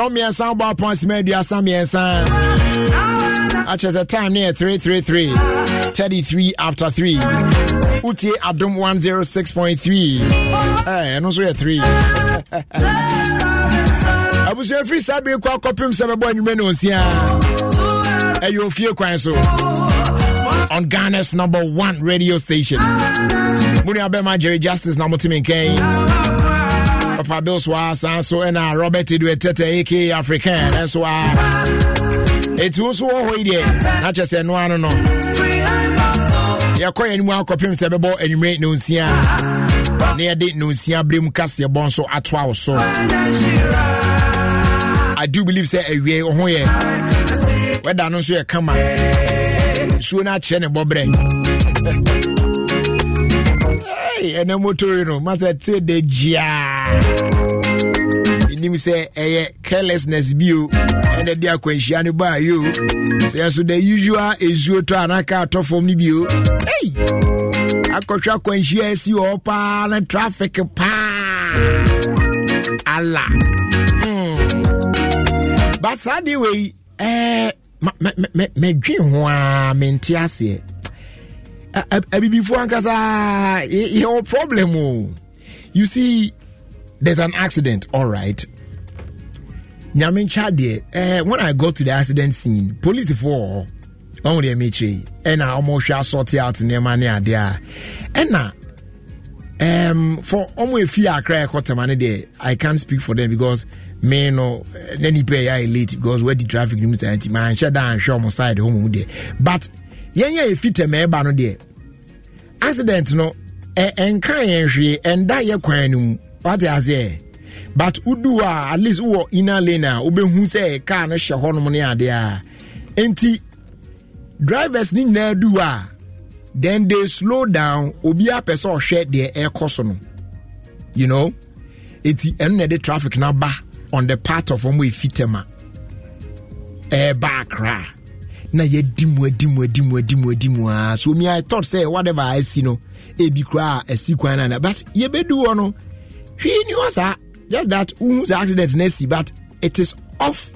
na mmiɛnsa You apɔnsema aduasa mmiɛnsa akyerɛ sɛ time ne yɛ 333 33 after 3 wotie adom 106.3 ɛno nso yɛ 3 abusua firi saa bere kɔ akɔpem sɛ bɛbɔ anwuma ne ɔsia ɛyɛ ofie kwan so on Ghana's number one radio station. Muni Abema Jerry Justice na mutimi Kane. papa bills wa san so ɛna robert eduetete aka african ɛnso so wɔ hɔ yi deɛ na kyɛ sɛ ɛnoa no no yɛkɔ yɛ anim akɔpem sɛ ɛbɛbɔ anwumere nonsia na yɛde nonsia berɛm kaseɛbɔ nso atoa wo so i do believe sɛ awie wo ho yɛ wɛda no nso yɛ nsuo no akyerɛ ne bɔberɛ ɛnɛ motori no masɛ te de gyaa nim sɛ ɛyɛ carelessness bio ɛna de akwanhyia no baa yo sɛ ɛso the usual ɛzuo tɔ anaka atɔ fam no bio ei akɔhwɛ akwanhyia asi wɔ paa na traffic paa ala hmm. but saa deɛ wei eh, madwe ho a mente aseɛ abibifoɔ ankasa yɛwɔ problem o you see there's an accident, all right. Nyamincha uh, eh, when I go to the accident scene, police for on the MHA, and I almost shall sort out in their money there. And now, um, for almost fear I cry, I money there. I can't speak for them because me no any pay I late because where the traffic news anti man shut down show my side home there. But yẹn yẹ efi tẹmẹ ẹba no deɛ accident no ẹ nkan yɛn hwee ɛnda yɛ kwan no mu wate aseɛ but wodu a at least wowɔ ina lena a wobɛhu sɛ car no hyɛ hɔnom ne adeɛ a enti drivers ne nyinaa du a then they slow down obiara pɛ sɛ ɔhwɛ deɛ ɛrekɔ so no you know eti ɛno na ɛde traffic na ba on the part of ɔmo efi tɛma ɛɛba eh, akra na yɛdi mu adi mu adi mu adi mu adi mu aa so omi i thought say whatever i see no ebi kura a kwan na na but yɛbɛdu wɔ no. hwee ni hɔ just that wohu sɛ accident na but it is off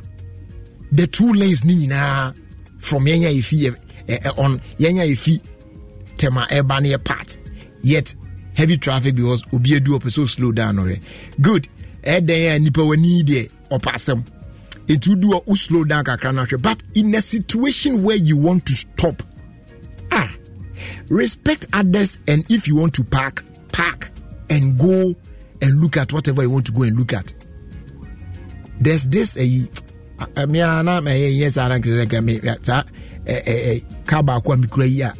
the two lanes nina from Yenya Ifi eh, eh, eh, on Yenya Ifi Tema ɛba part yet heavy traffic because obi edu ɔpɛ so slow down ɔrɛ good ɛdɛn a nipa wani deɛ ɔpɛ It will do a slow down kakra but in a situation where you want to stop ah respect others and if you want to park park and go and look at whatever you want to go and look at. There's this a eh, eh, me ana ah, me eh, yes ara ah, nkese ka me ta eh ka ba kwa me kura yi ah,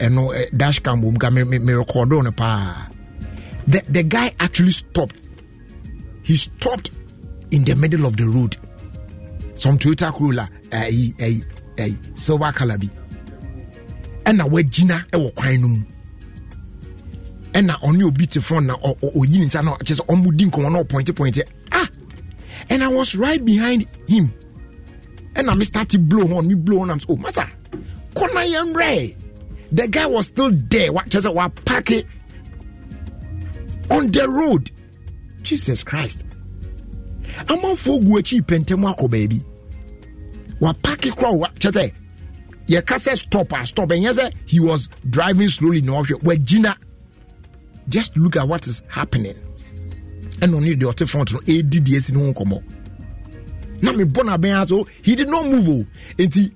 eno dash cam wo me me record on pa. The the guy actually stopped. He stopped in the middle of the road. Some Toyota Corolla eh eh eh silver color bi. Ɛna wagina ɛwɔ kwan no mu. ɛna ɔne obi te front na ɔyi ne nsa na kyerɛ sɛ ɔmudi nkɔmmɔ na ɔpointe pointe ah and I was right behind him ɛna me start to blow horn me blow horn am so oh, masa kɔna yɛn rɛ the guy was still there wa kyerɛ sɛ wa paaki on the road jesus christ amanfoɔ gu akyi pɛntɛm akɔ baabi wa paaki kora wa kyerɛ sɛ yɛka sɛ stop a stop ɛnyɛ sɛ he was driving slowly na ɔhwɛ wagyina just look at what is happening ɛna ɔne deɛ ɔte front no ɛredi deɛ asi ne ho nkɔmmɔ na mebɔ no abɛn so oh, he did not move o enti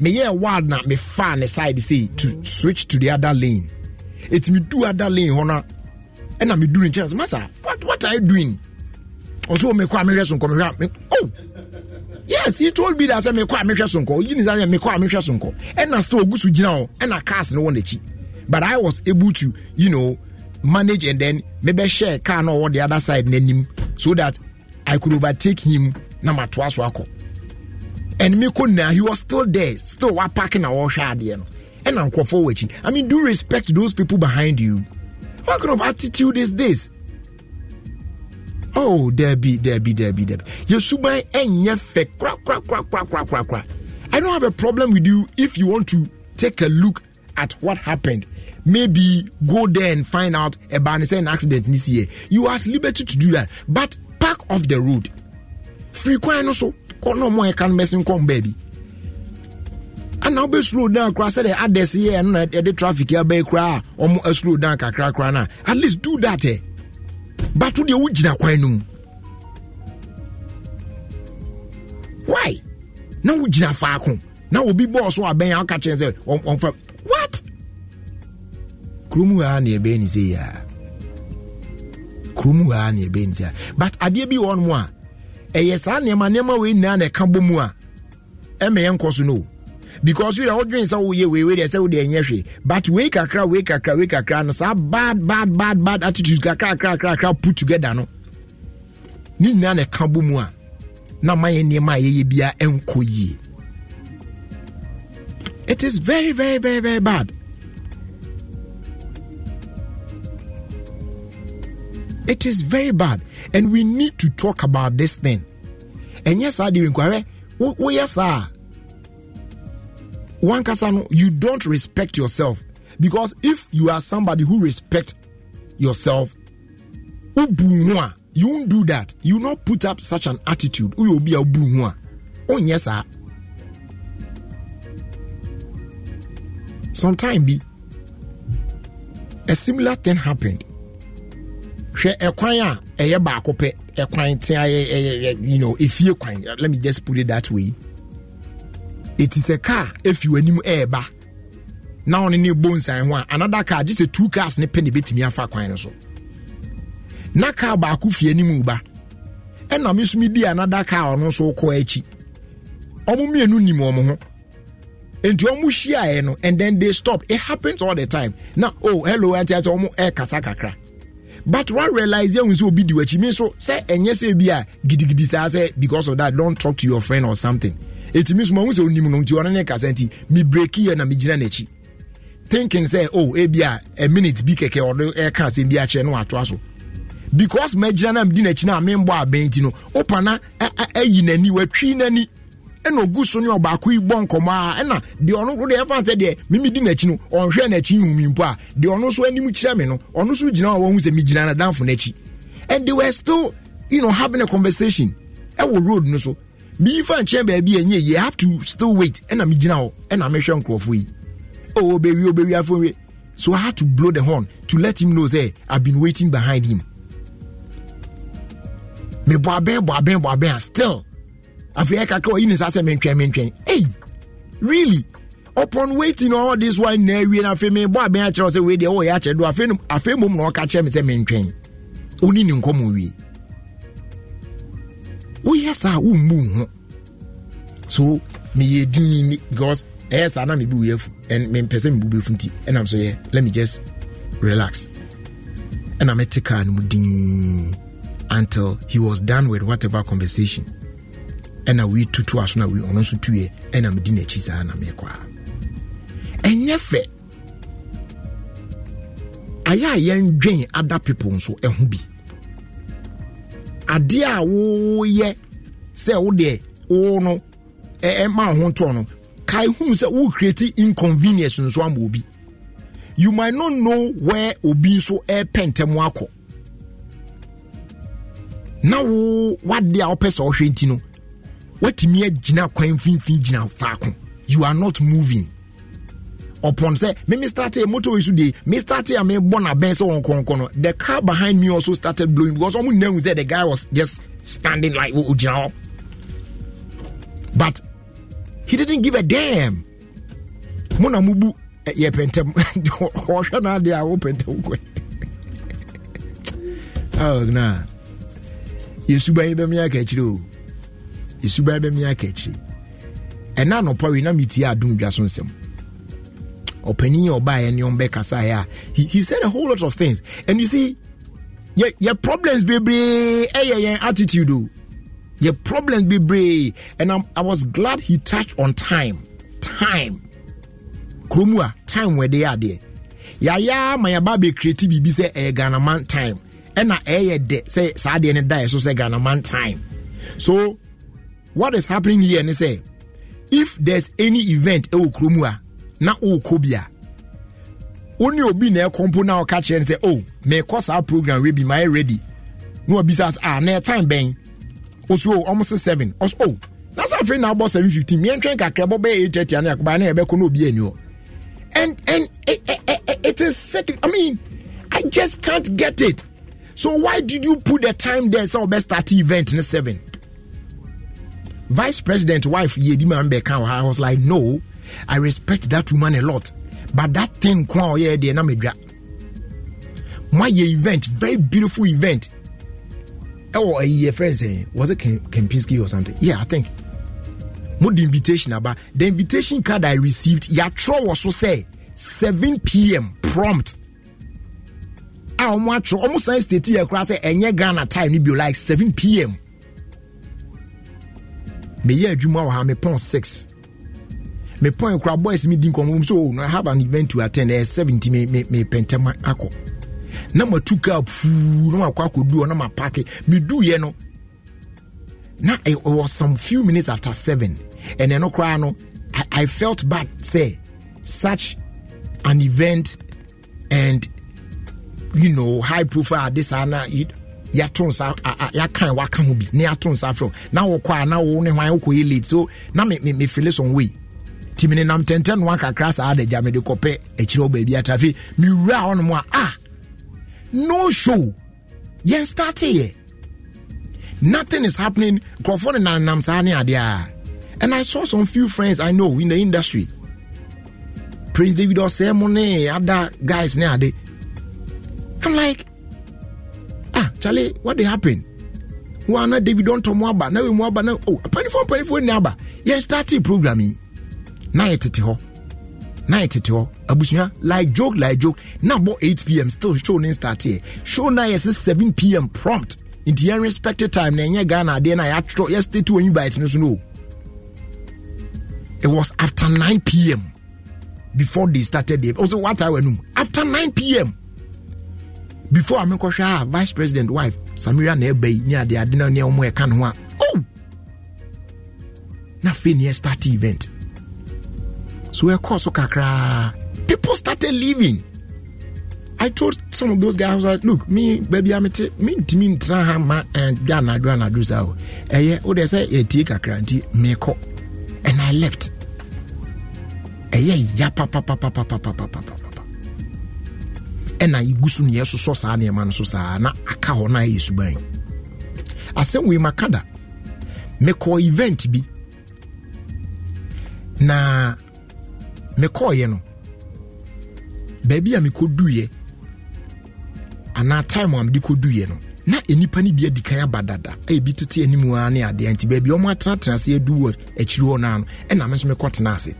meyɛɛ wild na mefaa ne side sei to switch to the other lane me medu other lane hɔ no ɛna do no nkyɛn masa what, what are you doing ɔso mekɔ a mehwɛ sonkɔ mehwɛ me, oh yes he told me that say mekɔ a mehwɛ sonkɔ oyi ne sa sɛ mekɔ a mehwɛ sonkɔ ɛna still ogu gyina hɔ ɛna cars no wɔ n'akyi but i was able to you know manage and then maybe share car no or the other side him so that I could overtake him na ma to aso and me ko na he was still there still wa parking our wɔhwɛ adeɛ no ɛna nkurɔfoɔ wɔ akyi I mean do respect those people behind you what kind of attitude is this oh debi debi debi debi yesuban ɛnyɛ eh, fɛ kura kura kura kura kura kura kura I don't have a problem with you if you want to take a look at what happened. Maybe go there and find out about an accident this year. You are at liberty to do that, but park off the road. Free kwan no so kɔ na ɔmo ɛka no mɛsin kɔn baabi. Ana ɔbɛ slow down cross sɛ de adɛsi yɛ and na ɛde traffic here. Be kura Or ɔmo ɛslow uh, down kakra kura na at least do that eh. But wo deɛ wo gyina kwan no mu. Why? Na wo gyina Now we be boss. so abɛn a ɔka kyerɛ sɛ ɔnfa kurom a na ebe ne sɛ yia kurom a na ebe ne sɛ but adeɛ bi wɔ hɔ a ɛyɛ saa nneɛma nneɛma wei nyinaa na ɛka bɔ mu a ɛma yɛn nkɔ so no because wei na wɔdwen sɛ woyɛ wei wei deɛ sɛ wode ɛnyɛ hwee but wei kakra wei kakra wei kakra no saa bad bad bad bad attitude kakra kakra kakra put together no ne nyinaa na ɛka bɔ mu a na ma yɛ nneɛma a yɛyɛ biara ɛnkɔ yie it is very very very very bad It is very bad. And we need to talk about this thing. And yes, I do inquire. Oh, yes, sir. One kasano, you don't respect yourself. Because if you are somebody who respect yourself, you won't do that. You will not put up such an attitude. You will be a buhua. Oh, yes, sir. Sometime be a similar thing happened hwɛ ɛkwan a ɛyɛ baako pɛ ɛkwan tea ɛyɛ you know efie kwan let me just put it that way eti sɛ car efi w'anim ɛɛba na ɔne ne bɔ nsan ho a another car gye sɛ two cars ne pɛ ne betumi afa kwan no so na car baako fi anim ba ɛna me nso me di another car ɔno nso kɔ akyi ɔmo mmienu nim ɔmo ho nti ɔmo hyiaeɛ no and then they stop it happens all the time na oh hello ɛte ɛte ɔmo ɛɛkasa but one realize ehun sɛ obi di w'akyi mi nso sɛ ɛnyɛ sɛ bi a gidigidi saa sɛ because of that don talk to your friend or something ètùmí sùnmọ̀ ohun sɛ onim no nti ɔno ne kasa nti mi break yɛ na mi gyina n'akyi thinking sɛ oh ebi a a minute bi kɛkɛ ɔde ɛka asɛm bi akyerɛ no atoa so because mɛgyina na mi di n'akyi na mi mbɔ abɛn ti no opana ɛyi n'ani w'atwi n'ani ɛna ogu so ne ɔbaako yi bɔ nkɔmɔ a ɛna deɛ ɔno wo deɛ ɛfa sɛ deɛ mimi di n'akyi no ɔnhwɛ n'akyi humi mpo a deɛ ɔno so anim kyerɛ me no ɔno so gyina hɔ a wɔn sɛ megyina n'adanfo n'akyi and they were still you know having a conversation ɛwɔ road no so miyifa nkyɛn baabi a nye you have to still wait ɛna megyina hɔ ɛna mehwɛ nkurɔfoɔ yi oh obewi obewi afɔwe so i had to blow the horn to let him know say i been waiting behind him mebɔ abɛn bɔ abɛn bɔ abɛn still afei ɛkakra ɔyi ne sa sɛ mentwɛn mentwɛn ei really upon waiting all this while na awie no afei mebɔ abɛn akyerɛ sɛ wei deɛ wɔyɛ akyerɛ do afei afei mmom na ɔka kyerɛ me sɛ mentwɛn woni ne nkɔmmɔ wie woyɛ saa wommu ho so meyɛ din ni because ɛyɛ saa na mebi woyɛ and mempɛ sɛ mebu bɛfu nti ɛnam so yɛ let me just relax ɛna mete car no mu din until he was done with whatever conversation ɛna wei tutu aso na wei ɔno nso tuiɛ ɛna medi n'akyi saa na meekɔ a ɛnyɛ fɛ ayɛ a yɛndwen ada people nso ɛho bi adeɛ a woyɛ sɛ wo deɛ wo no ɛma wo ho ntoɔ no kae hu sɛ worecreate inconvenience nso ama obi you might not know where obi nso ɛrepɛ ntɛm akɔ na wo wadeɛ a wopɛ sɛ wohwɛ nti no watumi agyina kwan mfimfini gyina faako you are not moving upon say me starte start a motor me starte a me born a benz on the car behind me also started blowing because someone knew that the guy was just standing like oh you but he didn't give a damn mona mubu ye pentem ohwe na dia wo pentem kwe oh na yesu ban be me akakyire ɛsuban bɛmi aka akyiri ɛna anɔpa wei na metie adomdwa so nsɛm ɔpanin yɛ ɔbaeɛ ne ɔmbɛkasaeɛ a he, he said a whole lot of things and you see yɛ yɛ problems bebree eh, ɛyɛ yɛn attitude o yɛ problems bebree and I'm, i was glad he touched on time time kurom a time wɔ eh, eh, de yɛ adeɛ yɛayɛ ama yɛba abɛkreti biribi sɛ ɛyɛ ghanaman time ɛna ɛyɛ dɛ sɛ saa adeɛ no daeɛ so sɛ ghanaman time so what is happening here ne sɛ if there's any event ɛwɔ kurom a na wokɔ bi a wo ne obi na ɛkɔmpo na ɔka kyerɛ no sɛ o oh, meekɔ saa program wei bi maɛ ready na wabisa sɛ ah na ɛtime bɛn wo so o ɔmo se seven ɔso o oh, na sɛ afei na wobɔ seven fifteen meɛntwɛn kakra bɔbɛyɛ eight thirty ano akɔbaa na yɛbɛkɔ na obi ani hɔ and and it, e, it, e, e, it is sick i mean i just can't get it so why did you put the time there sɛ so wobɛstart event ne seven vice president wife yedi man beka i was like no i respect that woman a lot but that thing kwa yeah there na medwa my event very beautiful event oh a your friend saying was it kempinski or something yeah i think mo the invitation about the invitation card i received yatro was so say 7 p.m prompt a ah, ɔmo atwerɛ ɔmo san state yɛ koraa sɛ ɛnyɛ time ni bi like 7 p.m meyɛ adwuma wɔ ha mepɔn six mepɔn kora boys medi nkɔmmɔ m so I have an event to attend ɛyɛ seven Me me nti mepɛntɛm akɔ na tu kaa puu na makɔ akɔdu hɔ na mapake meduyɛ no na it was some few minutes after seven and ɛno koraa no I, I felt bad say such an event and you know high profile this and that yɛato nsa yɛakan waka ho bi na yɛato nsa frɛ na wokɔ a na wo ne hwan wokɔyɛ late so na mefele so wei nti mene nam tɛntɛn noa kakra saa da gya mede kɔpɛ akyirɛ wo baabi ata afei mewura hɔnom a ah no show yɛn starteyɛ nothing is happening nkurɔfoɔ ne nanam saa ne adeɛ a and i saw some few friends i know in the industry prince david ɔsɛmo ne other guys ne ade i'm like ah Charlie, what they happen are not david ọntọ mu we na mu Oh, na o mpanimfoɔ mpanimfoɔ ni aba yɛn starting programming. yi na yɛ tete hɔ na yɛ like joke like joke Now about eight pm still show name start here. show now yɛ seven pm prompt In the unrespected time na yɛn ghana adeɛ na yɛatwerɛ yɛ stay to invite no no it was after nine pm before they started the also what time wɔ after nine pm. before amekɔhwɛ a vice president wife samira na ɛba yi ne ade ade na nneɛma ɛka ne a oh na afei ne start event so ɛkɔɔ so kakraa people started leaving I told some of those guys, like, look, me, baby, I'm a t- me, me, Trahama, and Dana, Dana, Dusao. And eh, yeah, oh, they say, a take a cranty, make And I left. And eh, yeah, yeah, papa, papa, papa, ɛna yɛgu so neɛ sosɔ saa nneɛma no so saa na aka hɔ no ayɛ suban asɛm wei maka da mekɔɔ event bi na mekɔɔyɛ no baabi a mekɔduiɛ anaa time a mede kɔduiɛ no na nnipa no bi adi kan aba dada ɛbi tete anim a ne adeɛ nti baabi ɔmo atenatena ase adu wɔ akyiri hɔ no ɛna me nso mekɔtena ase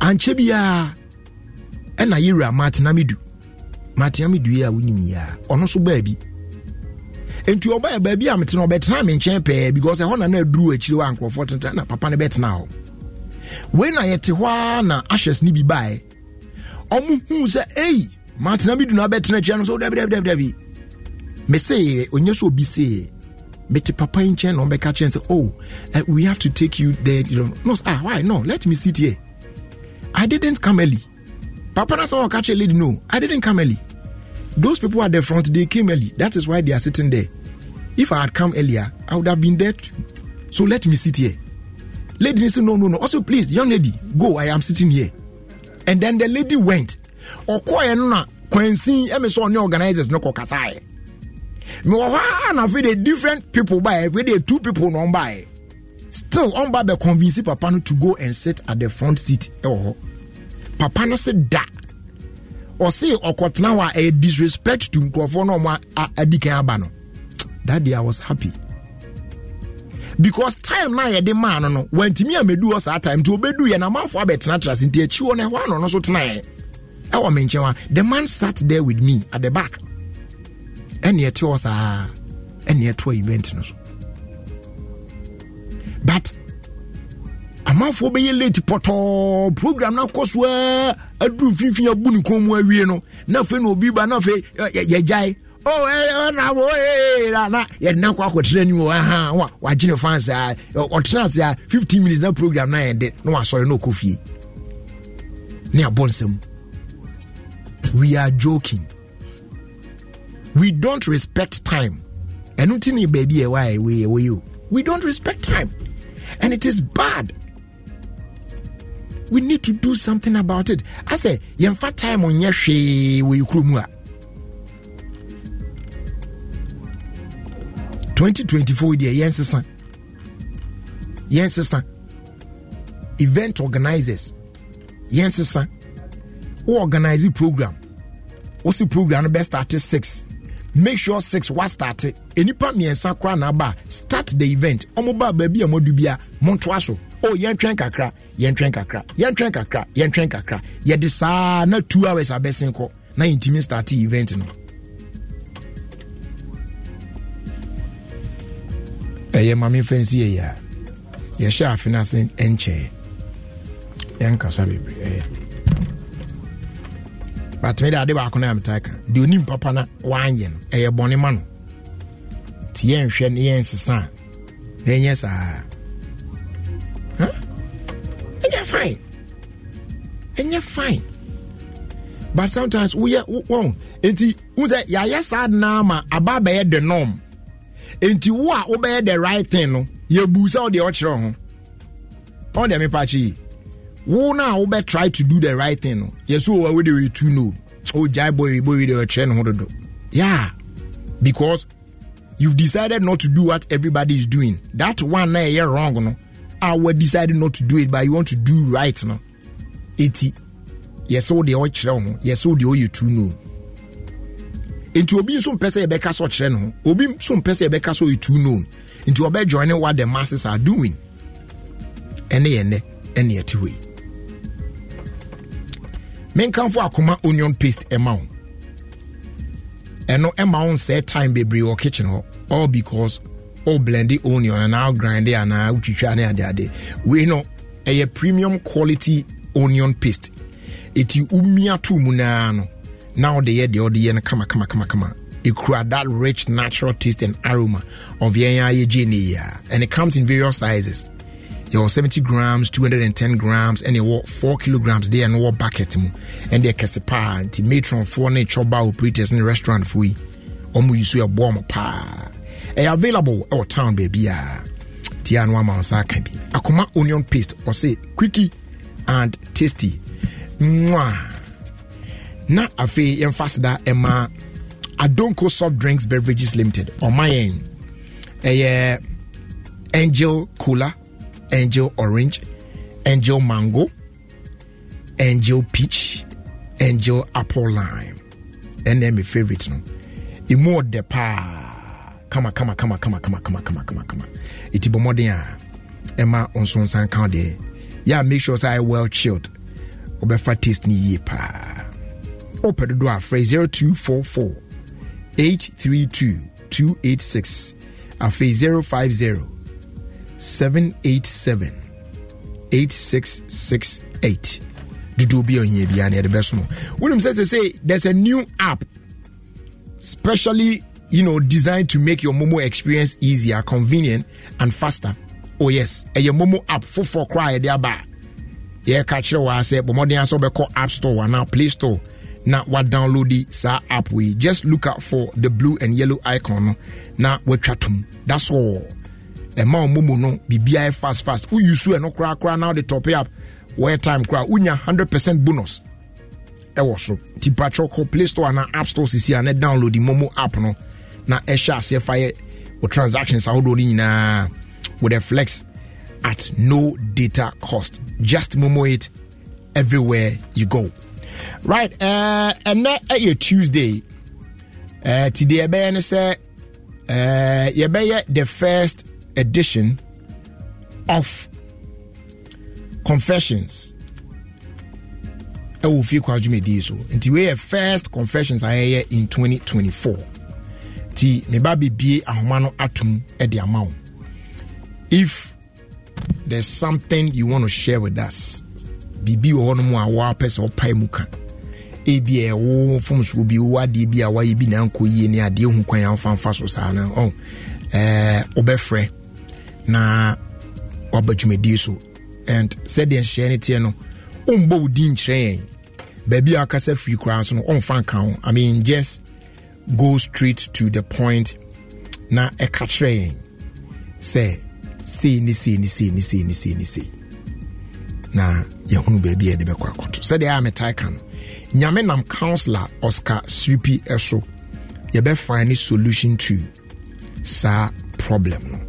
ankyɛ biara ɛna yɛwura maatenamidu maatenamidu yi a wonim yia ɔno nso baabi nti ɔbaa baabi a metena ɔbɛtena me nkyɛn pɛɛ because ɛhɔ na na aduru akyire hɔ a nkurɔfoɔ tentena na papa no bɛtena hɔ wei na yɛte hɔ a na ashes ne bi baeɛ ɔmo huu sɛ ei maatenamidu no abɛtena akyia no so dabidabidabi mesee ɔnyɛ sɛ obi see mete papa yi nkyɛn na ɔbɛka kyɛn sɛ oh eh, we have to take you there you know, no ah why no let me sit here i didn't come early Papa Nassau catch a lady. No, I didn't come early. Those people at the front, they came early. That is why they are sitting there. If I had come earlier, I would have been there too. So let me sit here. Lady said, No, no, no. Also, please, young lady, go. I am sitting here. And then the lady went. Okoye na kwensi emeso ne organizers no kokasai. Me wa na different people by we the two people no by. Still on by the convince papa no to go and sit at the front seat. Oh. papa no se da ɔse ɔkɔtena hɔ a ɛyɛ eh, disrespect to nkurɔfoɔ no ɔmo adi kan aba no that day i was happy because time na yɛde maa no no wantumi a medu hɔ saa time nti obedu yɛ n'amanfoɔ abɛtenatena se nti akyi hɔ no ɛhɔ ano no so tenaeɛ ɛwɔ me nkyɛn a the man sat there with me at the back ɛne ɛte hɔ saa ɛne ɛtoɔ event no so but amanfoɔ bɛyɛ late pɔtɔɔ program no akɔ aduru mfimfini abu ne kɔn mu awie no na na obi ba na afei yɛgyae na yɛdena kɔ akɔtena anim aha wa wagye ne fan saa ɔtena ase a 15 minutes na program na yɛde na wasɔre na ɔkɔ fie ne abɔ nsɛm we are joking we don't respect time ɛno nti ne baabi ɛwɔ a ɛwɔ yi we don't respect time and it is bad we need to do something about it I asɛ yɛmfa time nyɛ hwee wɔ yɛ kurom a 2024 deɛ yɛnsesa yɛnsesa event organizers yɛnsesa wo organize program wo si program no bɛstarte six. make sure six 6 wastarte ɛnipa mmiɛnsa koraa na aba start the event ɔmo baa baabi a moadu bia montoa so oh yɛn yɛntwɛn kakra yɛn yɛntwɛn kakra yɛn yɛntwɛn kakra yɛn yɛntwɛn kakra yɛde saa na two hours abɛsen kɔ na yɛntumi start event no ɛyɛ maame fɛnsi yɛ yɛ a yɛhyɛ afe no ase nkyɛn yɛnkasa bebree ɛyɛ batumi de ade baako na yɛmtaa ka deɛ onim papa na wanyɛ no ɛyɛ bɔne ma no yɛn yɛnhwɛ ne yɛnsesa a na ɛnyɛ saa ɛnyɛ fine ɛnyɛ fine but sometimes woyɛ wɔn nti wosɛ yɛayɛ saa naa ma aba abɛyɛ the norm nti wo a wobɛyɛ the right thing no yɛbu sɛ ɔdeɛ ɔkyerɛ ho ɔdeɛ mepa akyi yi wo na a wobɛ try to do the right thing no yɛsɛ ɔwa wode wei tu no ɔgyae bɔ wei deɛ ɔkyerɛ no ho dodo yeah because you've decided not to do what everybody is doing that one na ɛyɛ wrong no our decided not to do it but you want to do right no eti yɛsɛ wo deɛ ɔkyerɛ ho yɛsɛ wo deɛ ɔyɛ tu no nti obi nso mpɛ sɛ yɛbɛka sɛ ɔkyerɛ no ho obi nso mpɛ sɛ yɛbɛka sɛ ɔyɛ tu no nti ɔbɛjoin what the masses are doing ɛne yɛn nɛ ɛne yɛte hɔ yi menkamfo akoma onion paste ɛma wo ɛno ɛma wo nsɛɛ time bebree wɔ kitchen hɔ all because All blended onion and now grind it and now twitwa ne ade ade we know a premium quality onion paste eti umia to munano. Now no na the yɛ deɛ kama kama kama kama It that rich natural taste and aroma of yɛn ayɛ and it comes in various sizes have 70 grams 210 grams and you ɛwɔ 4 kilograms deɛ no wɔ bucket mu ɛne deɛ kɛse paa nti four ne chɔba operators restaurant restaurantfoɔ yi Omu yi so yɛboa mo pa. ɛyɛ available ɛwɔ town baabiaa tia no ama nsa aka bi akoma onion paste ɔse quicky and tasty mwaa na afei yɛmfa seda ɛma adonko soft drinks beverages limited ɔma yɛn ɛyɛ angel cola angel orange angel mango angel peach angel apple lime ɛnna mi favorite no emu ɔdɛ paa. kama kama kama kama kama kama kama kama kama iti bɔ on, a ɛma come on, kan deɛ yɛ a make sure sɛ ayɛ well chilled wobɛfa taste no yie paa wopɛ dodoɔ a frɛ 0244 832 286 afei 050 787 8668 dodoɔ bi a ɔhia biara na yɛde bɛso wonim sɛ sɛ sɛ there's a new app specially you know, designed to make your Momo experience easier, convenient, and faster. Oh, yes. And your Momo app, full for cry, they are bad. Yeah, catch the I say. but more than call App Store and now Play Store. Now, what download the sa app we just look out for the blue and yellow icon. Now, we chat That's all. And my Momo no, BBI fast, fast. Who you sue and no cry, cry now the top app. Where time cry, unya 100% bonus. Ewo so. Tipa choko Play Store and App Store, see, and download the Momo app no. na ɛhyɛ aseɛ fa yɛ transactions ahodoɔ no nyinaa with a flex at no data cost just momo it everywhere you go right uh, at your tuesday uh, today ɛbɛyɛ ne sɛ eh, yɛbɛyɛ the first edition of confessions ɛwɔ fie kɔ adwumadi so nti wei first confessions I hear in 2024 nti me ba bebie ahoma no atom de ama wo if there's something you want to share with us biribi wɔ hɔ a wɔapɛ sɛ wɔpae mu ka ebi a ɛwo fomsoɔ bi wo adeɛ bi a wayɛ bi na nkɔ yie ne adeɛ hu kwan a wofamfa so saa no ɔ wobɛfrɛ na waba dwumadie so and sɛdeɛ nhyɛ no teɛ no wombɔ wo din nkyerɛ yɛn baabi a wokasa firi koraa nso no ɔmfa nka ho i mean just go straight to the point na ɛka kyerɛ yɛn see ni see ni see ni see. sei ne sei ne sei na yɛhunu baabi a yɛde kwa akɔto sɛdeɛ a metae ka no nyame nam counselor oscar sripi be find ne solution to sa problem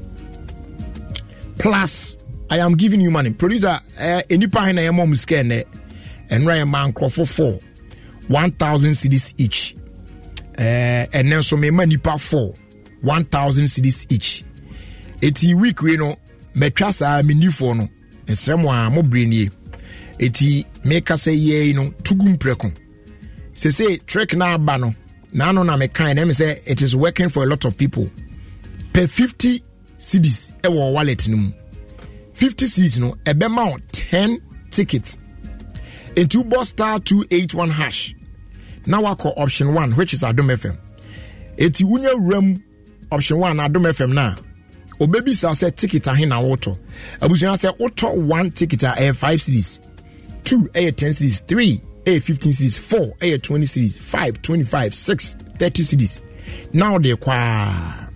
plus i am giving you money producer any eh, na yɛma mu sika And Ryan eh, Man Crawford 4 1000 cities each ɛnɛ eh, nso mema four, one thousand cities each ɛti week wei no matwa saa mennifoɔ no ɛsrɛ mo a mɔbrɛ nie ɛti meka sɛ yɛi no tugu mprɛko sese trek no aba no naano na mekae na me sɛ it is working for a lot of people per fifty cities ɛwɔ wallet no mu 50 cities no ɛbɛma wo 10 tickets ɛnti wobɔ star two eight one hash na wakɔ option one which is adom fm eti wunye wuram option one adom fm na obebi sa sɛ ticket ahe na wotɔ abusua sɛ wotɔ one ticket a ɛyɛ five series two ɛyɛ ten series three ɛyɛ fifteen series four ɛyɛ twenty series five twenty five six thirty series now de kwaa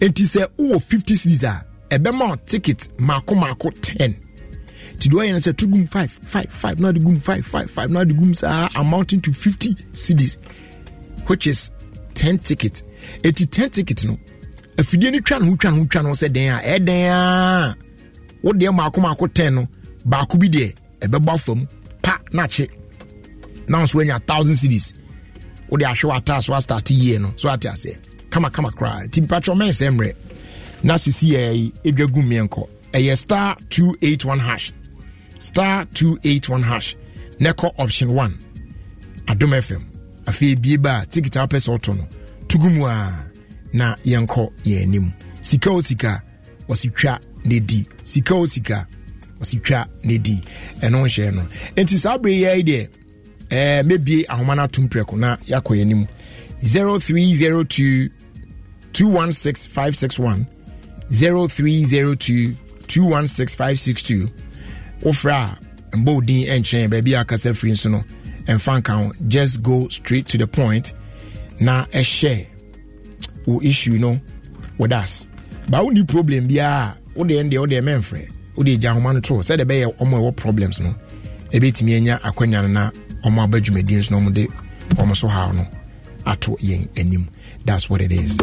eti sɛ wowɔ fifty series a ɛbɛma ticket mako mako ten nti deɛ ɔyɛ no sɛ to gum 5 5 5 na de gum five five 5 na de gum saa amounting to fifty cds which is ten ticket ɛti ten ticket no afidie no twa ne ho twa ne ho twa ne ho sɛ dɛn a ɛdɛn a wo deɛ maako maako 10 no baako bi deɛ ɛbɛbɔ afa mu pa na kye na nso thousand 1000 cds wode ahwe wata so astarte yie no so ate aseɛ kamakama koraa nti mpatwɛ mɛn sɛ mmerɛ na sisi yɛ ɛdwa gu mmeɛ nkɔ ɛyɛ star one hash star 281 hash na option 1 adom fm afei bie ba a tikita wopɛ sɛ wotɔ no tugu mu a na yɛnkɔ yɛn anim sika o sika wɔsi twa ne di sika o sika wɔsi twa ne di ɛno nhyɛ no nti saa abiri yɛ yi deɛ ɛɛ mebie ahoma no atum prɛko na yakɔ yɛn anim zero three zero two two one six five six one zero three zero two two one six five six two. wofrɛ a mbɔ wo din baabi a kasa firi nso no ɛmfa nka ho just go straight to the point na ɛhyɛ wo issue no with us ba wonni problem biara wode ɛndeɛ wode ɛmɛmfrɛ de gya ahoma no too sɛdeɛ ɛbɛyɛ ɔmo ɛwɔ problems no ɛbɛtumi anya akwannya no na ɔmo aba dwumadie nso na ɔmo de ɔmo so haw no ato yɛn anim that's what it is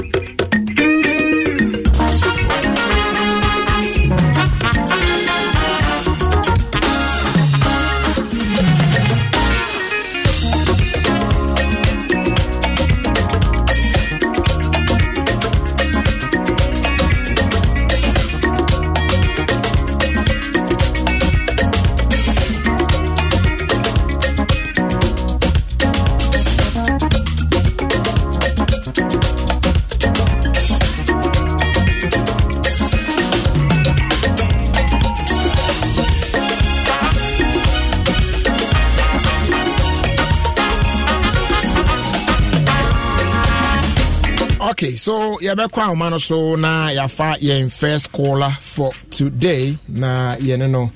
so yɛbɛkɔ ahoma no so na yɛafa yɛn first caller for today na yɛne no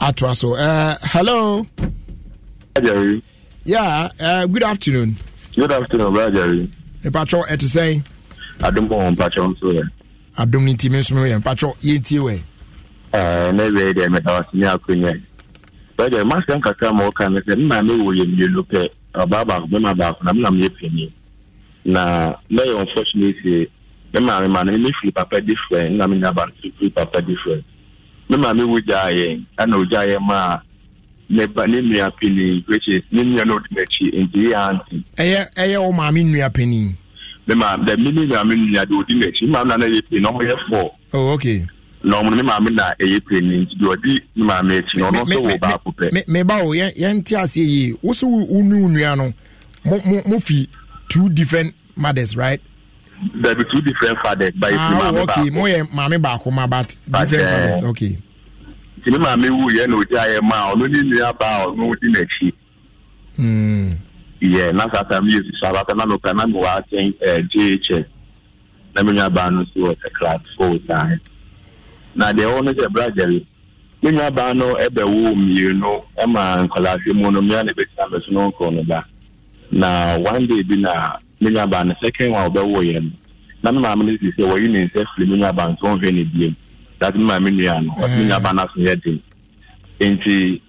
atoa so uh, eh, hello Hi, yeah uh, good afternoon good afternoon bra Jerry. mpatwɔ ɛte sɛn adom bɔ mpatwɔ nso yɛ adom no nti me nso meyɛ mpatwɔ yɛntie wɛ eh, ne wei deɛ medawasene akonya bra Jerry, masɛ nkakra ma wɔka no sɛ me maame wɔ yɛ mmienu pɛ ɔbaa baako mema baako na menam yɛ panin na mɛyɛ unfortunately me maame ma no me firi papa different na me naba no firi papa different me maame wo gyaa yɛn ɛna ogyaa yɛn ma ne ba ne nua panyin which is ne nua no di n'akyi nti yɛ aunty. ɛyɛ ɛyɛ wo maame nua panyin. me maa dɛ mi ne maame nua de odi n'akyi maame na na yɛ panyin na ɔmo yɛ four. oh okay. na ɔmo me maame na ɛyɛ panyin nti de ɔdi me maame akyi na ɔno nso wɔ baako pɛ. mɛ mɛ bawo yɛn yɛn ti ase yie wosow wo nua no mo mo mo fi two different mothers right. there be two different fathers by ah, okay. baako. mo yɛ mami baako ma but, but different uh, fathers okay. Tini mami wu yẹn na odi ayẹ ma ọ̀nà ní nìyà bá ọ̀nà di n'akyi. Hmm. yẹ na sa mi yẹ sisa abata na n'oka na mi wà á tẹ ẹ na mi nìyà bá no si wọ ẹ class four time na de ɔwɔ no sɛ brajɛre me nua baa no ɛbɛwoo mmienu ɛma nkɔlaafi mu no mmea na ɛbɛtena mɛ so no nkɔ no ba na one day bi na ne ne second one ɔbɛwo yɛ no na me maame no si sɛ wɔyi ne nsa firi me nyaba nso ɔnhwɛ ne biem dati me maame nua no ɔte me nyaba no aso yɛ den nti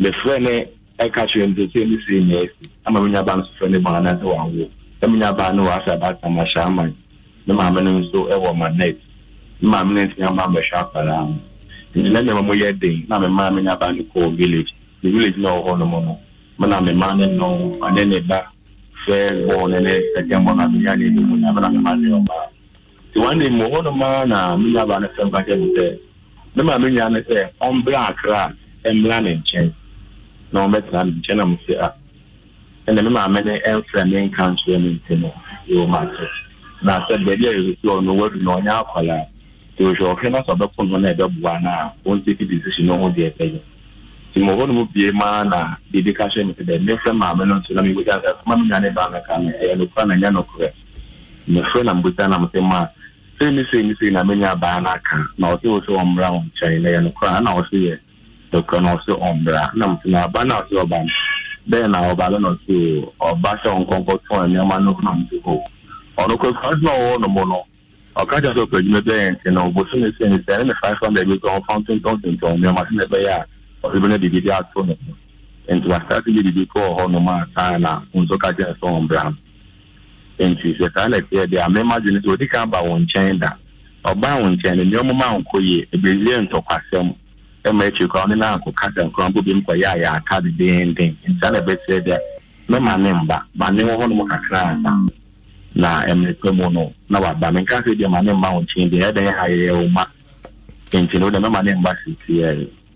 mefrɛ ne ɛka kyerɛ no sɛ sɛ ne sei nyɛ asi ama me nyaba no so frɛ ne bɔn anaa sɛ wɔawo sɛ me nyaba no wɔasa batam ahyɛ aman ne maame no nso ɛwɔ ma net ne maame no nsia ma mɛhwɛ akwaraa no nti na nneɛma mo yɛ den na me maa me nyaba no village the village na ɔwɔ hɔ nom no mena me ma ne no ane ne ba fɛ bɔ ne ne sɛgɛn bɔ na me ya ne ne mu na mena me ma ne yɔ ba ti wani mu hɔ no ma na me ya ba ne fɛn ka kɛ mu sɛ ne ma me nya ne sɛ ɔn bla akra ɛmla ne nkyɛn na ɔn bɛ tena ne nkyɛn na mo se a ɛna me maame ne ɛnfrɛ ne nka nso ne nti no yɛ ma sɛ na sɛ baabi a yɛresi ɔno wadu na ɔnyɛ akwaraa ti o sɛ ɔhwɛ na sɛ ɔbɛko no na ɛbɛboa na a wɔn take decision no ho deɛ ɛbɛyɛ tìmọ̀ hɔ nom bie maa na biribi ka hyɛ me sɛ dɛ mefrɛ maame no nso na mebusa sɛ soma menya ne baa mɛka me ɛyɛ nokora na ɛnyɛ nokorɛ mefrɛ na mebusa na mesɛ ma sei ne sei ne sei na menya baa no aka na ɔse wo sɛ ɔmmra wo nkyɛn na ɛyɛ nokora na ɔse yɛ nokorɛ na ɔse ɔmmra na mesɛ na aba na ɔse ɔba no bɛɛ na ɔba no na ɔse ɔba sɛ ɔnkɔnkɔ tɔn nneɛma no na mese o ɔno kɔkora so na ɔwɔ no mu no ɔka kyerɛ sɛ ɔpɛ adwuma ɔsɛ bɛnɛ dede de na ne ho nti wasate bi dede kɔɔ ọhụrụ nom a na nso ka kyɛn sɛ ɔmbra no nti na ɛteɛ deɛ amema dwene sɛ ɔdi kan ba wo nkyɛn da ɔbaa wo nkyɛn no nneɔma ma nkɔ yie ebewie ntɔkwasɛm ɛma bi a yɛaka na mba ma na na e ma mma ha e ma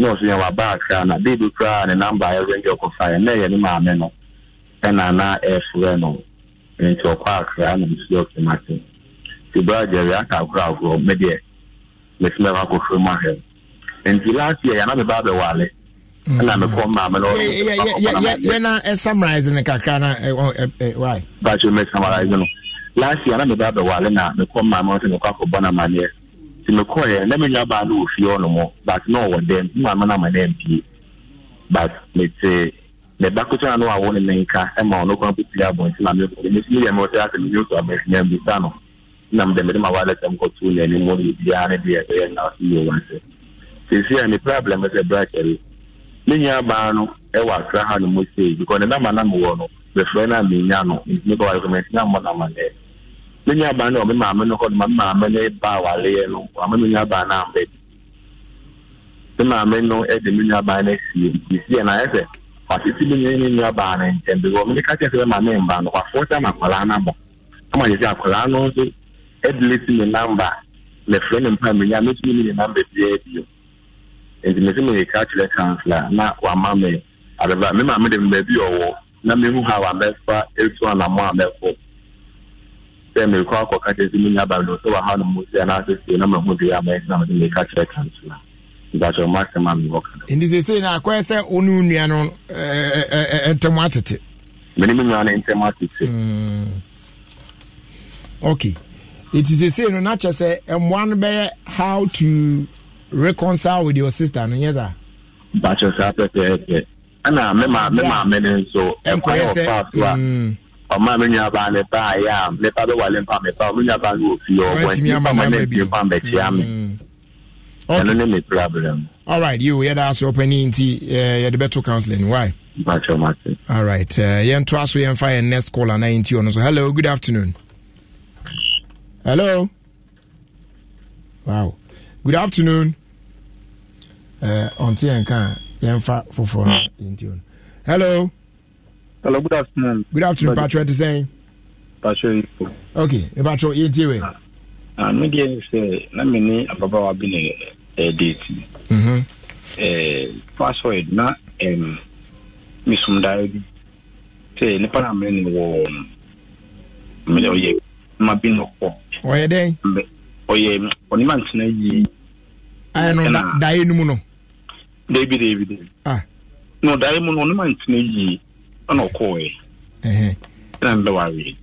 nọọsụ ya waba akra na beebi koraa na namba a ɛwere ndị ya na ɛyɛ ne maame no ɛna na ɛfrɛ no nti ɔkɔ akra na nsi ɔkemate nti bra gyere aka agorɔ agorɔ me ya mesi nti last year ya ya na why bakyɛ mɛsummarize no last year na ya maame no ya nti mekɔɛ na menya baa no wɔfie hɔ nom but na ɔwɔ dɛm mama no ama no ampie but mete ne ba kotona no awo ne menka ma ɔno kwan popie abɔnti na meyɛ mɛ ɔsɛ asɛ menyo so amasua bisa no na mede mede ma walesɛm kɔtoo n'anim wɔ ne biaa ne deɛ ɛyɛ na ɔse yɛ wase sesie a ne problem sɛ brakyɛre menya baa no ɛwɔ akra ha no mu sei because ne nama na mewɔ no bɛfrɛ no a menya no nti mekɔ wa recommend na mmɔ na ma dɛ me nya ban na ɔme maame no hɔ no ma me maame no ba awaleɛ no wama me nya ban no amba bi me maame no de me nya ban no asie mesie na ayɛ sɛ wasisi me nyɛ ne nya ban no ntɛm bi wɔ mede ka kyerɛ sɛ me maame mba no wafoɔ sɛ ama akwadaa no abɔ ama kyerɛ sɛ akwadaa no nso ɛdeleti ne namba mɛfrɛ ne mpa menya mɛtumi ne ne namba biaa bio nti mese meyɛka kyerɛ councilor na wama me adeva me maame de me baabi ɔwɔ na mehu ha wamɛfa ɛtu anammɔ a mɛkɔ sɛ merekɔ akɔka kyerɛ sɛ menya ba no sɛ wɔha no mu sɛ anaasɛ na mahu deɛ ama ɛsɛ na mede meka kyerɛ ka nso ntakyɛ ɔma asɛm a mewɔ ka nti seesei na akɔɛ sɛ wo ne wo nua no ntɛm eh, eh, eh, atete mene me nua no ntɛm atete hmm. okay ɛti seesei no na kyerɛ sɛ mmoa no bɛyɛ how to reconcile with your sister no yɛ saa bakyɛ saa pɛpɛɛpɛ ɛna mema mema me ne nso ɛkɔyɛ ɔfa so a ọma mi nuaba ne ba ayé a mepa bɛ wale mpa mepa ɔmi nuaba ne wofi ɔbɔ nti mpa ma ne fi mpa mbɛkyia mi ɛno ne mi problem. all right yóò yẹ daa sọ pẹni nti eh, yẹ de bẹ to counseling why. macho macho. all right eh, yẹn to aso yẹn fa yẹn next call ana yẹn ti ọ nso hello good afternoon. hello. wow good afternoon. ɔnti eh, yɛn kan yɛn fa foforɔ yẹn ti ọ. hello. hello? Hello, good afternoon. Good afternoon, Patrick. To say, Patrick. Okay, Patrick, you do it. I'm media you say, let me know about being a, a date. Mm-hmm. Uh, password na um, misum diary. Say, Nepal, I'm in the war. Mede oyɛ ma bi na ɔkɔ. Ɔyɛ dɛ. Ɔyɛ ɔnima ntena yie. Ayɛ no da daeɛ no mu no. Dabi dabi dabi. Ah. No daeɛ mu no ɔnima ntena yie. na ɔkɔɔɛ na mbɛ wareɛ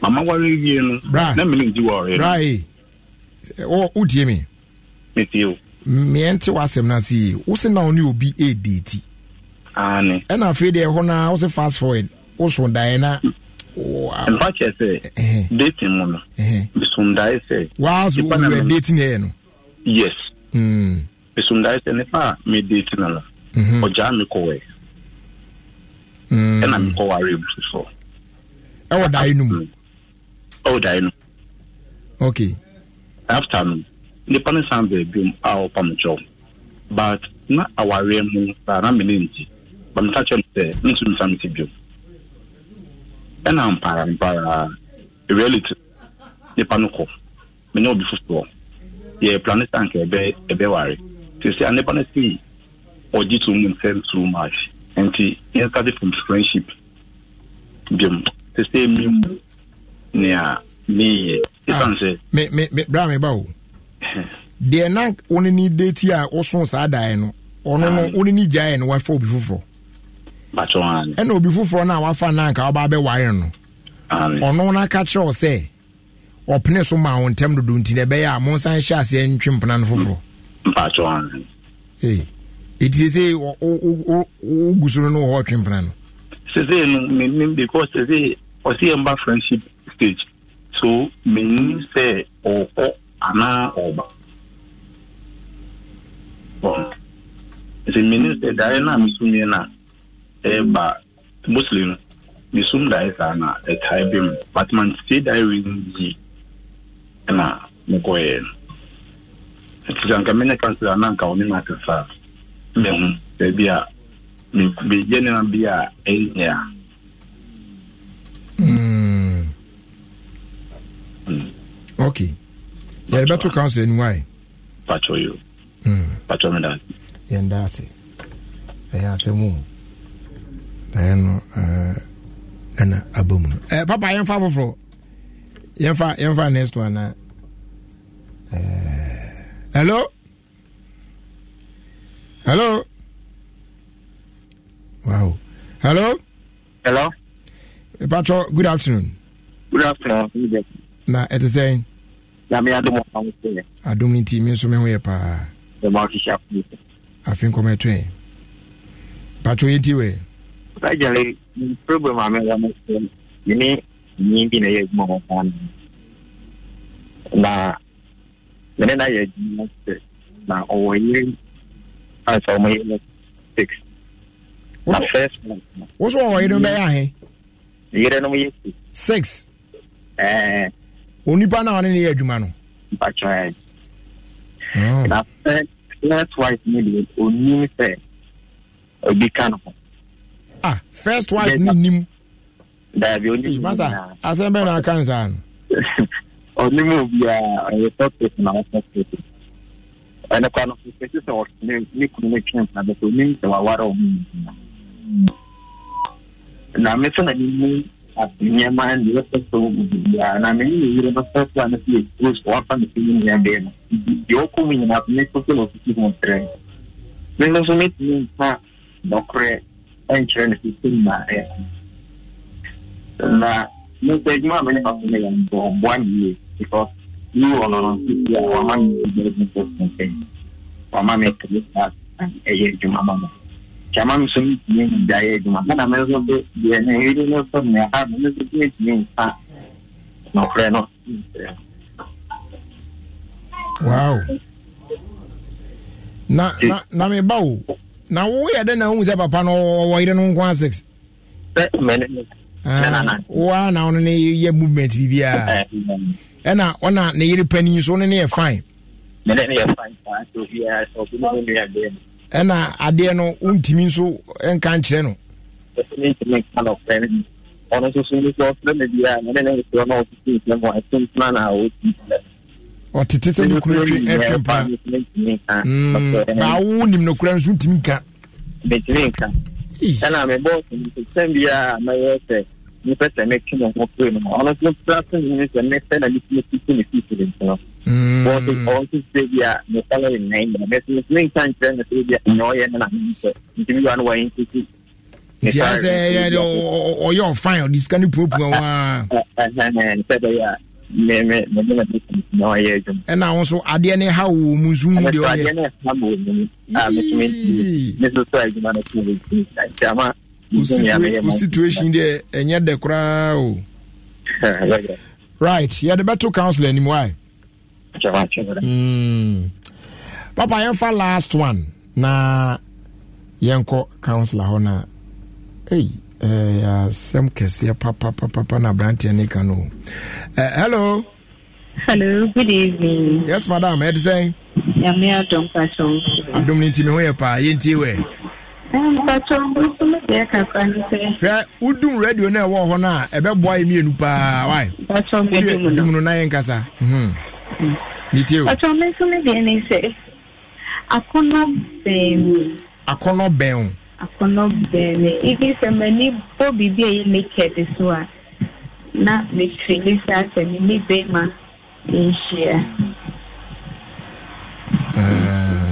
mama wareɛ wie no na mene nti wareɛ brae wotie me metie o w'asɛm no ase wo se na wo ne obi ɛdi e ti ɛna afei deɛ ɛhɔ noa wo se fast forward woso daeɛ na mfa hmm. sɛ dating mu no mesomdaeɛ sɛ no yes mesomdaeɛ hmm. sɛ nipa a medate no no ɔgyaa me Mm. ɛna mekɔware mu soso ɛwɔ dae no mu ɛwɔ dae no ok after no nipa ne san baabiom a ɔpa me kyɛw but na awareɛ mu baa na mene nti ba mesa kyɛ no sɛ mentumi sa mete biom ɛna mparamparaa reality nipa no kɔ menyɛ obi foforɔ yɛ plane sanka ɛbɛware sɛ sɛ a nipa no sei ɔgye to mu nsɛm too much nti yɛstade from friendship biom sɛ ah. sɛ memu nea meyɛ ɛsiane sɛ bra meba o deɛ na wo ni ne dati a woso saa daeɛ no ɔno no ah. wo ne ne gyaeɛ no wafa obi foforɔ ɛna obi foforɔ no a wafa no anka wobaa bɛware no ɔno no aka kyerɛ wo sɛ ɔpene so ma wo ntɛm dodo nti na ɛbɛyɛ a monsan hyɛ aseɛ ntwe mpena no foforɔ ɛti sɛ wogu so no no wɔhɔ twe mpena no sɛsɛ no menim because sɛsɛ ɔse yɛmba friendship stage so menim sɛ ɔwɔkɔ anaa ɔba sɛ menim sɛ daeɛ no a mesumiɛ no a ɛba e mostly no mesum daeɛ saa na ɛtae e bi mu but mantie daeɛ wei no yie ɛna mekɔyɛɛ no ɛti sɛ anka menyɛ kansela na anka wo ne me bɛn baabi a meyɛ nneɛma bi a ɛnyɛ a hmm. ok yɛde bɛto council anim ae patwɔ yo patwɔ me daase yɛnda ase ɛyɛ asɛm o ɛyɛ no eh, ɛna aba mu no eh, papa yɛmfa foforɔ yɛmfa yɛmfa next one na eh. hello hello wow hello. hello. Eh, Patrol. good afternoon. good afternoon. na ẹ ti sẹ́yìn. nyame adum ọmọ àwọn ọmọ yẹn. adum ni ti mi nso mi ho yẹ paa. ẹ máa fi ṣàkóso. àfi nkọmọ ẹtọ yẹn patro yẹn ti wẹ. sájàlẹ program àmì ẹ̀rọ mi sọ mi ní mi bí na yẹ ẹgbẹ́ ọmọ kan na mi ní na yẹ ẹgbẹ́ ọmọ kan na ọwọ́ yẹn ansa ɔmo yɛ no six na first month no. woso wɔ ɔyere no bɛyɛ ahe. yere no yɛ six. six. ɛɛ. onipa naa ɔne ne yɛ adwuma no. mpatsɔ ɛ. na first first wife mi de onim sɛ obi ka no. ah first wife ni nim. daabi o nim na. asɛn bɛɛ na aka nsa no. ɔnim obiara ɔyɛ first person na ɔyɛ ɛnɛ kora no ɛsi sɛ ɔne ne kunu no twene mpena bɛsɛ onim sɛ waware ɔ nyina na me sɛ na memu nneɛma ne yɛsɛ sɛ bibiaa na menye ne yere bɛsɛ so a no sɛ yɛkuro sɛ wafa ne sɛ yi nnua bɛɛ no deɛ ɔkɔ mu nyina mesɛ sɛ wɔsisi ho trɛ me no so mɛtumi nka dɔkorɛ ɛnkyerɛ ne sɛ sɛ nyinaa na mesɛ adwuma a mene fa so no yɛ mbɔboa ne yie because mi wọ lọrọ títí a wàá máa mi gbé ẹgbẹ́ bọ fún ẹ̀yìn wàá máa mi kẹlẹ fún àti ẹyẹ ìdùnnú àmọ́ mọ kí a máa mi sọ ní ìdílé mi dá ẹyẹ ìdùnnú àmọ́ náà mẹsàn bẹ bẹ́ẹ̀ ní eré lọsọ mi àbá mi mẹsàn bẹ ìdílé mi fà nọfrẹ náà. wow na na na mi ba wo na wo yɛ dɛ na ohun sɛ papa no ɔwɔ yere no nko a six. sɛ mɛ ne. wa na ɔno ne yɛ movement bi bi a. Eh, ɛna ɔna ne yere pani so ne ne yɛ fine ɛna adeɛ no wontimi nso ɛnka nkyerɛ no ɔno nso so nso ɔfrɛ me bia na ne ne nsoɔ na ɔtete nsɛm wɔ ɛtom tena na ɔti ɔtete sɛ ne kura twe ɛtwe mpa mm, na awo nim no kura nso ntimi nka metumi nka ɛna me bɔɔso no sɛ biaa mɛyɛ sɛ nipɛ sɛ mɛtwe ne ho pere no ɔno so kora so nyene sɛ mɛsɛ na metumi sisi ne fifi ne nti no ɔnso sɛ bi a ne salary nnan nyina mɛso menka nkyerɛ ne sɛ bi a nea ɔyɛ no na mesɛ ntimi wia no wɔyɛ nsisi nti a sɛ ɔyɛ ɔfan ɔde sika no puapua wa sɛ bɛyɛ a ɛna wo nso adeɛ ne ha wɔ mu nso hu deɛ ɔyɛ wo situation deɛ ɛnyɛ dɛ koraa o right yɛde bɛto council anim wae hmm. papa yɛmfa last one na yɛnkɔ council hɔ no a ei eh, asɛm kɛseɛ papapapa na aberanteɛ ne ka no eh, hello hello good evening yes madam ɛde sɛn nyame adom patɔ adom no nti me ho yɛ paa yɛntie wɛ hwɛ wodum radio no ɛwɔ hɔ no a ɛbɛboa yɛ mmienu paa wae wodum no na yɛnkasa mhm. metieo akɔnɔ bɛn akɔnɔ bɛn akɔnɔ bɛn ibi sɛ mɛni bɔ biribi a yɛ naked so a na mefiri saa sɛ me ne bɛrima nhyia eh.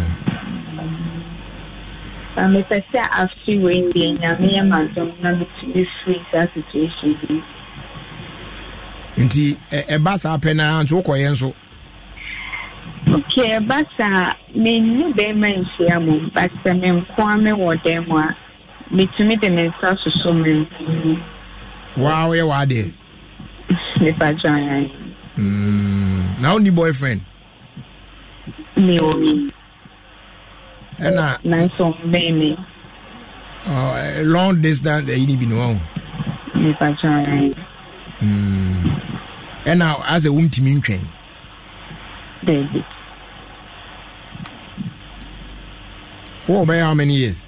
Ah, na mepɛ sɛ afe wei deɛ nyame ma dɔm na metumi firi saa situation bi nti ɛba saa pɛ no nti wokɔyɛ nso ok ɛba saa menni bɛrima nhyia mu but sɛ menkoa me wɔ dan mu a metumi de me nsa soso me waa waadeɛ mepatwa ayɛ na wonni boyfriend mewɔ mi ɛna nanso mmɛmi. Uh, long distance ɛyi ni bi ni wɔn. nipa kyɛn. Hmm. ɛna asɛ wɔn ntumi ntwɛn. david. wọ́n bɛ yà how many years.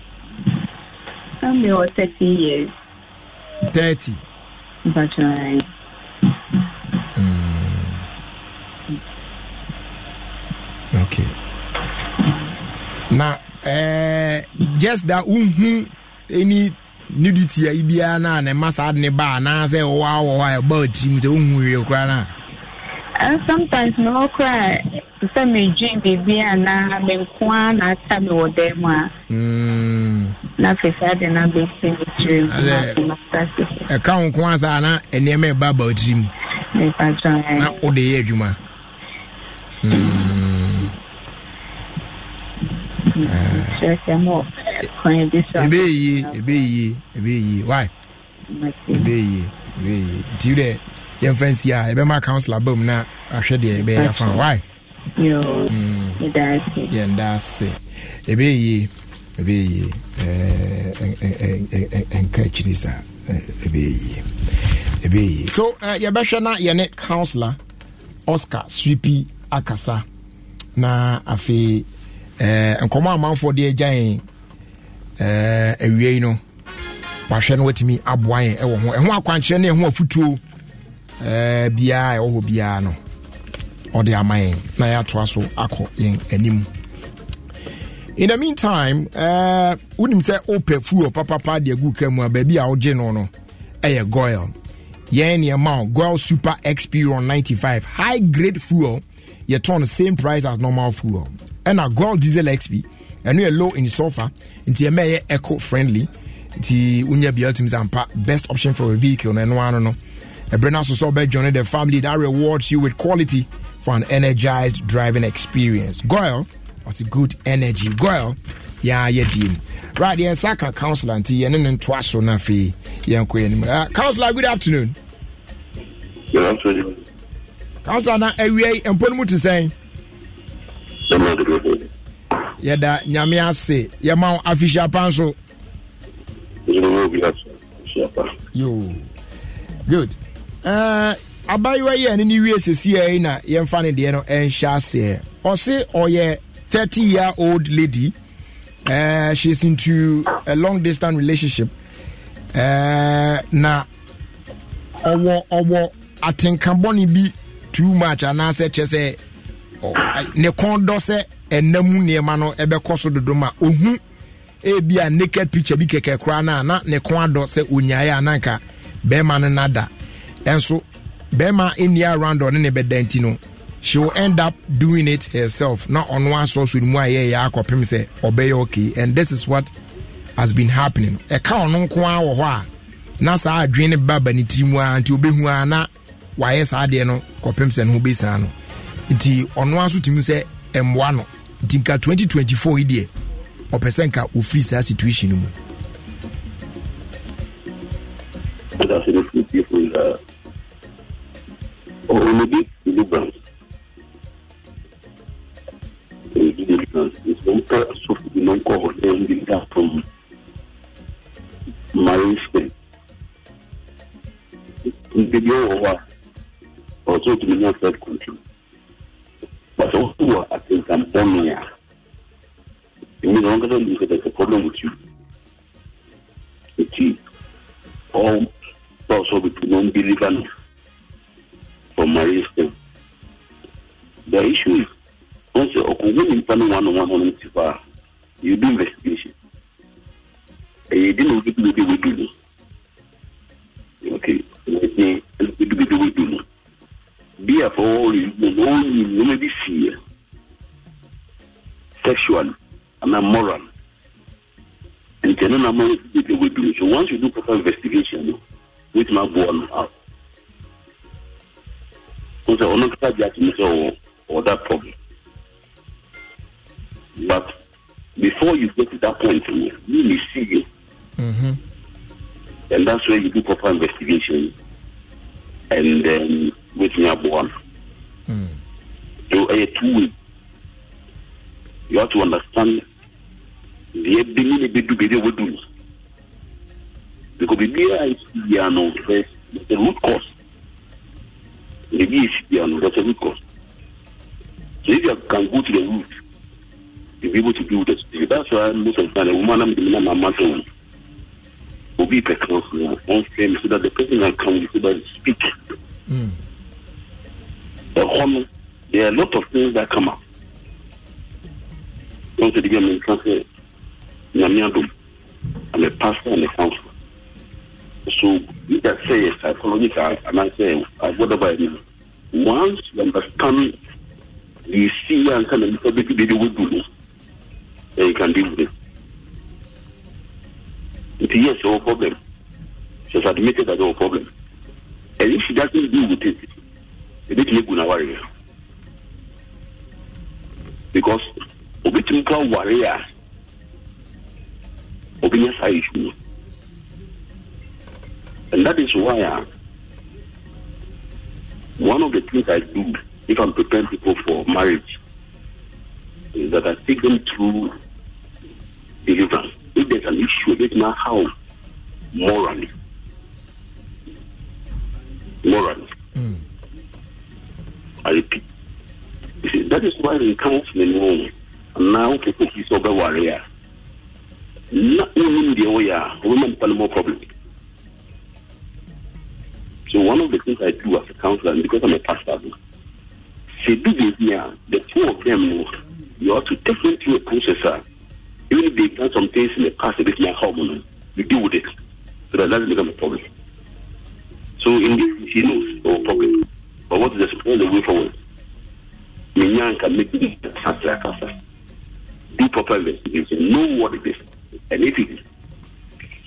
ɛmi wɔ thirty years. thirty. nipa kyɛn. na eh, just that wohu any nudity ayi eh, biara na ne mma saa de ne ba anaasɛ ɛwɔ awɔ hɔ a ɛba ɔtiri eh, mu sɛ wohu wie eh, koraa no a sometimes na ɔkora sɛ medwen biribi anaa menko a na ata me wɔ hmm. dan mu a na afei saa de no abɛsi me tiri mu ɛka wo nko saa na nneɛma ɛba ba ɔtiri mu na wode yɛ adwuma mm ebe eyi ebe eyi ebe eyi why ebe eyi ebe eyi nti dɛ yɛn fɛn si a ebe ma councilor bom na ahwɛ deɛ ebe yɛ fan why yɛn da ase ebe eyi ebe eyi ɛɛ nka akyiri sa ebe eyi ebe eyi so yɛbɛhwɛ na yɛne councilor oscar sripi akasa na afei. Eh, nkɔmɔ amanfoɔ de agya yɛn eh, awie yi no wahwɛ no watumi aboa yɛn ɛwɔ ho ɛho akwankyerɛ ne ɛho afutuo eh, biara ɛwɔ hɔ biara no ɔde ama yɛn na yɛatoa so akɔ yɛn anim in the meantime wonim sɛ wopɛ fuo papapa de agu ka mu a baabi a wogye no no ɛyɛ goil yɛn ne ɛma goil super xp 95 high grade fuel yɛtɔn same price as normal fuel ɛna gold diesel xp ɛno yɛ low in sulfur nti ɛmɛ yɛ eco friendly nti wonya bia tumi sɛ ampa best option for a vehicle na ɛno ano no ɛberɛ no aso sɛ wobɛjoine the family that rewards you with quality for an energized driving experience goil ɔse good energy goil yɛa yɛdie mu right yɛnsa ka councilor nti yɛne ne ntoa so no afei yɛnkɔ yɛnim uh, councilor good afternoon good afternoon councilor na awiei mpo no mu sɛn yɛda nyame ase yɛma wo afihyiapa nso good uh, eh, abayewa yi a ne ne wie sesi ai na yɛmfa ne deɛ no ɛnhyɛ aseɛ ɔse ɔyɛ 30 year old lady uh, eh, she's into a long distance relationship uh, na ɔwɔ ɔwɔ atenkabɔne bi too much anaasɛ kyɛ sɛ ne kɔn dɔ sɛ ɛnam e nneɛma no ɛbɛkɔ e so dodo ma ohu ebi a naked picture bi kɛkɛ koraa na na ne kɔn adɔ sɛ onyaayɛ ananka bɛrima no nada ɛnso bɛrima nia round ɔne ne bɛda nti no she will end up doing it herself na ɔno asɔ so mu a yɛ yɛ akɔpem sɛ ɔbɛyɛ okay and this is what has been happening ɛka e ɔno nko ara wɔ hɔ a na saa adwene baba ne tirim ara nti obɛhu ara na wayɛ saa adeɛ no kɔpem sɛ ne ho bɛsiaa no nti ɔno nso tumi sɛ mmoa no nti nka 2024 yi deɛ ɔpɛ sɛ nka ofiri saa situation no mu Marriage, the deal over, also to the third country but also I wɔ atenkampɔne a ɛmi mean longer than you there's a problem with you nti ɔba sɛ ɔbɛtu na ɔmbeliver no from marine stem the issue is wọn sɛ ɔkɔhu nimpa no one on one hɔnom ti hɔ uh, you do investigation ɛyɛ di na wobɛdu bɛbi wɛdu no okay ɛnɛ ɛnɛ wɛdu bɛbi wɛdu do. BF ogni nome bi see sexual and moral and ɛno na mɔyɛ dede wɔdum so once you do proper investigation no with my no out n sɛ ɔno kasa gye atumi sɛ ɔwɔ ɔwɔ that problem but before you get to that point no you need see you hmm and that's where you do proper investigation and then. Um, bɛtumi aboa no so a two hmm. way you have to understand the bi ne ne bɛdu baabi a wɔdu no because biribiara I see bia no there's a root cause biribi a ɛsi bia no there's a root cause so if you can go to the root you be able to deal with the that's why most of the time a woman am the man mama to am obi pɛ kan so one frame so that the person can come so that speak. Mm there are a lot of things that come out wọn sɛ dibi amɛnka sɛ nyame adom I'm a pastor and a counselor so you can say a psychologist and I say uh, whatever it is once you understand you see and kind of little bit they will do then you can deal with it it is your problem she has admitted that your problem and if she doesn't deal with it ebetumi egu n'awareɛ because obetumi kura ware a obenya saa isu no and that is why uh, one of the things I do if I'm preparing people for marriage is that I take them through deliverance. If there's an issue, let me know how morally. Morally. Mm. I repeat. See, that is why we come to the moon. Now people is over warrior. Not only the way women have more problem. So one of the things I do as a counselor, and because I'm a pastor, say do this here, the two of them, you have to take them to a processor. Even if they've done some things in the past, it is my hormone. You deal with it. So that doesn't become a problem. So in this, he knows our oh, problem. But what is the, what is the way forward? Minyan can make like answer answer. Do proper investigation. Know what it is. And if it is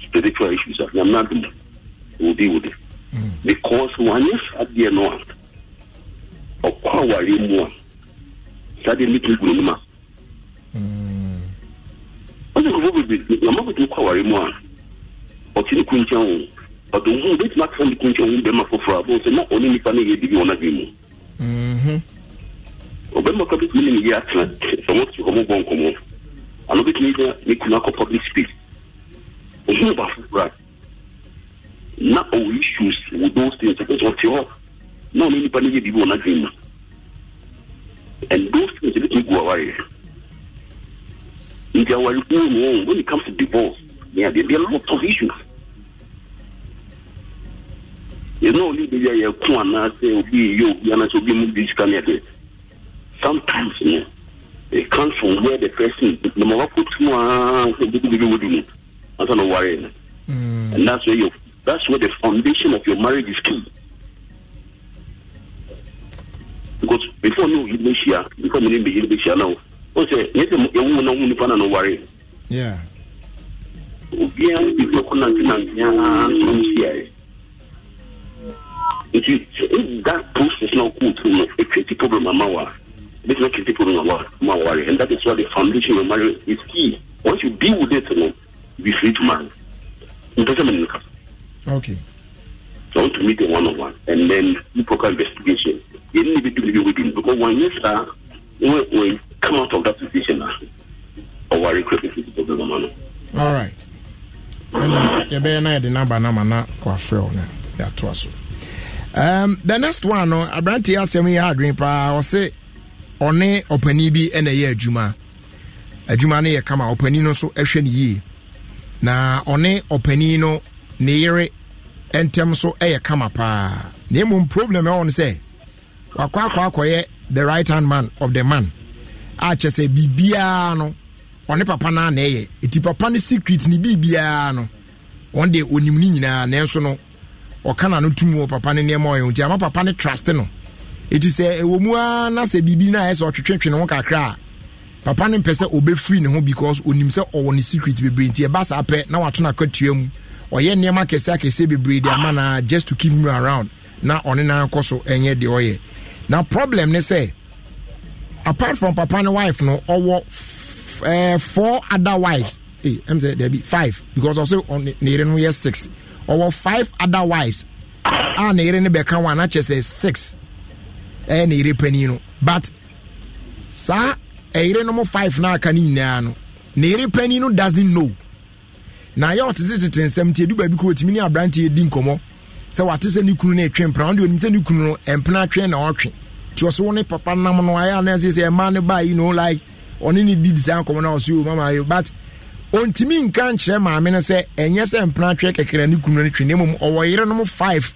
spiritual issues of Yamadum, will deal with it. Mm. Because one is at the end of. Ọkọ àwárí mu a, more? ní kí n gbòòrò mu a. Wọ́n ti kò fún bèbè, màmá kò tún kọ àwárí mu a, ọ̀tí ɔdo ho obetumi aka ne kunkɛ ho bɛma foforɔ a bɛsɛ na ɔne nipa no yɛ bibi wɔn adwene mu ɔbɛma kɔ bɛtumi ne ne atena sɛ wɔte hɔ mobɔ nkɔmmɔ ana obɛtumi nya ne kunu akɔ public speak ɔhu ba foforɔ a na ɔwɔ oh, issues wɔ those things ɛbɛsɛ ɔte hɔ na ɔne nipa no yɛ bibi wɔn adwene mu and those things ɛbɛtumi gu awareɛ nti awarekuo no when it comes to divorce yeah, there, there are lots of issues yɛna ɔne baabi a yɛko anaasɛ obi obi sometimes no it comes from where the person the ma wakɔtu you and that's where that's where the foundation of your marriage is key because before no yi bɛ hyia before mi ni bɛ yi bɛ hyia now not sɛ yɛ sɛ nti if eh, that process na okun to no e create problem ama wa this na create problem ama ama wa and that is why the foundation of marriage is key once you deal with it no you free to marry mpɛsɛ mɛ nika. okay. so i want to meet them one on one and then do proper investigation yɛn ni bi dumuni bi dumuni because wɔn nye saa when when come out of that situation na ɔwari kura fi fi problem ama no. all right. yɛbɛyɛ na yɛde naba nama na kɔ afrɛ wo na yɛatoa so um, the next one no aberante asɛm yi adwene paa ɔse ɔne ɔpani bi ɛna ɛyɛ adwuma adwuma no yɛ kama ɔpani no nso ɛhwɛ no yie na ɔne ɔpani no ne yere ntɛm so ɛyɛ kama paa na mmom problem ɛwɔ no sɛ wakɔ akɔ akɔyɛ the right hand man of the man a kyerɛ sɛ biribiara no ɔne papa no a na ɛyɛ ɛti papa no secret ne biribiara no ɔn de onim no nyinaa nanso no ɔkana no tumi wɔ papa no nneɛma ɔyɛ nti ama papa no trust no ɛti sɛ ɛwɔ mu a na sɛ biribi no ayɛ sɛ ɔtwetwetwe ne ho kakra a papa no mpɛ sɛ ɔbɛfiri ne ho because onim sɛ ɔwɔ ne secret bebree nti ɛba saa pɛ na wato no akatua mu ɔyɛ nneɛma akɛseɛ akɛseɛ bebree de ama naa just to keep me around na ɔne nan kɔ so ɛnyɛ deɛ ɔyɛ na problem ne sɛ apart from papa ne wife no ɔwɔ four other wives ɛm hey, sɛ be five because ɔsɛ ne yere no yɛ six ɔwɔ five other wives ah, a ne yere ne bɛka wɔn anakyɛ sɛ six ɛyɛ ne yere panyin no but saa ɛyere no mo five na aka ne nyinaa no ne yere panyin no doesn't know na yɛ ɔtete tete nsɛm tie du baabi kuro tìmi ne aberanteɛ di nkɔmɔ sɛ wate sɛ ne kunu no ɛtwe mpena ɔde onim sɛ ne kunu no ɛmpena twɛn na ɔtwe nti ɔso wo ne papa nam no ayɛ anɛ sɛ sɛ ne ba yi no like ɔne ne didi saa nkɔmɔ na ɔso yɛ o oh, mama ayɛ but ɔntumi nka nkyerɛ maame no sɛ ɛnyɛ sɛ mpena twɛ kɛkɛrɛ ne kunu no twe na mmom five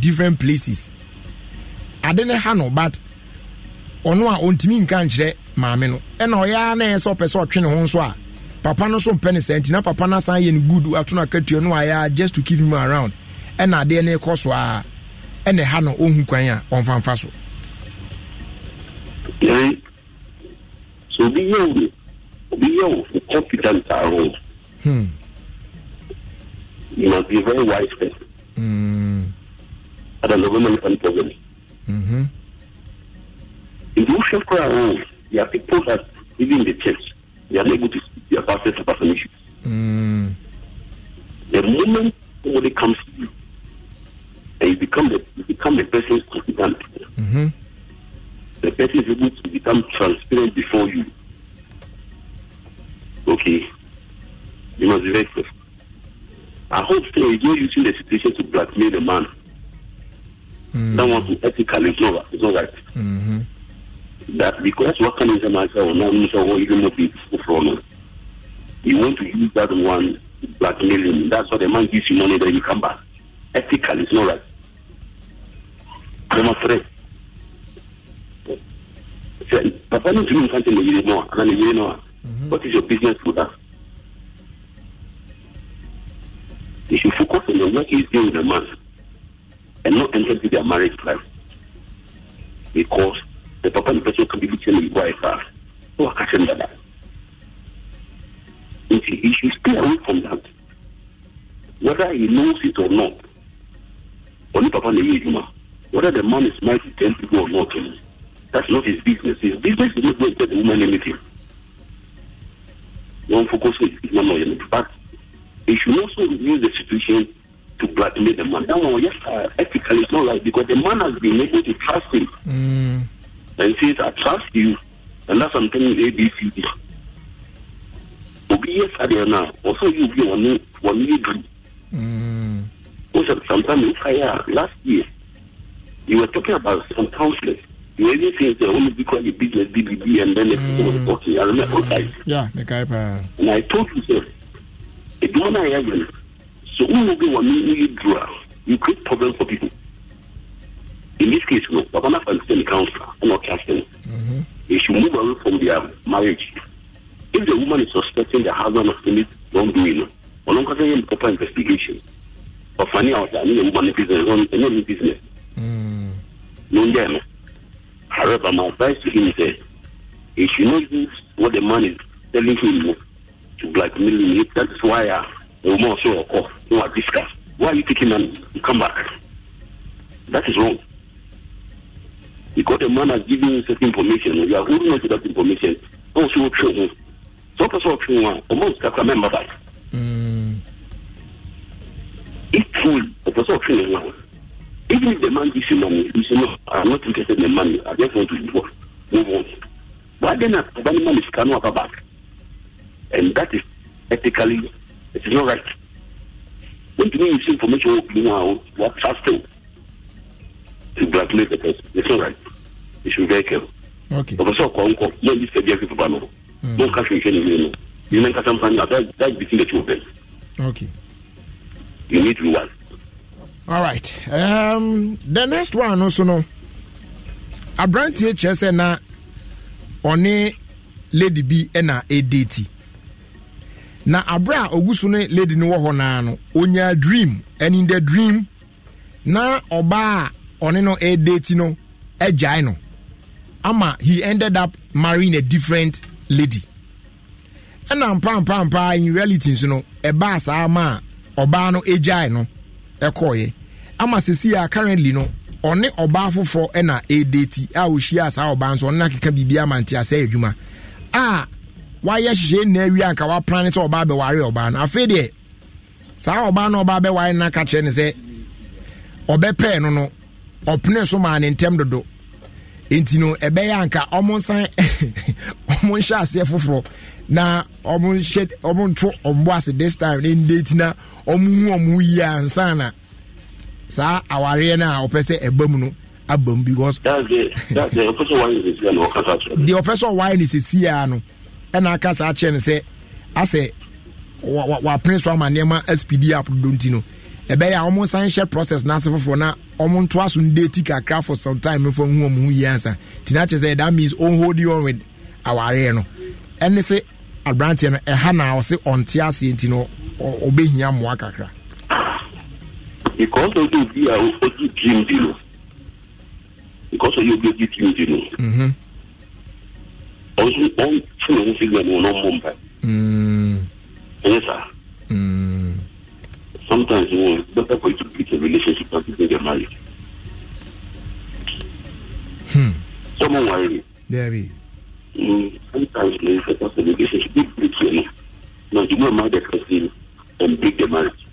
different places ade ne ha no but ɔno a ɔntumi nka nkyerɛ maame no ɛna ɔyɛ a na ɛyɛ sɛ ɔpɛ sɛ ɔtwe ne ho nso a papa no so mpɛ ne nti na papa no asan yɛ no good ato no akatua no ayɛ just to keep him around ɛna adeɛ no ɛkɔ a ɛna no ɔhu kwan a ɔmfamfa so obi Be confident tsaro hmm. you must be very wise person mm. I don't know women can problem mm-hmm. in the ocean crowd there are people that even in the church they are able to speak their pastors about some issues hmm. the moment somebody comes to you and you become the you become the person's confident, mm-hmm. the person is able to become transparent before you Okay. You must be very careful. I hope you he's not using the situation to blackmail the man. Mm. That one to ethically it's not it's not right. Mm-hmm. That because what can international or not even more people from you want to use that one to blackmail him. That's what the man gives you money that you come back. Ethically it's not right. I'm afraid. Papa no tumi nka kyɛ ne yere no a ana ne yere no a Mm-hmm. What is your business with that? They should focus on the work he's doing with the man and not enter into their marriage life. Because the papa and the person can be between at wife and, who are catching that. He should stay away from that. Whether he knows it or not, only papa and whether the man is married to 10 people or not, that's not his business. His business is not going to tell the woman anything one focus on no But you should also use the situation to blackmail the man. That yes, uh, ethically, it's not right because the man has been able to trust him mm. and says, I trust you, and that's something ABCD. But yes, I know. Also, you be one, one you do. Mm. Also, sometimes, last year, you were talking about some counselors. you really think the only because the business BBB and then the mm. was okay. I remember mm. okay. Yeah, the guy uh, And I told you, myself, it don't I heaven. So who will be one you draw? You create problem for people. In this case, no, but I'm not understand the counselor, I'm not casting. Mm-hmm. They should move away from their marriage. If the woman is suspecting the husband of any wrongdoing, or not because any proper investigation, or finding out that any woman is business, any business. Mm. No, yeah, no. However, my advice to him is that he should not use what the man is telling him to blackmail him. That is why I will more so occur. No, I Why are you taking and come back? That is wrong. Because the man has given you certain information, you are holding on to that information. Also, true. So, person, uh, true. Almost, I remember that. Hmm. It's true. The person, true. Even if the man gives you money, you say, no, I'm not interested in the money. I just want to move on. Why then abandon man is cannot have back? And that is ethically, it is not right. When you need information, you know, what are trusting to blackmail the person. It's not right. You should be very careful. Okay. But Because so, come, come, let me say, dear people, mm. no, don't catch me, you know, you know, that's between the two of them. Okay. You need to be one. all right um, the next one nso no aberanteɛ kyerɛ sɛ na ɔne lady bi na ɛdeti na abere a ogu so ne lady no wɔ hɔ naa no onyaa dream and the dream na ɔbaa a ɔne no ɛdeti no agyae no ama he ended up marrying a different lady ɛna mpampampaa in reality nso no ɛbaa saa ama a ɔbaa no agyae no. ɛkɔɔyɛ ama sisi a currently no ɔne ɔbaa foforɔ ɛna ɛdeti a ohyia saa ɔbaa nso ɔne nakeka biribi ama nte asɛ adwuma a wayɛ hyehyɛ nna awie anka wapra ne sɛ ɔbaa bɛware ɔbaa no afei deɛ saa ɔbaa na ɔbaa bɛware no naka kyerɛ ne sɛ ɔbɛpɛɛ no no ɔpene so maa ne ntɛm dodo nti no ɛbɛyɛ anka ɔmo nsan ɔmo nhyɛ aseɛ foforɔ na ɔmo nhyɛ ɔmo ase this time ndị ndate na ɔmo hu yie na saa awareɛ na a ɔpɛ sɛ ɛba aba mu because deɛ ɔpɛ sɛ ɔwae ne ɛna aka saa kyerɛ sɛ asɛ so ama nneɛma no ɛbɛyɛ a nsan hyɛ process n'ase foforɔ na nto aso kakra for some time nfa ho yie na sɛ that means hold on with aberanteɛ no ɛha na ɔsɛ ɔnte aseɛ nti no ɔbɛhia mmoa kakra because you bí i because ọyọ bí ojú jim di nù ọdún wọn sometimes wọn better for to build a relationship than to a marriage. Hmm. sọmọ There we. in mm, sometimes in certain congregations, we break your Now, you know, marry the person and break the marriage.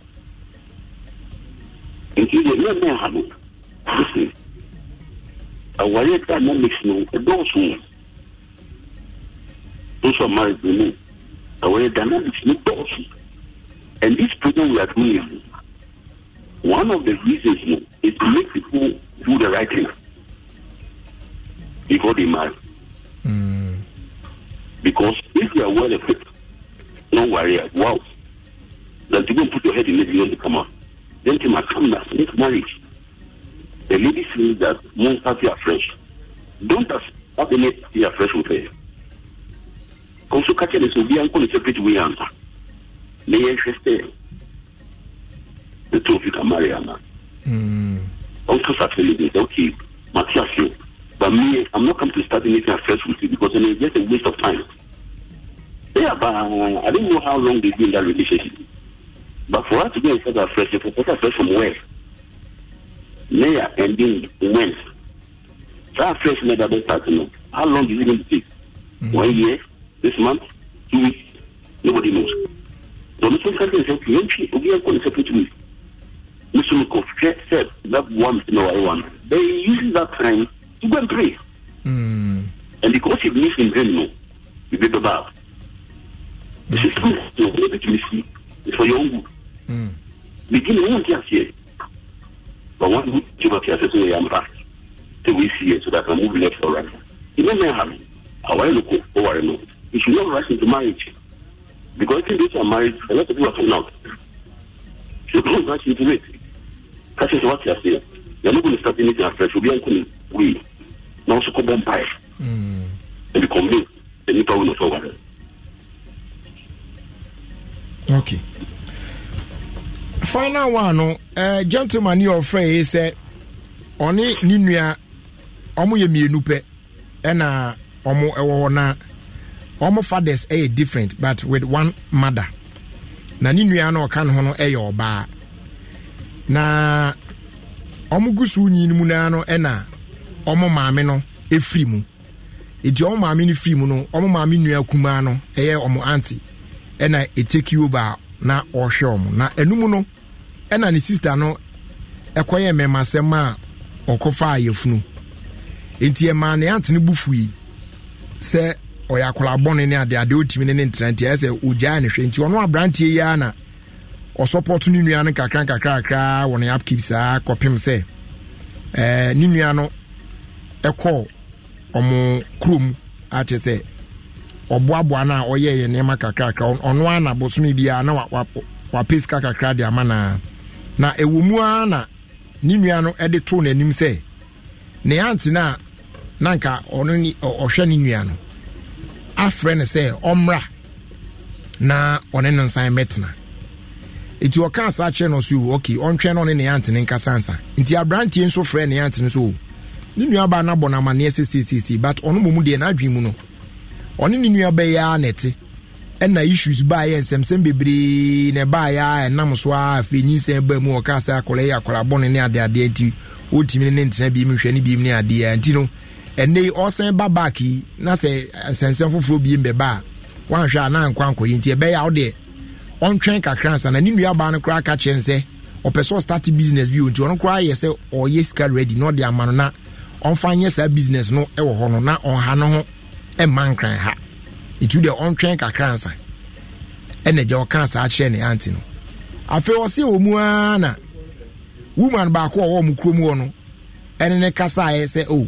And you know, no, have it. Listen, a warrior cannot mix no, a dose no. Those are married women. A warrior cannot mix no, dose. And this program we are doing, one of the reasons no, is to make people do the right thing before they marry. Mm. Because if you are well equipped, no worry. Wow. That you don't put your head in it, you don't come out. Then you my come back, make marriage. The lady feels that won't start your fresh. Don't start any your fresh with her. Also, catch this will be uncle separate way answer. May you stay. The two of you can marry, Anna. Also, start feeling okay, Matthias, you. But me, I'm not coming to start anything afresh with you because I it's just a waste of time. Yeah, but I didn't know how long they've been in that relationship. But for us to go and start afresh, if we start afresh from where? Mayor and then when? That afresh never does start, you know. How long is it going to take? Mm-hmm. One year? This month? Two weeks? Nobody knows. So Mr. Kanti is saying, entry, we are going to separate me. Mr. Mukov said that one, no, I want. They use that time you go and pray. Mm. And because you believe in him, no, you be hmm. This is true. you're going to see is for your own good. Mm. Begin one own here. But one good give up yourself so you am back. So we see it so that I move left or right. It doesn't happen. I want to go or and over. You should not rush into marriage. Because if you are marriage, a lot of people are coming out. So don't rush into it. That's just what you're saying. You're not going to start anything after. you should be unclean. We. Oui. na ọsọ kọbọ mpae ebi kọmbe nipa wo na ọsọ wari. okay final one no uh, gentleman yi ɔfrɛ yi sɛ nua mmienu eh, na fathers eh, different but with na nua na ho no na nyi naa ɔmo maame no efiri mu eti ɔmo maame no firi mu no ɔmo maame nua kumaa no ɛyɛ ɔmo aunty ɛna eteki over na ɔhwɛ ɔmo na enum no ɛna ne sista no ɛkɔyɛ mmɛmasɛm a ɔkɔfa ayɛfunu eti ɛmaa ne aunty no bu fui sɛ ɔyɛ akɔlabɔne ne ade ade otimi ne ne ntenante ɛsɛ ogyaa ne hwɛ nti ɔno aberanteɛ yi ara na ɔsɔpɔto ne nua no kakra nkakra kakra wɔ ne upkeep saa kɔpem sɛ ɛɛ ne nua no ɛkɔ ɔmo kurom akyɛ sɛ ɔboaboa no a ɔyɛ yɛ nneɛma kakrakra ɔno ara na bosome biara na wapɛ sika kakra de ama naa na ɛwɔ mu ara na ne nua no ɛde to n'anim sɛ ne ante a na nka ɔno ni ɔhwɛ ne nua no afrɛ no sɛ ɔmmra na ɔne no nsan mɛtena nti ɔka saa kyerɛ no so okay ɔntwɛn no ɔne ne ante ne nkasa nsa nti aberanteɛ nso frɛ ne ante no so o oh, ne nuabaa no abɔ no amanneɛ but ɔno mmom deɛ n'adwen mu no ɔne ne nuabaa yi ara na ɛte ɛna issues baayɛ nsɛmsɛm bebree na ɛbaayɛ a ɛnam so a afei nyinsɛn baa mu ɔka sɛ akɔla yi akɔla bɔne ne adeadeɛ nti ɔtumi ne ntena bi mu hwɛ ne bi mu ne adeɛ nti no ɛnɛ yi ɔsɛn ba back yi na sɛ nsɛnsɛm foforɔ bi mu bɛba a wɔanhwɛ a na nkɔ ankɔ yi nti ɛbɛyɛ a ɔdeɛ ɔntwɛn kakra nsa na ne nuabaa no koraa ka kyerɛ sɛ ɔpɛ sɛ ɔstart business bi o nti ɔno koraa yɛ sɛ ɔyɛ sika ready na ɔde ama no na ɔmfa nyɛ saa business no wɔ hɔ no na ɔnha no ho ma nkran ha ɛtu deɛ ɔntwɛn kakra nsa ɛna gya ɔka saa kyerɛ ne ante no afei ɔse wɔ mu ara na woman baako a ɔwɔ mu kurom hɔ no ɛne ne kasaeɛ sɛ o oh,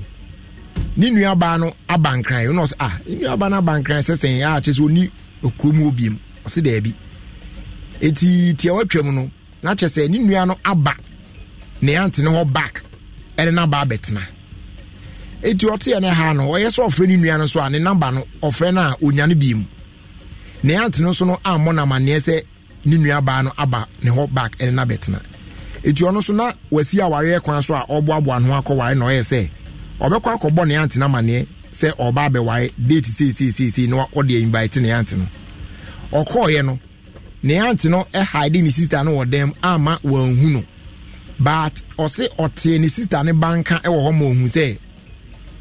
ne nuabaa no aba nkran ɛna ɔsɛ ah ne nuabaa no aba nkran sɛ sɛn a kyerɛ sɛ ɔni kurom hɔ biem ɔse daabi eti tia watwam no na kyerɛ sɛ ne nua no aba ne ante no hɔ back ɛne no aba abɛtena ɛti ɔteɛ ha no ɔyɛ sɛ ɔfrɛ ne nnua no a ne namba no ɔfrɛ no a bi mu ne ante so no ammɔ sɛ ne no aba ne hɔ ɛne na ɛti ɔno na wasi awareɛ kwan so a ɔboaboa ne ho akɔware na ɔyɛ sɛ ɔbɛkɔ akɔbɔ ne ante no sɛ ɔba abɛware date na ɔde invite ne ante no ɔkɔɔyɛ no ne ante no ne no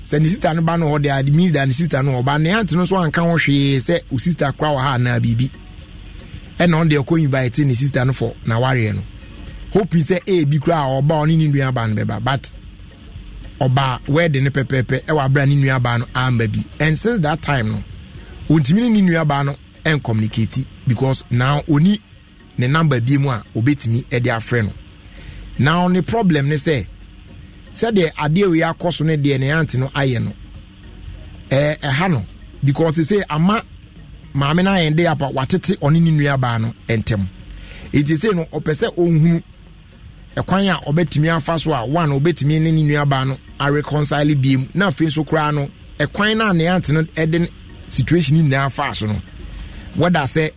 sɛ ne sista no ba no hɔ de means that ne sista no ɔba ne aunt no nso anka ho hwee sɛ o sista kora wɔ ha anaa biribi ɛna ɔn de ɛkɔ nyiba ɛte ne sista no fɔ na wareɛ no hoping sɛ ebi eh, kora a ɔba ɔne ne nua ba no bɛba but ɔbaa wɛɛde ne pɛpɛɛpɛ ɛwɔ abira ne nua ba no amba bi and since that time no ɔntumi ne ne nua ba no ɛn communicate because now oni ne number bi mu a obetumi ɛde afrɛ no now ne problem ne sɛ sɛdeɛ adeɛ wei akɔ so no deɛ ne ante no ayɛ no ɛɛ ɛha no because sɛ ama maame no ayɛn de apa watete ɔne ne nuabaa no ntɛm eti sɛ no ɔpɛ sɛ ɔnhunu ɛkwan a ɔbɛtumi afa so a one ɔbɛtumi ne ne nuabaa no areconcile biem na afei nso koraa no ɛkwan no a ne ante no ɛde situation nyinaa fa so no whether sɛ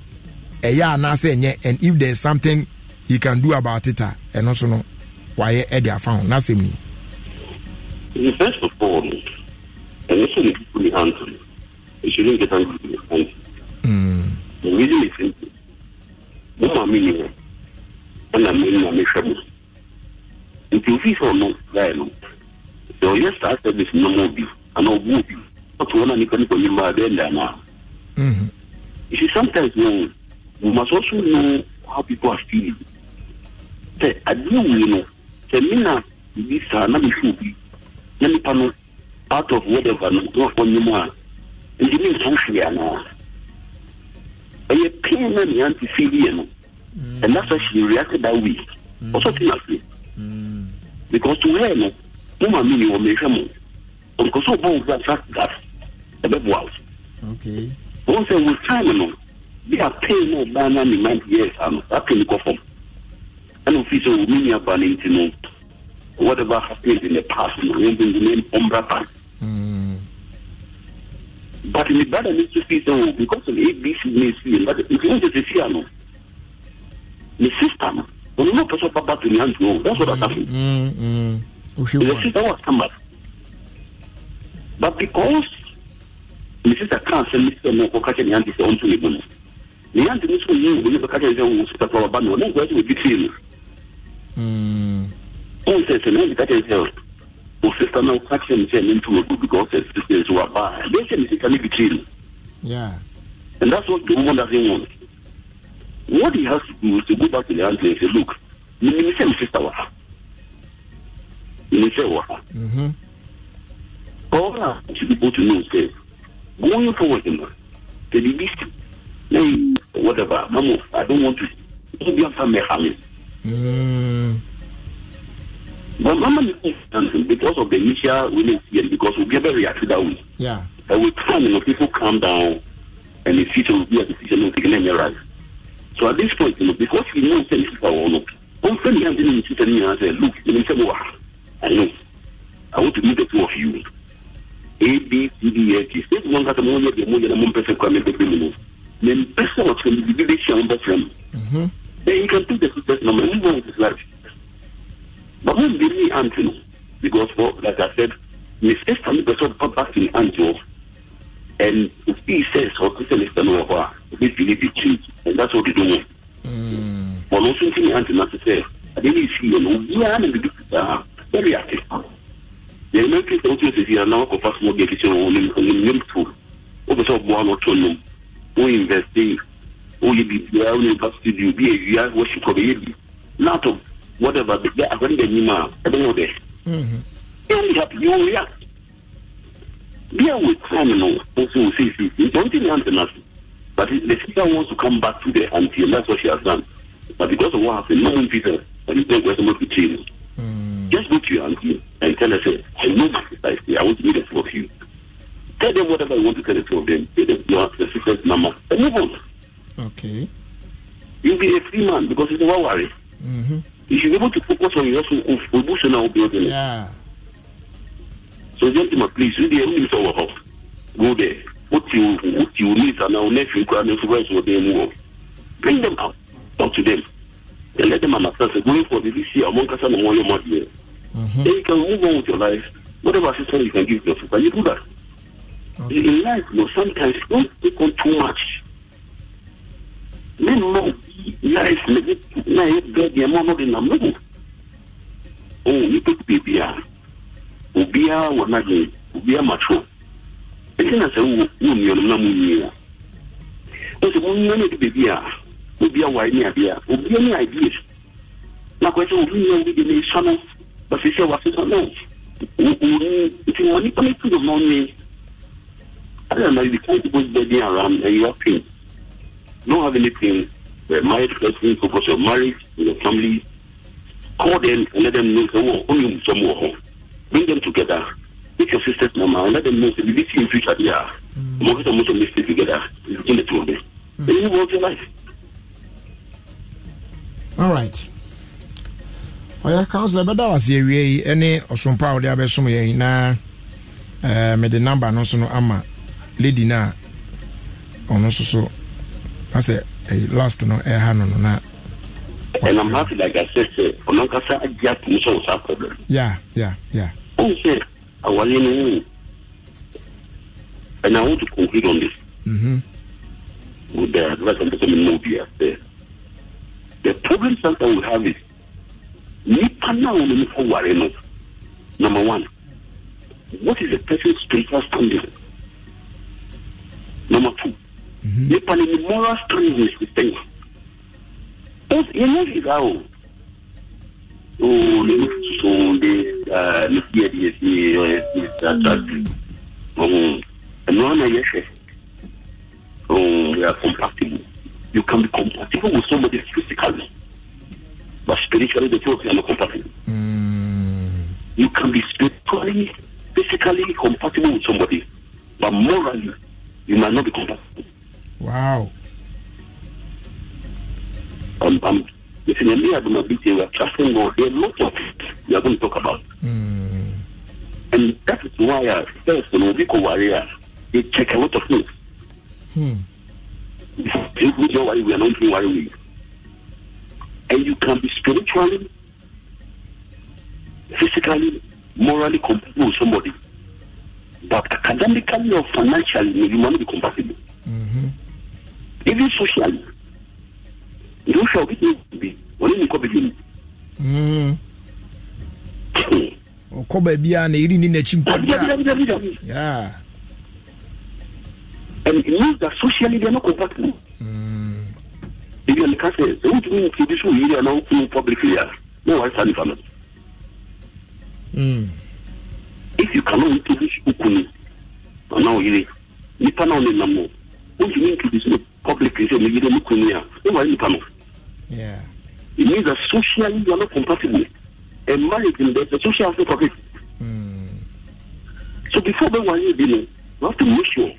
ɛyɛ anaasɛ ɛnyɛ and if there is something he can do about it a ɛno so no wayɛ ɛde afa ho n'asɛm ni. he's the best performer. And this shouldn't get fully angry. He shouldn't get angry. angry. Mm. The reason is angry. No, I mean, and I mean, I mean, I mean, nti ofi sɛ ɔno guy no sɛ ɔyɛ saa service no ma obi anaa ɔbu obi ɔto wɔn a nipa nipa ni mmaa then ndaa now. you see sometimes no we must also know how people are feeling I adeɛ you know, sɛ me na bibi saa uh, na mehwɛ obi na nipa no out of whatever no nkurɔfoɔ nyim a nti ne nsu hwee anaa ɛyɛ pain na ne ante failure no mm. and that's why she reacted that way ɔsɔ ti na se because to her no mo maa mi ni wɔ mehwɛ mo nkoso bɔ wo fura fast gas ɛbɛboa wo wɔn sɛ wo time no bi a pain na ɔbaa na ne ninety years ano that pain kɔ fam ɛna ofin sɛ wo mi ni aba ne nti whatever happened in the past, using the name Umbra Bank. Mm. But in the brother needs to see so because of ABC needs to but if you want to see ano, the system, when you know person papa to the hand to that's what happened. Mm. Mm. The system was come But because the sister can't send Mr. Moko catch the hand is on to the bonus. The hand is so you will never catch the hand to We banner, not going hmm. to be seen wọn sɛ sɛ nɛɛbi kakyɛ na o kakyɛ ne sɛ ne ntu wɔ gudu kɔ sɛ sista and that's what the woman doesn't want what he has to do is to go back to the aunt and say look ne ne sɛ ne sista wa ne sɛ wa all I want you people to know is that going forward ma the baby hey, whatever mamu I don't want to don't be after me harming. But normally, because of the initial we and because we'll be able to react that way. Yeah. And with time, you know, people calm down and the decision will be a decision of taking any rise. So at this point, you know, because we know things are all up, one friend has been in and said, look, you know, I know. I want to meet the two of you. A, B, C, D, F, G. State one has a more the more year, the more person can make the criminal. Then, person what's going the leadership on the firm. Then you can take the success number and move on with his life. but mo n bɛ ni aunty no because for like i said Miss Esther, mi bɛ sɔ papa fi aunty wɔ and obi sɛ sɔ kristian sister no wɔ hɔ a obi bi bi tiri and that's what they do wɔ but no so n ti ni aunty na ti sɛ ade ne si yɛ no obiara na bi do aa very active yɛrɛ mɛ kristian o ti o sɛ fi yɛrɛ na wakɔ fa small girl kitchen wɔ ne mu ne mu to o bɛ sɛ ɔbɔ ano to nom o invest in o yɛ bibiara o ne ba studio bi awia wɔsi kɔ bɛ yɛ bi n'a tɔ. whatever mm-hmm. the according to him ah ebe no don't you help you react be away time no also see see don't think I'm nothing but the sister wants to come back to the auntie and that's what she has done but because of what happened no one Peter and it's not going to make a change mm. just go to your auntie and tell her say I know my sister is here I want to meet the two of you tell them whatever you want to tell the two of them tell them your the sister's number and move on okay you'll be a free man because it's not worry mm-hmm. you should be able to focus on your professional building. Yeah. So gentlemen, please, we need to work. Go there. What you what you need and our nephew grand influence what they more. Bring them out. Talk to them. And let them understand that going for the VC among us and all your money. Mm-hmm. Then you can move on with your life. Whatever assistance you can give yourself, can you do that? Okay. In life, you know, sometimes don't take on too much ne nnam rice ne bi na ɛyɛ bread yɛn mu ɔno de nam ne mu o nipa na obiara wɔ n'adwene obiara matwo esi na sɛ wo wo nnuanum na mu nyi a o sɛ mo nnua no de beebi a obiara wɔ ne adeɛ a obiara ne ideas na kɔ sɛ obi nnua obi de ne sa no basi sɛ wasesa no o o nti wɔn nipa ne tu do ma ɔne I don't know, you can't go bedding around and you're paying. don't have anything. The married person, focus your marriage, your family. Call them and let them know oh, some more home. Bring them together. Make your sisters mama and let them know that this in future they are. Most mm. of most of them stay together in the two of them. Mm. And you want your life. All right. ɔyɛ councilor bɛda wase awie yi ɛne ɔsompa a wɔde abɛsom yɛn na mede number no nso no ama lady oh, no a ɔno nso so na sɛ last no ɛha eh, no no na and I'm happy like I said sɛ ɔno nkasa agye atom sɛ wo saa problem ya ya ya wohu sɛ awale no wu and I want to conclude on this mm-hmm. with the advice I'm talking about here the, the problem sometimes we have is nipa na wo no fo ware no number one what is the person's spiritual standing number two nipa ni ni moral strength sitɛn o yɛn yɛ fi ka o o ne ni soso de aa ne fiyɛ de yɛ fi yɛ fi ta ta bi ɔn ɛnua na we are compatible you can be compatible with somebody physically but spiritually the two of you are not compatible. Mm. You can be spiritually, physically compatible with somebody, but morally you might not be compatible wow um, um, if in a mere we are talking about a lot of of we are going to talk about mm. and that is why uh, first in Obiko Warrior they check a lot of things hmm. we don't worry we are not worrying and you can be spiritually physically morally compatible with somebody but academically or financially you may not be compatible mm-hmm. even socially ìlú sọ bí kò bí wọn ní kọ bèbí ni. ọkọ bẹẹbi a na eri ni n'ekyi mpọ bia. and it means that socially they are not compatible. ebi ẹni ká sẹ ẹ wọ́n tún mú kí ebi sùn yìí ẹ̀ náà fún public area no one stand in front of it. if you cannot introduce okun ọ̀nà òyìnbó nípa náà lè nà mọ́ wọ́n tún mú kí ebi sùn. publicly say Yeah. It means that socially you are not compatible. And marriage in that the social aspect of it. Hmm. So before we were dealing, we have to make sure,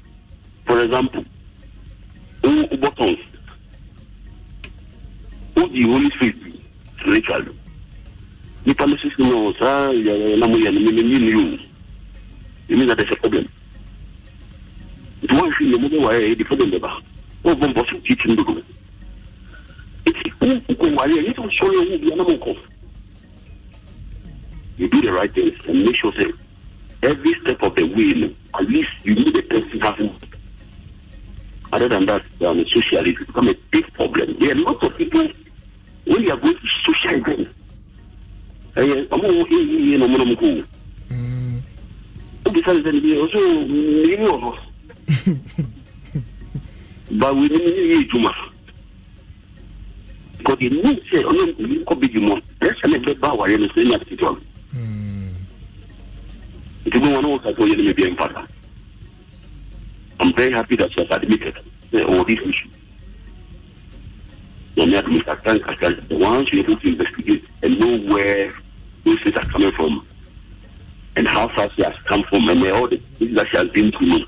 for example, who buttons, all the Holy Spirit, The nipa no sisi no saa nam yɛ no memeni ne o ɛmi na dɛ sɛ problem nti the nnomu bɛwaɛ the problem wọ́n bọ̀ wáyé ẹ̀ nítorí sọ́ọ́ yẹn wọ́n bí you do the right things, and make sure say every step of the way at least you know the person has it other than that um, socialism become a big problem there are a lot of people when you are going to social events ẹyẹ ba wei no menyɛ adwuma because ɛnim sɛ ɔne nkɔyi kɔ bɛdi mɔ ɛsɛ ne bɛba awareɛ no sɛ ɛnya tetɔ nti bɛwa no wɔka sɛ ɔyɛ no mɛbiɛ mfata I'm very happy that she has admitted uh, all these issues. And that Mr. Tank has once you're able to investigate and know where those things are coming from and how far she has come from and all the things that she has been through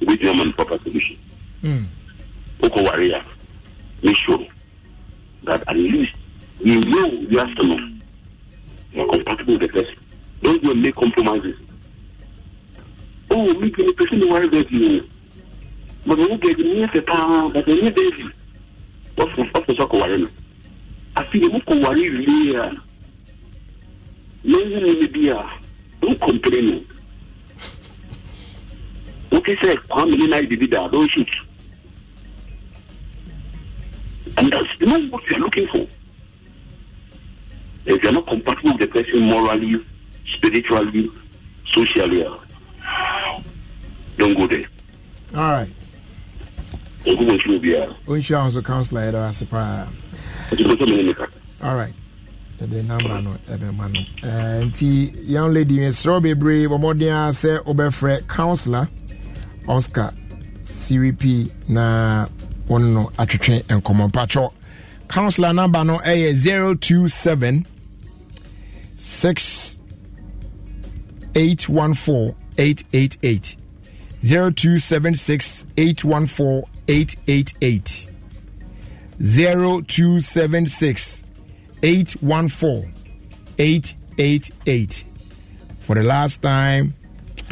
with them proper solutions. wokɔ ware a make sure that at least you know you have to know you are compatible with the person don't go make compromises oh me the person who ware that you but wo get ni fɛ paa but ɛnyɛ baby wɔfɔ wɔfɔ sɔ kɔ ware no afei mu kɔ ware wie a n'ewu mu ni bi a don't complain o wote sɛ kwame ne na yi bibi da don't shoot. And that's not what we are looking for. If you're not compatible with the person morally, spiritually, socially, don't go there. All right. Insurance counselor, I was surprised. All right. ɛde namba no ɛbɛma no eh, nti young lady mesrɛ eh, bebree bɔ mmɔden a sɛ wobɛfrɛ counsellor oscar crp na wɔn no atwetwe nkɔmɔ mpatsɔ councillor number no ɛyɛ zero two seven six eight one four eight eight eight zero two seven six eight one four eight eight eight zero two seven six eight one four eight eight eight for the last time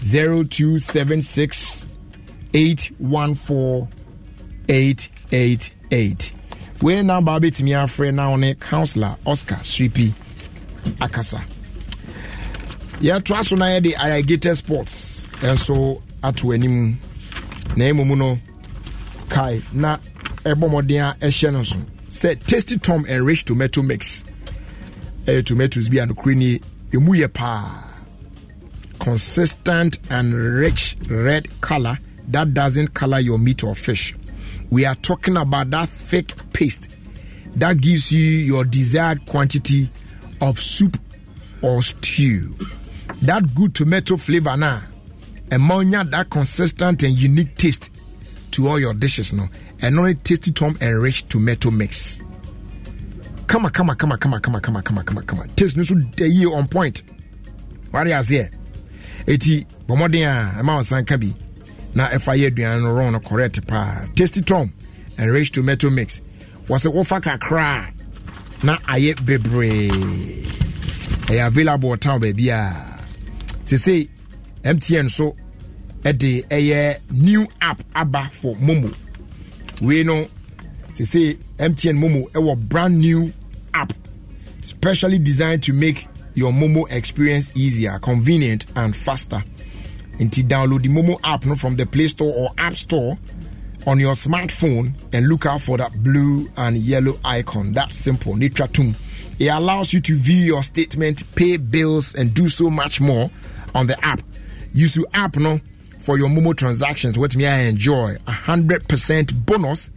zero two seven six eight one four eight eight eight wei namba abɛtumi afrɛ na ne councillor oscar sripi akasa yɛtoa so na yɛde irrigator sports nso ato anim na mmom no kae na ɛbɔ mmɔden a ɛhyɛ no so sɛ tasty tom and rich tomato mix ɛyɛ tomatoes bi a nokorɛ nie ɛmu yɛ paa consistent and rich red color that doesn't color your meat or fish we are talking about that thick paste that gives you your desired quantity of soup or stew. That good tomato flavor now, ammonia that consistent and unique taste to all your dishes now, and only tasty tom enriched tomato mix. Come on, come on, come on, come on, come on, come on, come on, come on, come on. Taste needs to on point. What are you here? Eti, bɔmmɔden a ɛma san kabi na ɛfa yɛ aduane no wrong no correct paa tasty tom enrich tomato mix wɔsɛ wofa kakra a na ayɛ bebree ɛyɛ available town baabi a sesei mtn so ɛde ɛyɛ new app aba for momo wei no sesei mtn momo ɛwɔ brand new app specially designed to make your momo experience easier convenient and faster Into download the Momo app no, from the Play Store or App Store on your smartphone and look out for that blue and yellow icon. That's simple. Nitratum. It allows you to view your statement, pay bills, and do so much more on the app. Use your app no for your Momo transactions. What me I enjoy a hundred percent bonus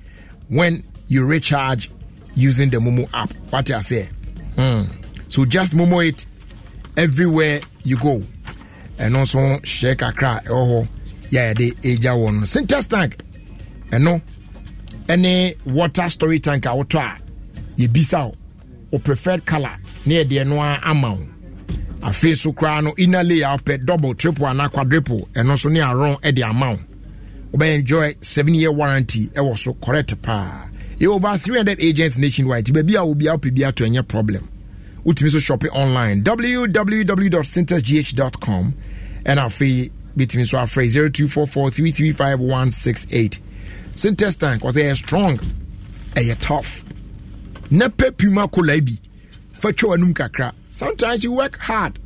when you recharge using the Momo app. What I say. Mm. So just Momo it everywhere you go. ɛno nso hyɛ kakra ɛwɔ hɔ yɛyɛde ɛgya wɔ no sintex tank ɛno ɛne water story tank a wotɔ a yɛbisa wo wo preferred color ne yɛde ɛno a ama wo afei so koraa no inner layer wopɛ double triple anaa quadruple ɛno nso ne aron ɛde ama wo wobɛyɛ enjoy seven year warranty ɛwɔ so correct paa yɛwɔ over 300 agents nationwide nti baabi a wobia wopɛ bi atɔ ɛnyɛ problem wotumi so shopping online www sintexgh com ɛna afei bitumi nso afrɛ 0244335168 sintestan tank sɛ ɛyɛ strong ɛyɛ tough na pɛ pima kola bi fa twa w'anum kakra sometimes you work hard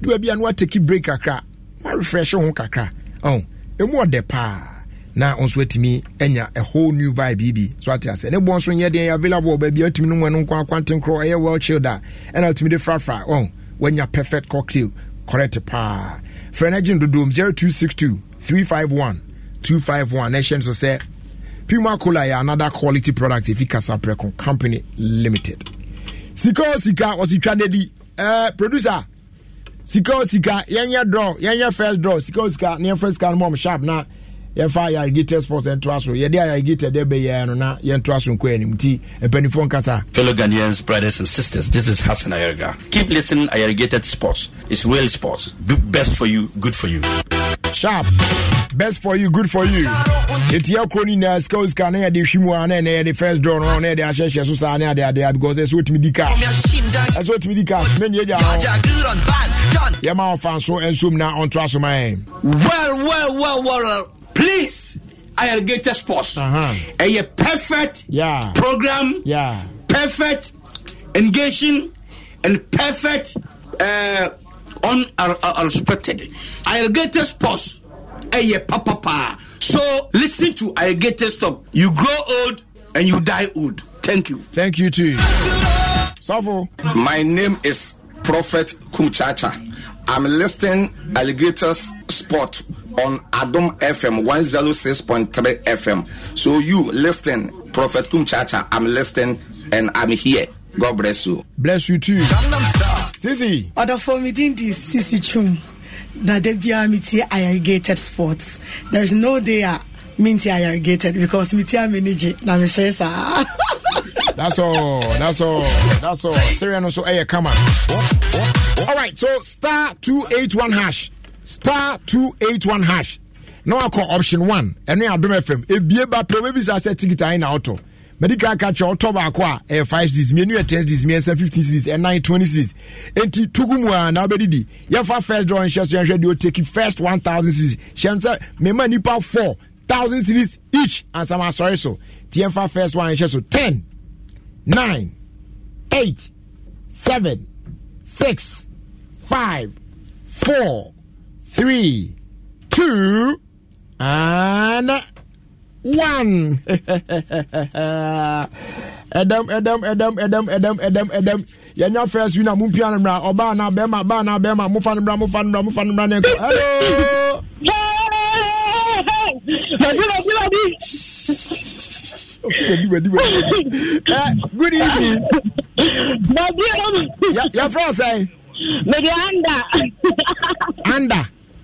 do baabi a na wataki break kakra na refresh ho kakra ɔn oh, ɛmu ɔdɛ paa na nso atumi anya a whole new vibe yi bi so ate asɛ ne bɔ nso nyɛ deɛ available baabi a atumi no mu no nkwa akwanten korɔ ɛyɛ well chilled a ɛna atumi de frafra ɔn oh, wanya perfect cocktail correct paa frɛ no dodom 0262 351 251 na ɛhyɛ no so sɛ puma cola yɛ another quality product ɛfi kasaprɛko company limited sika o sika ɔsi twa ne di ɛɛ eh, producer sika o sika yɛnyɛ draw yɛnyɛ first draw sika o sika ne yɛn first sika no mɔ ɔmo sharp na yɛfa yarigita sports ɛntoa so yɛde ayarigita dɛ bɛyɛ no na yɛntoa so nkɔ anim nti mpanimfoɔ nkasa fellow ghanaians brothers and sisters this is hassan ayarga keep listening ayarigated sports it's real sports Do best for you good for you sharp best for you good for you ɛtia kuro no nyinaa sika o sika na yɛde hwi mu a na ɛnɛ first draw no na yɛde ahyehyɛ so saa ne adeadea because ɛsɛ wɔtumi di cas ɛsɛ wɔtumi di cas mɛnie gya ho yɛma ɔfa nso nsom na ɔntoa so ma ɛ well well well well please alligator sports uh-huh. a perfect yeah. program yeah. perfect engaging and perfect uh, on uh, respected uh, alligator sports a papa pa. so listen to alligator stop you grow old and you die old thank you thank you too Savo. my name is prophet kumchacha i'm listening alligators sport on Adam FM 106.3 FM. So you listen, Prophet Kumchacha, I'm listening and I'm here. God bless you. Bless you too. Sisi. Other for me, this Sisi Chum. That they be irrigated sports. There's no day I mean irrigated because me tia manage na me That's all. That's all. That's all. Siriano so eh, air come on. All right. So star two eight one hash. star two eight one hash na wakɔ option one ɛno yɛ adom fm ebie ba pɛ wɔbi sa sɛ ticket ayi na ɔtɔ medical catch ɔtɔ baako a ɛyɛ five series mmienu yɛ ten series mmiɛnsa fifteen series ɛnan twenty series eti tugu mu a na ɔbɛdidi yɛfa first draw nhyɛ so yɛnhwɛ deɛ ɔteki first one thousand series hyɛn sɛ mɛma nipa four thousand series each ansam asɔre so ti yɛnfa first one nhyɛ so ten nine eight seven six five four three, two, and one. Adam, Adam, Adam, Adam, Adam, Adam, Adam. Yanya first winner, Mumpian Ra, Obana, Bema, Bana, Bema, Mufan Ra, Mufan Ra, Mufan Ra, Neko. Hello! uh, good evening. Your friend say? Anda. Anda.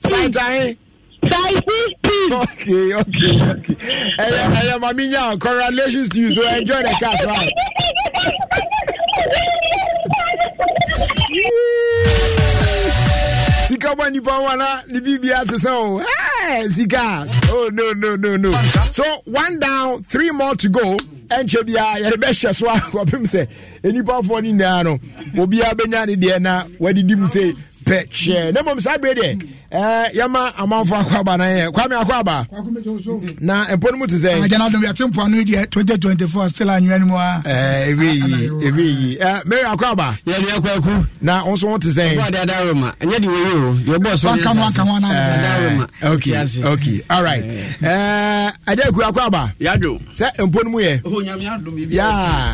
saitan okay okay okay ẹyẹ ẹyẹ maami ah, nya congratulations to you so enjoy the car ride. sika bɔ nipa wa na ni bi bi asesa o sika oh no no no no so one down three more to go ɛnkyɛ bia yɛde bɛhyɛ so a kɔpem sɛ nipa afɔ ni nyinaa no obiara bɛnya ne deɛ na wɔde di mu sɛ pɛ hyɛ mm. na mmom saa berɛ deɛ mm. amanfo akɔ na yɛ kwame akɔ na mpo no mu te sɛ agyana ah, dɔm yɛte mpoa no deɛ 2024 still anwea no mu a ɛbɛyi ah, ah, ɛbɛyi mary akɔ aba yɛde akɔ aku na wo nso wo te sɛ ɛnyɛ de wɔyi o deɛ ɔbɔɔ so okay okay all right ɛde aku akɔ aba yɛadwo sɛ mpo no mu yɛ yɛ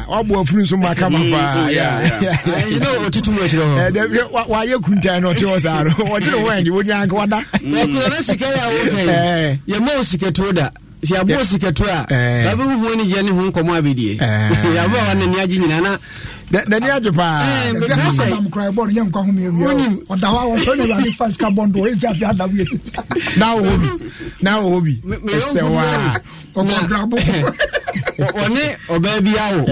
ɔboa firi nso mu aka ma paa yɛ ɔtutum akyirɛ hɔ wayɛ kuntan Mm. na ɔte hɔ saa no ɔde ne ho wonya nka wada akura sika yɛ a woka yɛma wo sikatuo da sɛ yɛaboɔ sikatuo a babɛhuhu ani gyeɛ ne ho nkɔmmɔ abɛdie yɛaboa wanani agye nyinaa na nani agye paanawohɔ bi na wohɔ bi ɛsɛ hɔ a ɔne ɔbaa bi awo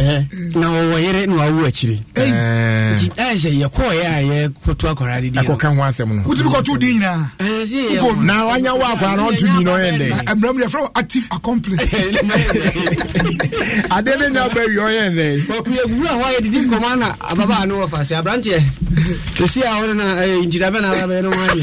na wɔwɔ yere na wawo akyire nti yɛkɔɔyɛ a yɛkɔto akɔra de deɛɛkɔka ho asɛm no wotumi kɔto nyinaa na wanya wo akɔra na ɔnto nyi no ɔyɛ ndɛn mmram active accomplice ade ne yi didi na ababaa no aberanteɛ na na no ayɛ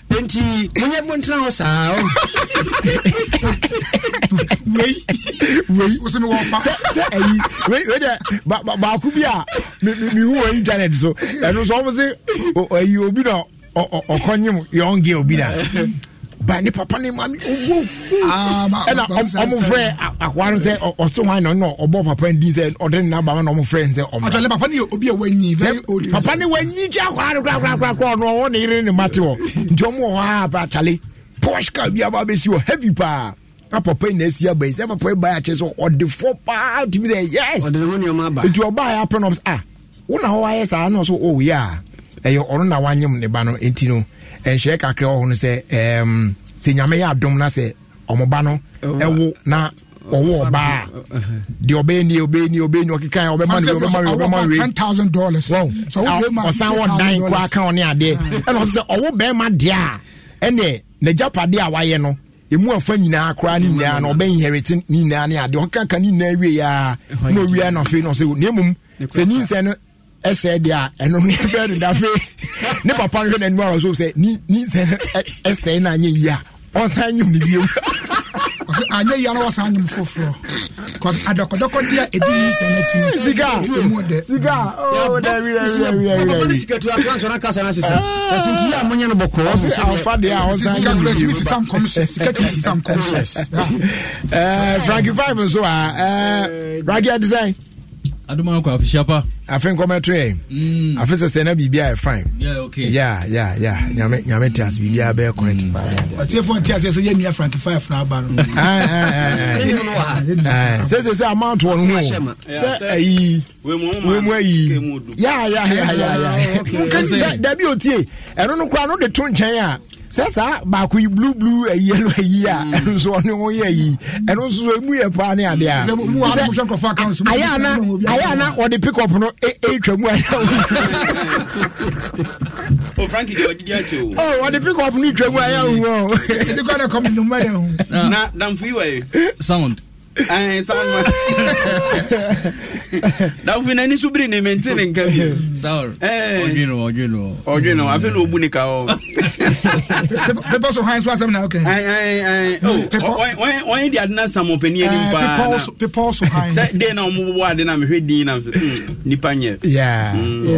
nti monyɛ montena hɔ saa baako bi a mehu wɔ internet so ɛno so ɔmo se e obi na ɔkɔnyem yɔnge obi na by ne papa ni mami, owó fún ɛna ɔmo frɛ akoa no sɛ ɔso hwan na ɔno ɔbɔ papa ne din sɛ ɔde ne naba ma na ɔmo frɛ ne sɛ ɔmo. atwale papa ne yɛ obi a wanyi very old. papa ne wanyi tí akoa no kura kura kura kura ɔno ɔwɔ ne yere ne ma te hɔ nti ɔmo wɔ hɔ a atwale posh car bi aba abɛsi hɔ heavy pa, na papa yi na esi aba yi sɛ papa yi ba yi akyɛ so ɔde fɔ paa tumi sɛ yes. ɔde ne ho nneɛma aba. nti ɔbaa ah, na ɔmo sɛ ah wɔn na hɔ ayɛ saa na ɔso ɔwɔ nhyɛ kakra wɔ hɔ no sɛ ɛɛm sɛ nyame yɛ adom na sɛ ɔmoba no ɛwo na ɔwɔ ɔbaa deɛ ɔbɛyɛ nie ɔbɛyɛ nie ɔbɛyɛ nie ɔkeka ɔbɛma no ɔbɛma no ɔbɛma no ten thousand dollars ɔsan wɔ dan koraa ka ɔne adeɛ ah. ɛna ɔsɛ sɛ ɔwɔ bɛrima deɛ a ɛnɛ n'agyapadeɛ a wayɛ no emu afa nyinaa koraa ne nyinaa na ɔbɛ inherite ne nyinaa ne adeɛ ɔkeka ne nyinaa wie a na owie na afei na ɔsɛ na emom sɛ ne no ɛsɛ deɛ a ɛno ne bɛɛ de dafe ne papa no hwɛ n'anim ara sɛ ni ni sɛ ɛsɛ na anyɛ yia ɔsan nyum ne bio anyɛ yia na ɔsan nyum foforɔ cause adɔkɔdɔkɔ ah. di a ebi yi sɛ n'akyi sika sika ooo dabi dabi dabi dabi dabi sika tu ato ansɔn akasa n'asesa ɛsi nti yi a mo bɔ kɔɔ ɔsi afa deɛ ɔsan nyum ne bio sika sisan kɔmhyɛ sika sisan kɔmhyɛ ɛɛ frankie five ɛɛ adoma kɔ afisiapa. afei nkɔmɛ to yɛ. Mm. afei sɛsɛ na biribi a yɛ fine. ya okay. ya ya ya nyame nyame ti ase biribi a bɛyɛ correct. ɔtí efo ti ase sɛ yɛ nua frank five na aba no. sɛsɛ sɛ amount wɔ no ho sɛ ayi wemu ayi ya ya ya ya ya dabi otie ɛno no kora no de to nkyɛn a sɛ saa baako yi blue blue ɛyi ɛlɔ ɛyi a ɛno nso ɔno ho yɛ ɛyi ɛno nso emu yɛ paa ne adeɛ a ayɛ ana ayɛ ana ɔde pick up no ɛtwa e, e, mu ayɛ o oh, frankie de ɔdidi akyi o oh ɔde pick up no twa mu ayɛ o na damfo yi wɔ ye sound sanma dafin ani so biri ne mente ne nka bi ɔdwe no afei na ɔbu ne ka ɔ pepɔ so han so asɛm na okɔyɛ de ade no sam ɔpani anim paapepɔ so han sɛ de na ɔmobobɔ ade na mehwɛ din nam sɛ nipa nyɛ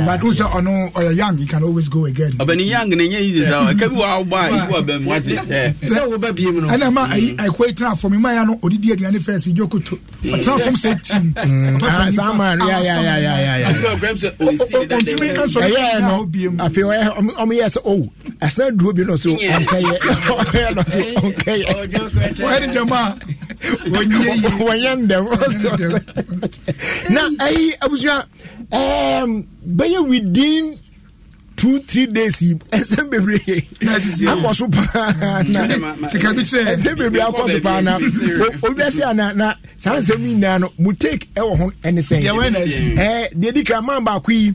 but wosɛ ɔno ɔyɛ young you can always go again ɔbɛne oh, young ne nyɛ easy sa ɛka bi wɔawobɔ a ɛbi wɔ bɛm wate sɛ wobɛ biem no ɛna ma ɛkɔ yi tena afɔ me ma ya no ɔdidi aduane fɛs Charles Jokoto. Ọ̀tá fún ṣe tìmù. Sáà máa rí ayé ayé ayé ayé. Ọ̀túnmí ẹ̀sọ́ ẹ̀yẹ so ọ̀nkẹ́yẹ ọ̀yẹ náà so ọ̀nkẹ́yẹ. a wọ́n yẹ Na ẹyí abusua bẹ́yẹ within two three days yi ɛsɛm bebree akɔ so paa na eh, ɛsɛm bebree akɔ so paa na obi ɛsɛ ana na saa nsɛm yi nyinaa no mu take ɛwɔ ho ɛne sɛn ɛɛ deɛ di kan man baako yi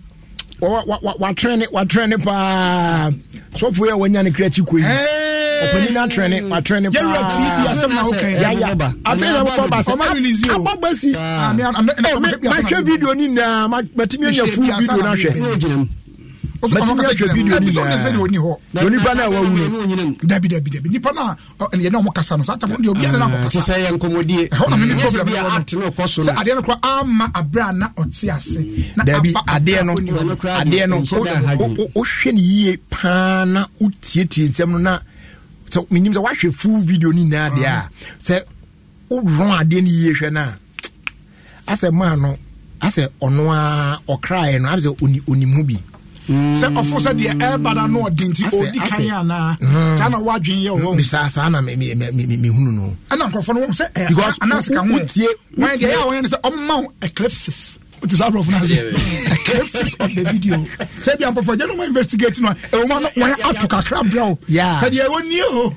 watrɛne watrɛne paa sɔfo yɛ wanya ne krakyi kɔ yi ɔpani no atrɛne watrɛne paabɔba si ah, mahwɛ video no nyinaa matumi anya fu video no ahwɛ mɛtumi ahwɛ video ni na onipa na ɛwɔ wuro dabi dabi dabi nipa na ɛyɛ na ɔmo kasa no saa tamu deɛ obiara na ɔmo kasa sɛ yɛ nkɔmɔdie ɛhɔ na mi ni problem ɛwɔ no sɛ adeɛ no kora ama abira na ɔte ase na dabi adeɛ no adeɛ no wohwɛ ne yie paa na wotietie nsɛm no na sɛ menim sɛ woahwɛ full video ni nyinaa deɛ a sɛ worɔn adeɛ no yie hwɛ no a asɛ maa no asɛ ɔno a ɔkraeɛ no asɛ onim bi sɛ ɔfo sɛ deɛ ɛɛba no ɔde nti ɔdi kan anaa saa na wadwen yɛ wɔ saa no ɛna nkɔfo no wɔn sɛ ɛɛ anase ɛyɛ a wɔyɛ no sɛ ɔmma eclipses It is out of Nazi. KFC's of the video. Said ah, the Ampapa, you know, my investigating one. A woman, why out to Kakra Brow? Yeah. Said, you won't know.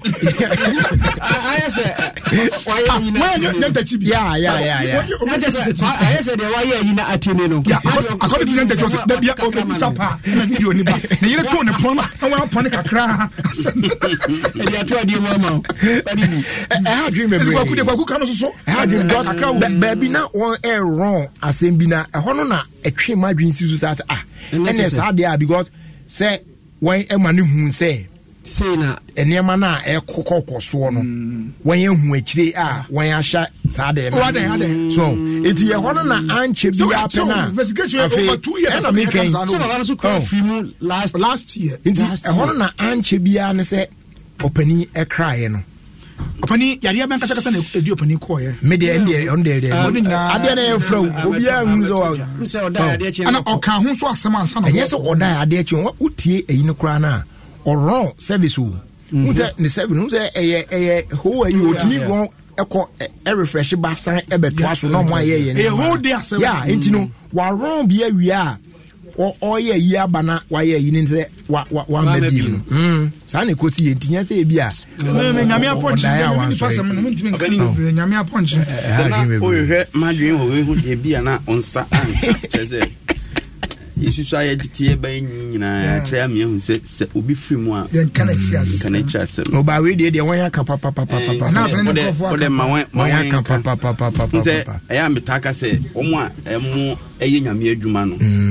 I said, why are you not that you Yeah, yeah, yeah, yeah. I said, why are you not at you? Yeah, according to them, that was the Bia of the Sapa. You know, the year two and a plumber, I want to panic a crack. I said, you are too Mama. I had dreamed of the Bakukan also. I had dreamed of Baby, not one air wrong. I said, Bina. ɛhɔ no na ɛtwe ma adwene si so saa sɛ ah ɛnɛ saa deɛ a because sɛ wɔn ma no hu sɛ na nneɛma no a ɛkɔkɔ soɔ no mm. wɔn ahu akyire a wɔn ahyɛ saa deɛ no oh, mm. so eti ɛhɔ no na ankyɛ bi apɛ na afei ɛna mi kɛn oh. last year nti ɛhɔ no na ankyɛ biara ne sɛ ɔpanin ɛkraeɛ no. ɔpani yareɛ bɛnkasakasa na ɛdi ɔpani kɔɔyɛ medeɛ ɛndeɛ ɔno deɛ deɛ adeɛ ah, na yɛfrɛ wo obiaa hu sɛ ana ɔka eh, eh, mhm. eh, ho so asɛm ansa no ɛnyɛ sɛ ɔdae adeɛ kyi wa wotie ayi no koraa no a ɔrɔn service o hu sɛ ne service hu sɛ ɛyɛ ɛyɛ hoe ayi ɔtumi wɔn ɛkɔ ɛrefresh ba san ɛbɛtoa so na ɔmo ayɛ yɛ no ɛyɛ hoe de asɛm no wɔarɔn bia wie a ɔyɛ yi aba na wayɛ yi ne sɛ wama bi mu hmm. saa ne kɔti yɛ ntinya sɛ ebi a nyame apɔnkyenyame apɔnkyewohwɛ madwen wɔ wehu deɛ a na ɔnsa anka kyerɛ sɛ yɛsusu a yɛde teɛ ba nyi nyinaa kyerɛ ameahu sɛ sɛ obi firi mu a yɛnka no asɛm ɔba wei deɛ deɛ wɔyɛaka papapapapawode ma wɔyɛaka papapapapapapapa sɛ ɛyɛ a metaa sɛ ɔmo a ɛmo ɛyɛ nyame adwuma no hmm.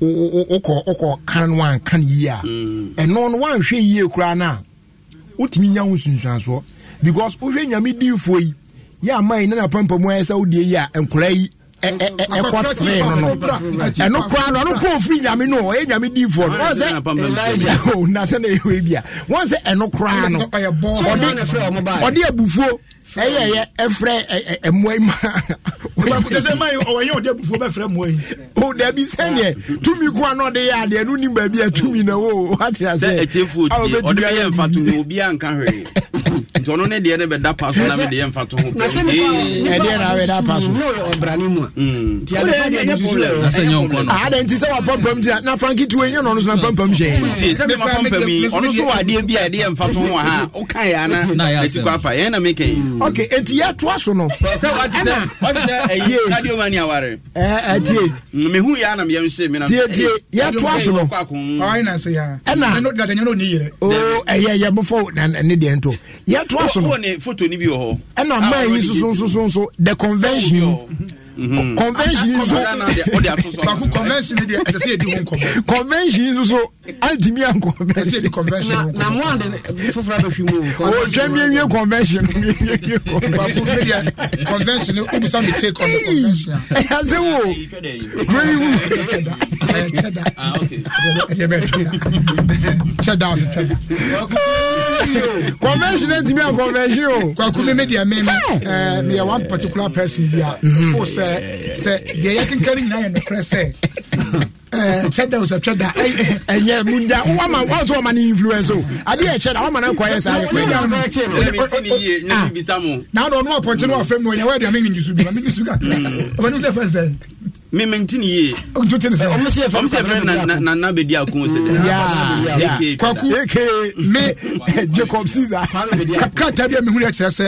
wokɔ wokɔ kan no wanka no yie a mm. ɛno no wanhwɛ yie koraa no a wotumi nya wo nsunsuansoɔ because wohwɛ nyame diifoɔ yi yɛ ama yi na napampa mu ayɛ sɛ wodie yi a nkora yi ɛkɔ seree no no ɛno koraa no ɔno kɔɔ firi nyame no ɔyɛ nyame diifoɔ no wɔn sɛ na sɛ na ɛhɔ bi a wɔn sɛ ɛno koraa no ɔde abufuo ɛyɛ ɛyɛ ɛfrɛ ɛmmoa yi ma wakutɛsɛ ma ɔwɔ yɛ ɔde abufuo bɛfrɛ mmoa yi o dabi sɛneɛ tumi koa na ɔde yɛ adeɛ no nim baabi a tumi na wo wate asɛ a wobɛtumi ayɛ mfa to no obiaa nka hwee nti ɔno ne deɛ ne bɛda pa so na me deɛ mfa to ho eh. ɛdeɛ na bɛda pa so ɔbrane mu a mm. ada nti sɛ wapampam nti a na franki tuo ɛnyɛ na ɔno so na pampam hyɛ yi ɔno so wɔ adeɛ bi a ɛdeɛ mfa to ho wɔ ha wokaeɛ ana nasi kɔ afa yɛn na mekɛ mm. ok enti yɛtoa so no tie mm, mehu yɛ na meyɛ nhye me tie tie eh, yɛtoa so no ɛna oh, ɛyɛ yɛbɔfɔ ne deɛ nto yɛtoa so no ɛna maa ah, yi nso nso nso the convention. Mhm. convention nso baako convention deɛ ɛsɛ sɛ yɛdi ho nkɔmɔ convention nso so antimi ankɔ ɛsɛ yɛdi convention ho nkɔmɔ na mo ade foforɔ abɛhwi mu o oh, twɛ miewie convention miewie baako bi deɛ convention no obisa mi take on the convention eh, a ɛyase wo wei wu ɛyɛ kyɛda ɛyɛ bɛ kyɛda ɔsɛ kyɛda convention antimi ankɔ convention o oh. kwaku mi mi deɛ mi eh, mi ɛɛ mi yɛ one particular person bi a fo sɛ sɛ deɛ yɛkenka no nyinaa yɛ nokorɛ sɛ twɛda eh, sɛ twɛda eh, ɛnyɛ munya wowama wo so wama no influence o ade yɛ kyɛda wama no nkɔyɛ saa na ah. na ɔno apɔnkye no wafrɛ mu ɔnyɛ woaduame menyi so bi ma menyi so ka mm. ɔbɛnim sɛ fɛ sɛ me maintain ye me jacob caesar krataa a mi hun ẹkyerẹ sẹ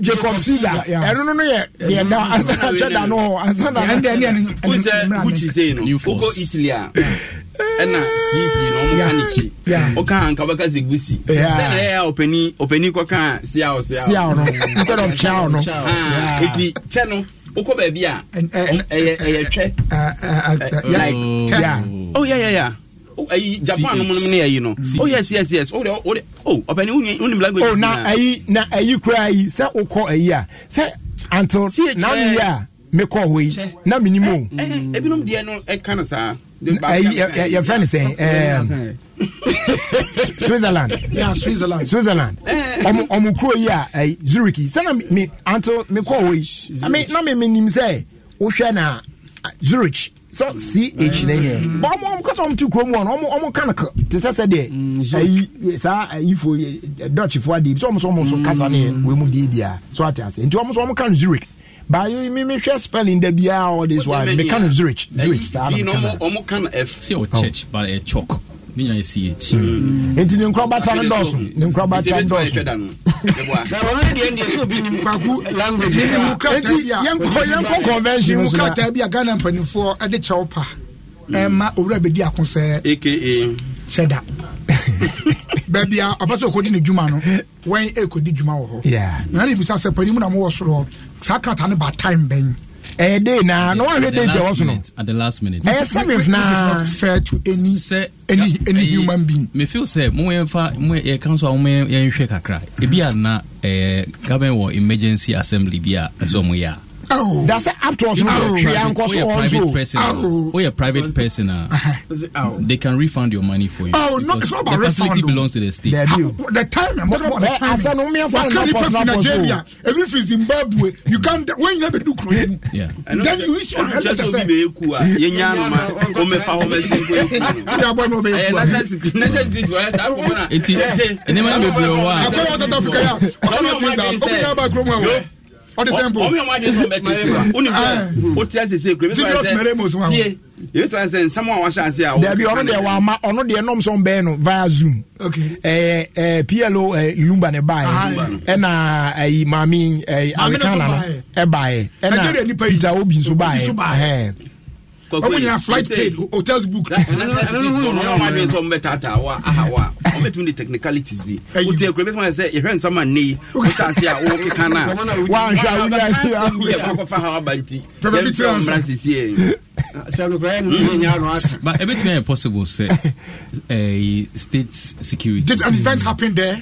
jacob caesar eh, ẹnu no yɛ yẹ da da no eh, ansa yaani, yaani, yaani, na ɛna sisi na ɔmo ka kyi ɔka anka ɔbɛka sɛ gusi sɛnɛ ɛyɛ ɔpani ɔpani kɔka siaw siaw no instead of chow no ah, eti kyɛ no wokɔ baabi a eh, ɛyɛ ɛyɛ twɛ eh, eh, like oh. tɛ oh yeah yeah yeah oh, ayi japan no mu ne ayi no oh yes yes yes o oh, de o de o ɔpɛni wunye wunim language. o na ayi na ayi kura ayi sɛ o ayi a sɛ until na mi a mi hɔ yi na mi ebinom deɛ no ɛka no saa. Eh, your yɛfrɛ no sɛn switzerland yeah, switzerland switzerland I'm eh. kuro yi a eh, zurich now me anto mekɔ hɔ yi na memenim me, wohwɛ no a mm, zurich sọ ch na enye bọ ọmụ ọmụ kọsọ ọmụ tukwu ọmụ ọnụ ọmụ ọmụ kan te sẹ sẹ deɛ ayi saa ayifo dutch fo adi bi sọ ọmụ sọ ọmụ nso kasa ne mm. wee mu di di a sọ ati ase nti ọmụ sọ ọmụ kan zurich bayo mi me, hwɛ spelling da biara all this while meka no zurich zurich saa no ɔmo kan f sɛ ɔ oh. church but a eh, chalk ne nyinaa yɛ ch hmm. nti ne nkura bata no dɔɔso ne nkura bata no dɔɔso nti yɛnkɔ yɛnkɔ convention mu krataa bi a ghana mpanimfoɔ de kyɛw pa ɛma owura bɛdi ako sɛ kyɛda baabi a ɔpɛ sɛ ɔkɔdi ne dwuma no wɔn ɛkɔdi dwuma wɔ hɔ na ne bisa sɛ panin mu na mowɔ soro saa krataa no ba time bɛn ɛyɛ day na na wahwɛ date ɛwɔ so no ɛyɛ seventh na fair to any any any human being. me feel sɛ mo yɛn fa mo yɛ kan a mo yɛn hwɛ kakra ebi a na ɛɛ government wɔ emergency assembly bi a ɛsɛ ɔmo yɛ a that's it afterwards no so three anko so on private person uh, they can refund your money for you oh no the facility belongs to the state the time I'm about the time asa no me Nigeria if Zimbabwe you can't when you be do crime then you issue ọdi sẹ́yìn bro ọmọ yẹn wọn adi sọ bẹẹ tẹ ẹ ọni bẹẹ o tẹ ẹ sẹsẹ ekure mi sọ ẹ sẹ yìí tó ẹ sẹ nsẹmú àwọn aṣọ àṣẹ àwọn. dẹbi ọ̀nà dẹ̀ wà má ọ̀nà dẹ̀ ẹnọ́m sọ̀n bẹ́ẹ̀ nù via zoom plo lumba ne ba yẹ ẹna ẹyi maami ẹ arikana ẹ ba yẹ peter obi nso ba yẹ ɔmo nyina flight paid hotels book. ɔmo ma dwen sɛ ɔmo bɛ taata wa aha wa ɔmo bɛ tumi de technicalities bi o te ekure bɛ fɔ sɛ yɛhwɛ nsɛm a ne yi o hyɛ ase a o keka na wa nhwɛ awo na se awo yɛ kɔkɔ fa ha aba nti yɛn ti ɔmo mra sisi yɛ. but everything is possible sɛ eh, state security. did an event happen there.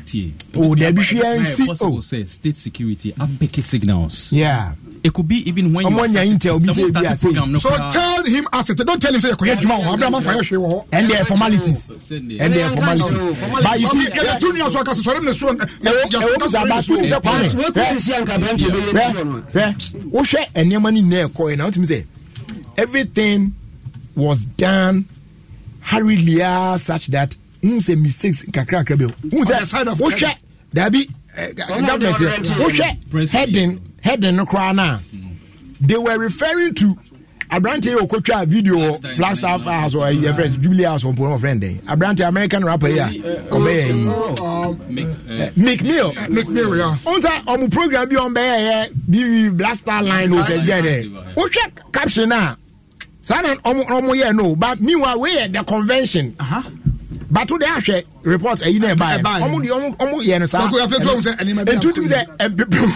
o dabi fi ɛn si o. state security apeke signals. Yeah it could be even when you are intel bi say so tell him as it don't tell him say ekoye juma wo abraham koye hwe wo and their formalities and there are formalities but you see the juniors workers so them so e wo za ba so se kwame we ko si anka branch be le no wo hwe enema ni na ekoye na wetin say everything was done hurriedly such that n sɛ mistakes kakrakra bi o n sɛ wohwɛ dabi government wohwɛ heading heading no koraa no a they were referring to aberanteɛ yɛ ɔkɔtwa video wɔ house or your friend jubilee house wɔ mpɔnɔ friend dɛn aberanteɛ american rapper yi a ɔbɛyɛ yi mcmill mcmill ya ɔnsa ɔmo program bi ɔmbɛyɛ yɛ bv blaster line o sɛ gyɛ dɛ wotwa caption a saa na ɔmo ɔmo yɛ no but meanwhile wey yɛ the convention. Uh -huh bato de ahwɛ report ɛyi eh, eh, eh, na ɛba yɛ no ɔmo deɛ ɔmo yɛ no saa ntutum sɛ mpepew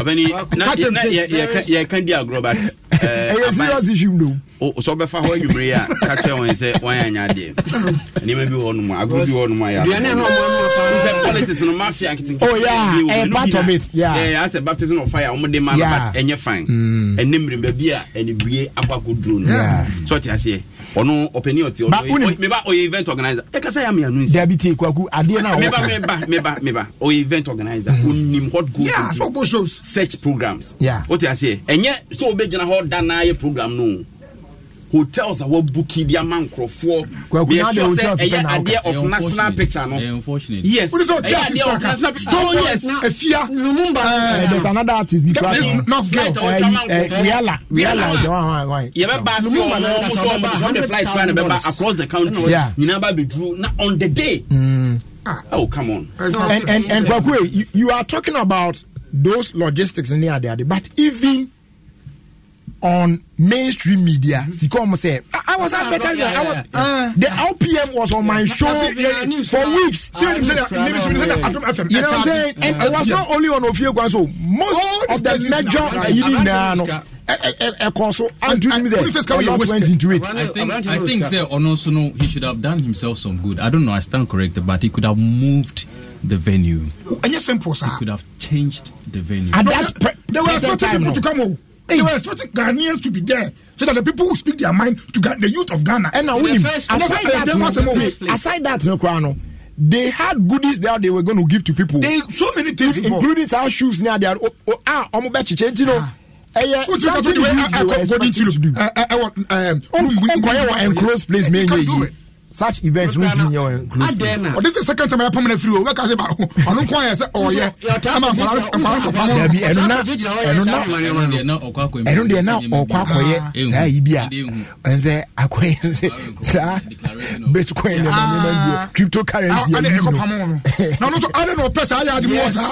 ɔbɛni na yɛka di agorɔ but ɛyɛ serious issue mu do sɛ ɔbɛfa hɔ anwummere a ka kyerɛ wɔn sɛ wɔn anya adeɛ nneɛma bi wɔ nom agorɔ bi wɔ nom a yɛa sɛ politics no mafia nketenkete oh, part of it asɛ baptism of fire ɔmo de ma no but ɛnyɛ fine mm. ɛnɛ mmerɛ baabi a ɛnibie akɔ akɔduro no so ɔte aseɛ ɔno ɔpɛni ɔte ɔmeba ɔyɛ event organizer ɛkasa yɛ ameanu nsi dabi tie kwaku adeɛ no meba meba meba meba ɔyɛ event organizer hmm. onim hot goals yeah, search programs yeah. wote aseɛ ɛnyɛ sɛ wobɛgyina hɔ da naa yɛ program no hotels a wɔbuki de ama nkurɔfoɔ meɛsure sɛ ɛyɛ adeɛ of national picture no yes ɛyɛ adeɛ of national picture oh yes afia lumumba there's another artist bi kura no north girl riala riala ɔjɛ wa hàn wa yɛbɛba ɔmo ɔmo ɔmo so ɔmo flight fly na bɛba across the country nyinaa ba bɛduru na on the day oh come on and and and kwakwe you are talking about those logistics in the ade but even. on mainstream media. Sikom mm-hmm. said, I, I was ah, advertising. Ah. Yeah, yeah, I was uh, the LPM was on yeah, my show for weeks. You know what I'm saying? And it was not only on Ophir Guanso. Most of the major you didn't ɛkɔ so antumi sɛ ɔnɔ went into it. I think I think sɛ ɔno no he should have done himself some good. I don't know I stand corrected but he could have moved the venue. ɛnyɛ simple saa. He could have changed the venue. at that pre present time no. Hey. There were instructing Ghanaians to be there so that the people who speak their mind to get the youth of Ghana. And now, aside, aside that, aside that, no crown. They had goodies there they were going to give to people. They, so many things, including our shoes now. They are oh, oh, ah, I'm about to change, you know. Ah. ɛyɛ something you to do. Ɛwɔ nkɔyɛ wɔ enclosed place mɛ eh, can do it such events no ntumi yɛ wɔn close to ɔde ti second time ɛpam na firi o wɛka se ba ɔno nkɔ ayɛ sɛ ɔyɛ ɛma nkɔla nkɔla nkɔpam no. dabi ɛnu na ɛnu na ɛnu deɛ na ɔkɔ akɔyɛ saa yi bi a ɛnsɛ akɔyɛ nsɛ saa bitcoin nɛma nɛma bi crypto currency yɛ bi do. na ɔno nso ɔde na ɔpɛ saa yɛ adi mu wɔ saa.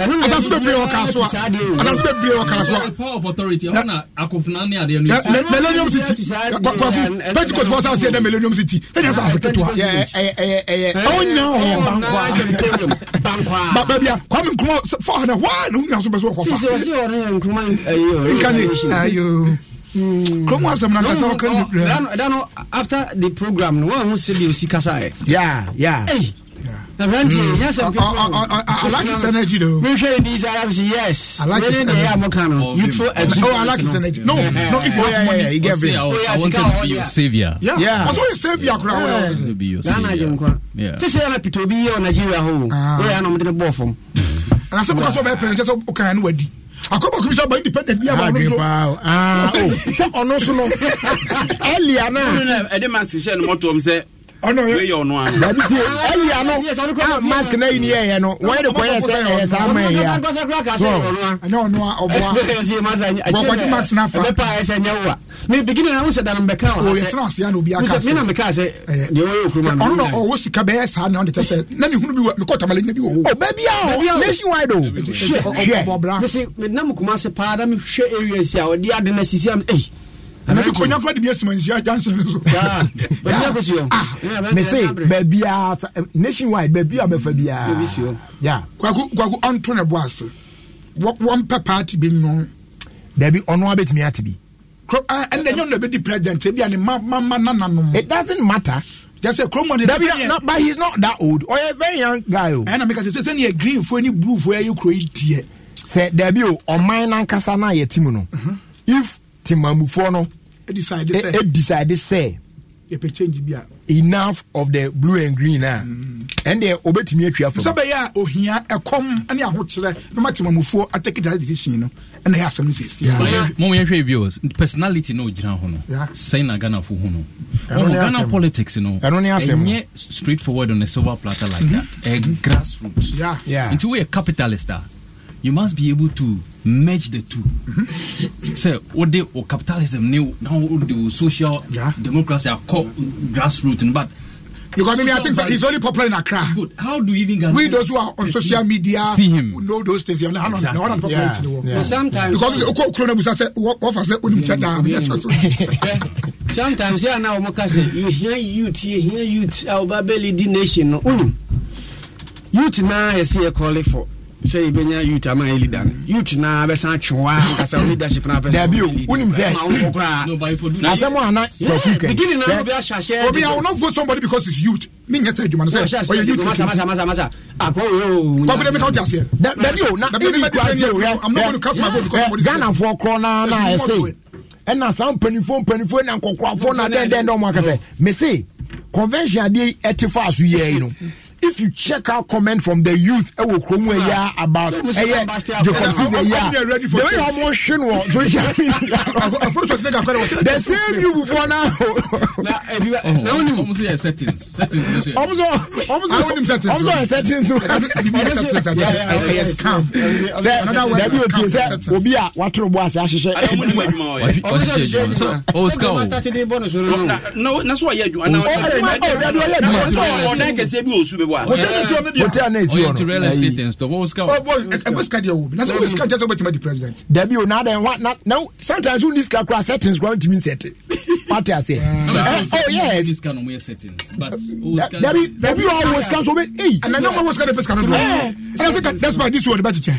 asase bebree wɔ kaa so a asase bebree wɔ kaa so a. na millennium city kwafu page akɔtɔfɔ sa se dɛ millennium city ɛdi asa ase ketewa awo nyinaa wɔ hɔ baabi a kwame nkrumah fɔ hana waa na onyaa so bɛ so ɔkɔfa nkane ayo kurom asɛm na kasa ɔka nudra after the program no wɔn ho sɛ osi kasa yɛ abranteɛ yɛsɛ alaki sɛnɛji do mehwɛ ni these arabs yes wele ne yɛ a moka no youthful education oh no no if you oh, have money you get brain oh yeah oh, sika to be your savior yeah ɔsɔ yɛ savior kora wɔ ghana agye nkwa sisi yɛ na pito bi yɛ wɔ nigeria hɔ o yɛ anam de ne bɔɔ fam anasɛ mo ka sɔ bɛyɛ pɛrɛn kyɛ sɛ ɔkan ne wadi akɔbɔ kɔmi sɛ ɔba independent bi ama ɔno so sɛ ɔno so no ɛlia na ɛde ma nsihyɛ no mɔtɔm sɛ weyɛ ɔno ano mask na yini yɛyɛ no wɔyɛ de kɔyɛ sɛ ɛyɛ saa ma ɛyɛa mebigine na wosɛ da no mbɛka wmena mekaa sɛ deɛ wɔyɛ kuruma noɔno ɔwɔ sika bɛyɛ saa na wode kyɛ sɛ na mehunu bi mekɔ tamalina bi wɔ hɔbabia nationwide o na mekoma ase paa na mehwɛ areas a ɔde ade no asisi am ei anabi konya kura de bi esima nsia junction ne so. baabi akosi yɛ. mese baabi a nation wide baabi a bɛfa bia. kwaku kwaku ɔnto ne bo ase wɔn pɛ paati bi nyo. dabi ɔno abetumi ati bi. ɛnna nyɔnu na ebi di president ebi a ne ma ma ma nana nom. it doesn't matter. jẹsẹ kuromo de. dabi na but he is not that old ɔyɛ oh, very young guy o. ɛnna mi ka sɛ sɛ ni yɛ green fo ni blue fo yɛ yɛ kuro yi tiɛ. sɛ dabi o ɔman nankasa na yɛ ti mu no. Mhm. if te mamufoɔ no ɛdecide sɛ enough of the blue and green a ah. ɛndeɛ mm. obɛtumi atua fam sɛ bɛyɛ a ohia ɛkɔm ne ahokyerɛ na mate mamufoɔ atake that decision no ɛna ɛyɛ asɛm no sɛsiamyɛhwɛ bio personality na ɔgyina ho no sɛn na ghanafo hu no ghana politics no ɛnyɛ straightforward on a silver platter like mhm. that ɛyɛ grassroots nti woyɛ capitalist a ah. you must be able to merge the two sɛ wode wo capitalism ne na wode wo social yeah. democracy akɔ grassroot no but because maybe I think that he's only popular in Accra. Good. How do you even get? we those who are on social media see him who know those things? Exactly. Know, know, know, yeah. In Yeah. sometimes because Oko Krona said, "What if I Unim Chada?" Sometimes yeah, now Omoka say, "You hear youth, you hear youth, our Babeli nation, Unim." Youth now, I see a call for sɛ yɛbɛnya youth ama yɛ leader no youth na bɛsan atwe hɔ a nkasa wo leadership no apɛ sɛdabi wonim sɛ asɛm ana bikini somebody because is youth menyɛ sɛ adwuma no sɛ ɔyɛ youth kɔbidɛ meka wote aseɛ dabi ghanafoɔ korɔ na na ɛse ɛna saa mpanimfoɔ mpanimfoɔ na nkɔkorafoɔ na dɛndɛn dɛ ɔmo sɛ mese convention adeɛ ɛte fa so yɛ no if you check out comment from the youth ɛwɔ kurom ɛyɛ about ɛyɛ jacob six ɛyɛ the way ɔmo hwe no wɔ social media the same youth before now. ɔmo sɔ yɛ settings settings ɔmo sɔ ɔmo sɔ ɔmo sɔ yɛ settings ɛyɛ scam sɛ dabi o tie sɛ obi a watoro bɔ ase ahyehyɛ ɛdini wa ɔhyehyɛ ɔwɔ sika o na so ɔyɛ adwuma na ɔyɛ adwuma ɔdan kɛseɛ bi wɔ su bɛ wa. hotel ana esi hɔ no real estate and stuff oscar. ɔbɔ ɛbɛ sika deɛ wo bi na sɛ wo sika jɛ sɛ wo bɛ tɛmɛ di president. dabi o n'adɛ wa na na sometimes wo ni sika kura settings kura ntumi nsɛte pati ase. oh yes. dabi dabi wa wo sika so bɛ. ɛnna ne ma wo sika de pe sika no do. ɛnna sɛ ka that's why this one de bɛ ti cɛ.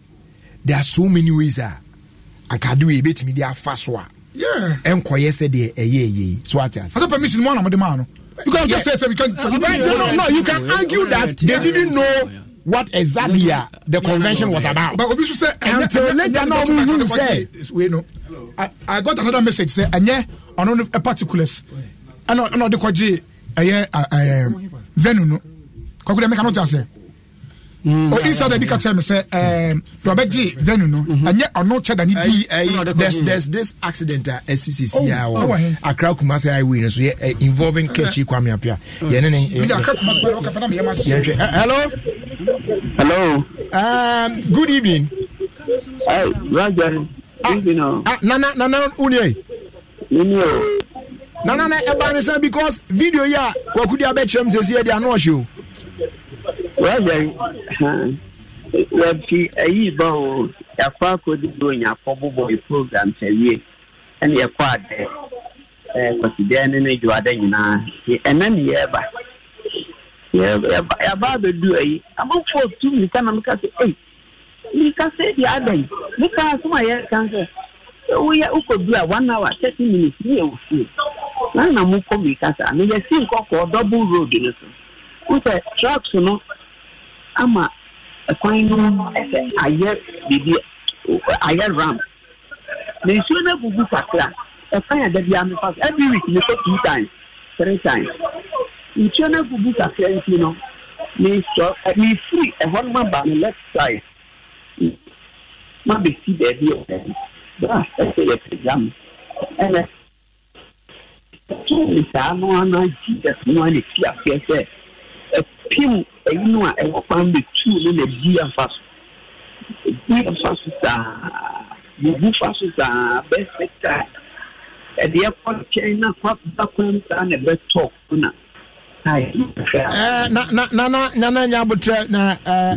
there are so many ways a ankaade wei ebetumi de afa so a ɛnkɔyɛ sɛ deɛ ɛyɛ ɛyɛ yi so ate ase. asa permission mu anam de maa no you can just say say we can. Yeah. Right, no no no you can argue that they didn't know what exactly uh, yeah. the convention was about. but obi so sɛ until later na ɔmu hun sɛ. wait no I, i got another message Say, ɛnyɛ ɔno ɛ particulars ɛna ɔde kɔ gye ɛyɛ ɛɛ venue no kɔkɔdɛ mi ka no ti ase odisa de bi ka kyerɛ mi sɛ ɛɛ dɔbɛ gye no ɛnyɛ ɔno kyɛ da di. there's there's this accident a ɛsisi si akra kumasi highway no so yɛ eh, involving uh-huh. kechi kwame apia yɛn ni hello. hello. Um, good evening. Hi, Roger. Ah, oh. ah, nana nana unye. Unye. Nana na ɛba ne sɛ because video yi a kwakudi abɛkyerɛ mu sɛ si yɛ eh, de ano ɔhyɛ o. Reverend, yɛfi ayi ba o yɛakɔ akɔdodo onyakɔ bobɔ yɛ program sɛwie ɛne yɛkɔ adɛ kwasideɛ ne ne dwoada nyinaa ɛnɛ ne yɛreba yɛba abɛdu ayi amanfoɔ tu mmirika na meka sɛ ei mmirika sɛ deɛ ada yi meka asom a yɛreka sɛ woyɛ a one hour thirty minutes ne yɛwɔ fie na na mokɔ mmirika saa na yɛsi nkɔkɔɔ double road no so wo sɛ trucks no ama kwan no ayɛ biribi ayɛ ram na nsuo no agugu kakra ɛkwan a da bi amefa every week ne sɛ two times three times nsuo no agugu kakra nti no mesɔ mefiri ɛhɔ no ma ba me left side ma bɛsi baabi ɔbɛbi bra ɛsɛ yɛpagya m ɛnɛ tumi saa no ana jesus no a ne fi afeɛ sɛ pim ɛyi no a ɛwɔ kwan betu no na di afa so di afa so saa yebu fa so saa na kaa ɛde ɛkɔ nkyɛn na fa na kwan saa na ɛbɛtɔ na nana nya abotrɛ na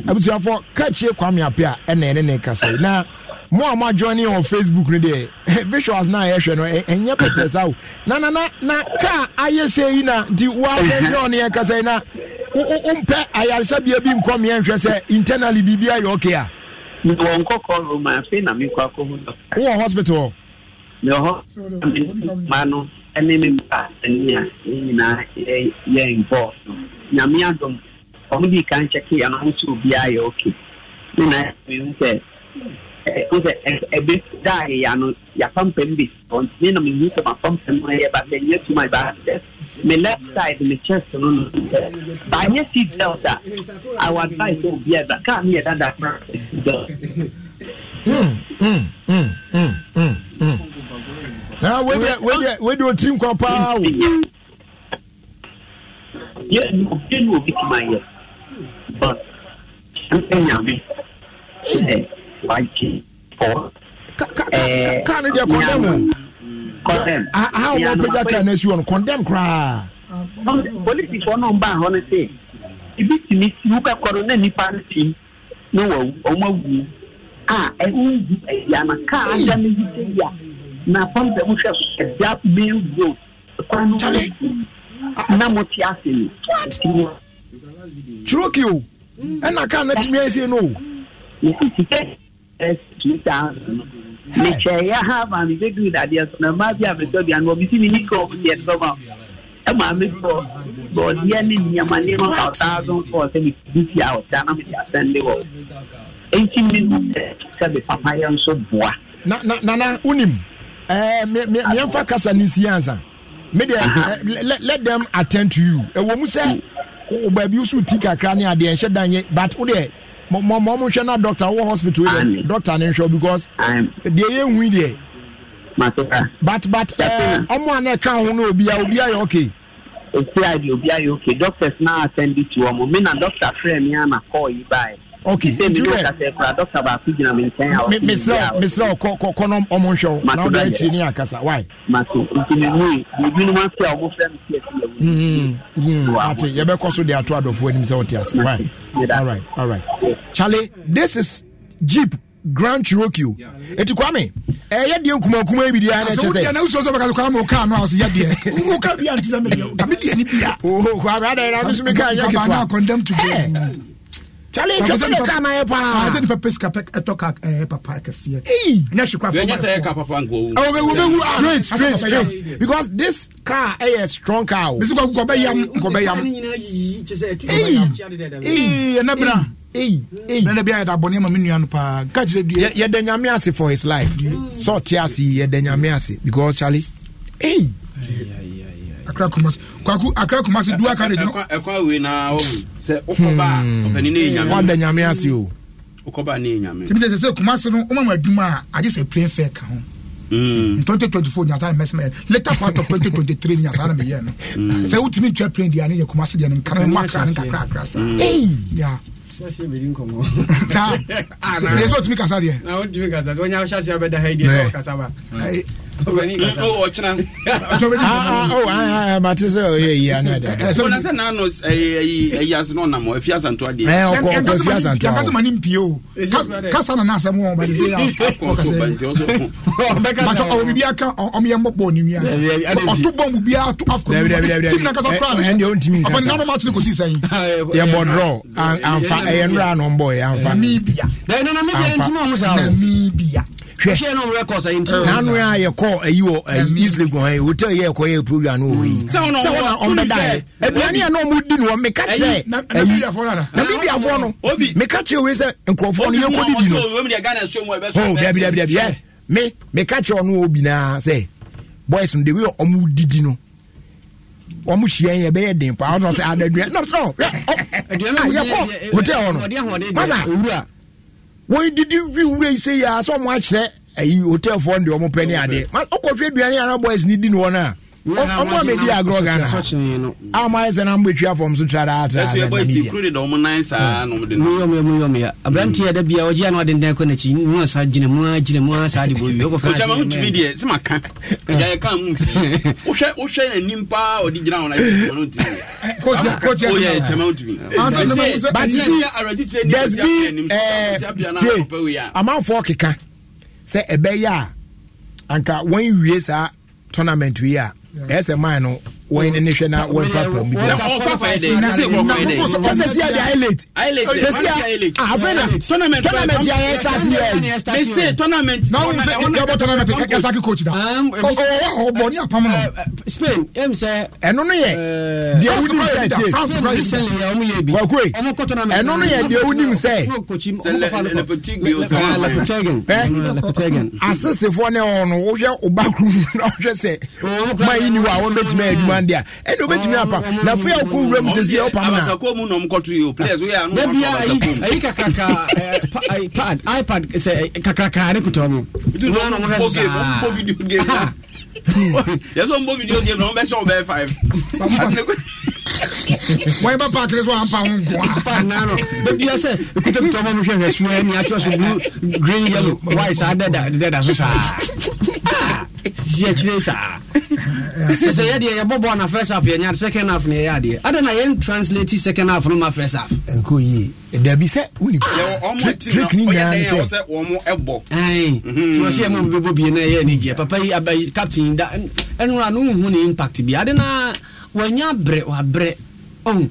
abusuafoɔ ka kyie kwame ape a ɛna ɛne ne kasa na mo a mo ajoini on facebook ni deɛ visuals na yɛhwɛ eh, no ɛnyɛ eh, eh, pɛtɛ sa o na na na na kaa ayɛ sɛ yi na nti waasɛ mhm. yi na ɔne yɛn kasa yi na wompɛ ayaresabea bi nkɔ meɛ nhwɛ sɛ internally biribi ayɛ ɔke a. wɔ nkɔkɔ room afei na mi kɔ akɔhu dɔkta. wowɔ hospital. mewɔ hɔ ma no ɛne me mpa ani a nyinaa yɛ involved nyame adom ɔmo di kan kyɛ ke yɛn bi ayɛ ɔke ne na ɛfɛ mi n sɛ sɛ ɛbi daa yɛ yɛ no yɛafa mpɛm bi ne na mehu sɛ mafa mpɛm no yɛ ba sɛ nyɛ tuma ba me left side me chest no no ba nyɛ seat belt a i would advise sɛ obi a ba kaa ne yɛ dada seat belt na wedeɛ wedeɛ wedeɛ oti nkɔ paa ninety four. kaa ne deɛ condemn o condemn. Ah, ah, how wọ́n pẹja kaa n'esi wọn condemn koraa. polisi fọ náà bá àhọ́ ni sè ibi tì mí tí wúkẹ́ kọ́rọ́ náà nípa ní tì ní wọ́n ọmọ wù a ẹ̀hún wù ẹ̀yà na kaa ajá mi yí sẹ́yì a na pọ́ńpẹ́ mu hwẹ́ ẹ̀dá main road kwan ní wọ́n na mo ti ase ni. Cherokee o, ɛna kaa na tìmí ɛsɛ no o. Yẹ́sì ti kẹ́ two thousand mekyɛ yɛ ha ma me bɛduu dadeɛ so na mmaa bi a metɔ bia no ɔbɛsi me ni kɔ deɛ sɔma ɛma me kɔ bɔɔdeɛ ne nneɛma nneɛma ba thousand four sɛ mekɔdu fi a ɔta na mede asɛnde eh, wɔ ɛnti me hu sɛ sɛ me papa yɛ nso boa nana wonim meɛmfa kasa ne nsi ansa medeɛ let them attend to you ɛwɔ eh, mu sɛ baabi wo so ti kakra ne adeɛ nhyɛ dan yɛ but wodeɛ oh, mo mo hwɛ na doctor wɔ hospital yi doctor ne because deɛ yɛ nwi dey but but eh, ɔmo a na ɛka ho obi a obi ayɛ okay. obi ayɛ obi okay doctors na attend to me na doctor frɛ mi na call baa okay nti wɛ mesrɛ mesrɛ kɔ kɔ no ɔmo nhwɛ wo na wode akyiri ne akasa why ate yɛbɛkɔ so de ato adɔfoɔ anim sɛ wote ase why alright alright chale this is jeep grand cherokee yeah. eti kwame ɛyɛ deɛ nkumankuma bi deɛ ɛkyɛ sɛ ɛna wusu sɔbɛ kasɛ kwame okaa no a ɔsɛ yɛ deɛ wo ka bia ne ti sɛ mɛ deɛ kame deɛ ni bia oho oh, kwame adan yɛrɛ mi so mi ka yɛ ketewa Charlie, if you see the car, my papa. I said, if a piece cap, a talk, a eh, papa, I can see it. Hey, now she can't. Just say, papa, and go. Oh, eh, we will be straight, ah, straight, straight. Because this car, a eh, strong car. Oh. This is going to go yam, go yam. Hey, hey, nebra. Hey, hey. Nana bi ayɛ dabɔ nneɛma mi nua no paa. Nka kyerɛ due. Yɛ yɛda nyame ase for his life. Sɔɔte ase yɛda nyame ase because Charlie. Hey akra kumasi kwaku akra kumasi dua carriage no. ɛkɔ awie na ɔmu sɛ ɔkɔba ɔpɛni ne yɛ nyame. wada nyame ase o. ɔkɔba ne yɛ nyame. tibi sɛ sɛ kumasi no ɔmu amu adwuma a agye sɛ plane fare ka ho. Hmm. twenty twenty four nyasa na mɛsɛmɛ later part of twenty twenty three nyasa na mɛyɛ no hmm. sɛ wotumi ntwa plane deɛ hmm. ah, ne yɛ kumasi deɛ ne nkara mu akra ne nkakra akra sa. yɛ sɛ otumi kasa deɛ. na otumi kasa sɛ onyaa hyɛ ase abɛda ha yi deɛ ɔkasa ba. Oh, ah, ah, ah, oh, mate sɛ ɔyɛ yi anadɛsɛ nano ɛyi eh, eh, eh, ase no ɔnam afie asanto adeɛɔkɔfie asantoakasɛ ma ne mpie o kasa na na asɛm wɔbadesɛyɛɔwɔ biribi aka ɔmyɛ mmɔbɔ ne wiaɔto bɔ mu biaa to aftim na kasa koranɔbɛnnanomatono kɔsi sɛn yɛbɔ drɔ amfa ɛyɛ nnora na ɔmbɔɛ amfa mebia hwɛ nom records ayi nti na anu a yɛ kɔ ayi wɔ east league wɔn hotel yɛ kɔ yɛ program no wɔ yi sɛ wɔn a ɔmbɛ da yɛ aduane yɛ na ɔmo di no wɔn meka kyerɛ ayi namibiafoɔ no meka kyerɛ wei sɛ nkurɔfoɔ no yɛ kɔ didi no oh dabi dabi dabi yɛ me meka kyerɛ ɔno obi naa sɛ boys no de wei ɔmo didi no wɔn mu hyia yɛ bɛyɛ den paa ɔno sɛ adadua ah, no no yɛ kɔ hotel hɔ no masa owura wɔn didi nwura yi sɛ yɛ asɛ ɔmo akyerɛ ayi hotel foɔ no deɛ ɔmo pɛ ne adeɛ ma ɔkɔhwɛ aduane anabɔ ɛs ne di ne wɔn a ọmọ mi di agorɔ ghana awọn maa yẹsẹ náà mbẹtwi afọm so tura daa mo nan saa mm. na mo de na. muyɔ muyɔ muyɔ muyɔ abiranti mm. yɛ dɛ bia ɔjì yàn wà dendɛn kɔ n'akyi mu a saa gyina mu a gyina mu a saa de bɔ wi. o jama o tumi deɛ sima kan ɛja yɛ kan mu fi o hwɛ o hwɛ n'anim paa ɔdi gyina wɔn na yɛ o tumi. kóòtù kóòtù yɛ jama o tumi. bati si dɛsbi ɛɛ tie amanfo keka sɛ ɛbɛyɛ a anka wɔn wie saa tournament yi a. ɛsɛ man no wɔn ne hwɛ na wɔn pa pam bi. na fɔ kɔfa yɛ dɛ na se kɔkɔ yɛ dɛ. tournament yɛ yɛ start yɛ. mɛ se tournament. n'aw n fɛ i bɔ tournament yasaki coach da. ɔwɔ wɔ bɔ ni apamu na. spain e mi sɛ. ɛnu yɛ diɛ wu ni sɛ tiɛ france kura yi sɛ wakoye ɛnu ni yɛ diɛ wu ni sɛ. asisifoɔ ne wɔn no wohwɛ ɔba kuru na ɔhwɛ sɛ mayi ni wa wɔn bɛ tuma adwuma one there ɛna obɛtumi apa ah, na afei o wokɔ wura mu sɛsie wopam noayi kakraka ipad sɛ eh, kakrakaa ne kotɔ mu yẹsọ n bọ video game na wọn bẹ sọ ọ bẹ five. wọ́n bá paaki sọ àmpa ń gùn á. paaki náà nọ bẹbí ẹsẹ èkúté kutọ ọmọ mi hwẹ hwẹ sùn ẹni àti ọsùn blue green yellow white sáà dẹdà dẹdà sọ sáà si akyire saa sɛ sɛ yɛdeɛ yɛbɔbɔ na first half yɛnya second half na ɛyɛ adeɛ ada na yɛn translate second half no ma first half ɛnkɔ yie dabi sɛ wonitrik ne nyinaa sɛ twerɛ sɛ yɛma mobɛbɔ bie na ɛyɛ anigyeɛ papa yi aba captain da ɛnora no wohu ne impact bi ade na wanya brɛ wabrɛ ɔhu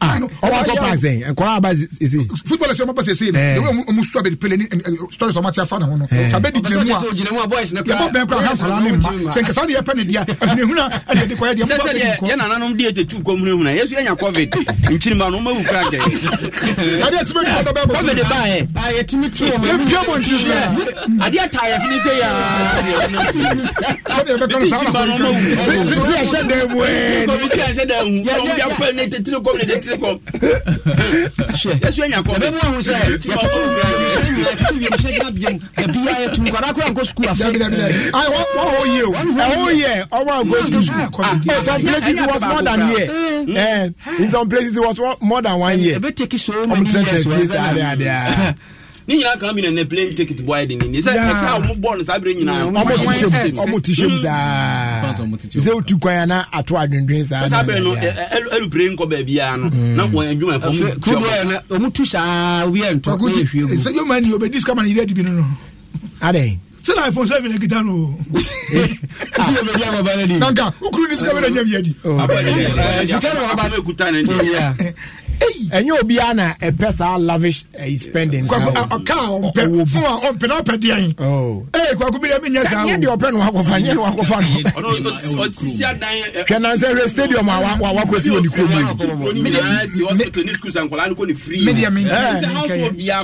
ọwọ atọ park sẹyìn nkọlá aba sese. football ẹsẹ ọmọ pa sese yìí ewé ọmọ sọ abẹni pele ni stories ọmọ ti afa na wọn nọ sàbẹ di jìnnà mu e. e, a yabọ bẹn kura ha nkọlá ni ma sẹ nkasa ni yẹ pẹ ni diya ẹni ehun na ẹni ẹdi kọ yẹ diya mu bá bẹ kọ. yẹn nana nom di ete tu nkọ mu ne hun na yesu yẹnya covid nkyiri ma n'o ma wu kura kẹ. adi ẹ ti mi tún ọdọ bẹẹ bọ sí mi. covid bá yẹ. a yẹ ti mi tún ọmọ mi. ebi ọmọ ntiri bi yà. adi ata yẹ fún ise yà. sọ se kɔ yɛsu anya kɔ ɛbɛmu ahu sɛ yɛtutu wiemhyɛ gyina biam ɛbia yɛtu nkɔda kora nkɔ sukuu afe wɔhɔ yie o ɛho yɛ ɔma nkɔ sukuu some places it was more than year mm. in some places it was more than one year ɔmtrɛtrɛ fie sɛ adeadeɛ ne nyinaa kan bi na ne plane ticket bɔ ayɛ de ne ne sɛ ɛka a ɔmo bɔɔl no saa bere nyinaa ɔmo ti hyɛ mu saa sɛ wotu kwan ana ato adwendwen saaɛlupre nkɔ baabiaa no mm. na wɔn adwuma fɔmkudoɛ ɔmutu saa obiɛ ntɔsɛ dwoma ni obɛdi sikama no yerɛ adibi no no adɛn sɛna iphone seven ekita no nanka wokuru ne oh. eh, eh, sika bɛdɛ nyɛ biadi sika no wɔba ɛnyɛ obiara e e, na ɛpɛ saa lavish ɛyi spending saa ɔka a ɔmpɛ fún wa ɔmpɛ na ɔpɛ eh, diɛn ee kwaku bi dɛ mi nyɛ saa o sɛ nyɛ deɛ ɔpɛ no wakɔfa nyɛ no wakɔfa no twɛ nansɛ hwɛ stadium a wakɔ si wɔ ne kurom yi mi deɛ mi nkɛyɛ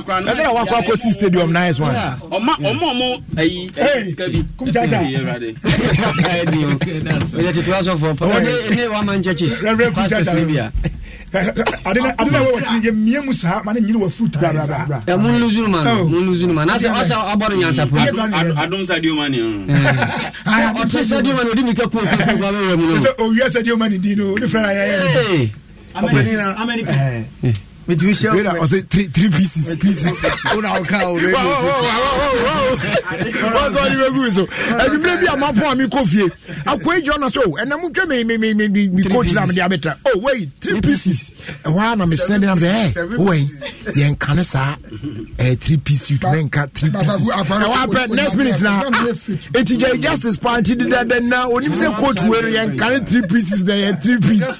ɛsɛ na wakɔ akɔ si stadium nice one. ɔma ɔma ɔmo ɛyi ɛyi kum jaja ɛyɛ tete wa sɔfɔ ɔne wa man churches pastors ni bia ade na ɛwɔ wɔkyiri yɛ mmea mu saa ma ne nyere wɔ fruit ayɛ saa ɛ mo nlu zuru ma no oh. mo nlu zuru ma na sɛ ɔsɛ ɔbɔ no nyansa pɔ adom sa di o ma ni ɔte sa di o ma ni odi mi kɛ kuro kuro kuro kuro awɛwɛ mu no sɛ owia sa di o ma ni di no ne fɛn ayɛyɛ eh. amɛrika mẹtìmí ṣe ọkọ ẹ ọsẹ three three pieces pieces ó na ọkà ó rẹ wọ wọ wọ wọ sọ ni bẹ gúri so ẹbí mi bí a máa pọn àmì kó fìyè àkó ẹjọ náà sọ ẹnna mu twẹ mi mi mi mi mi mi kó tìlá mi di abẹta oh wait three pieces ẹ wá na mi sẹ́ni náà ẹ wọ́n yẹn kan sáà ẹ three pieces tún ẹ nka three pieces ẹ wá pẹ next minute na etí jẹ justice panti dídá dẹ ná onímísẹ́ kóòtù wẹ̀rẹ̀ yẹn kan three pieces náà yẹn three pieces.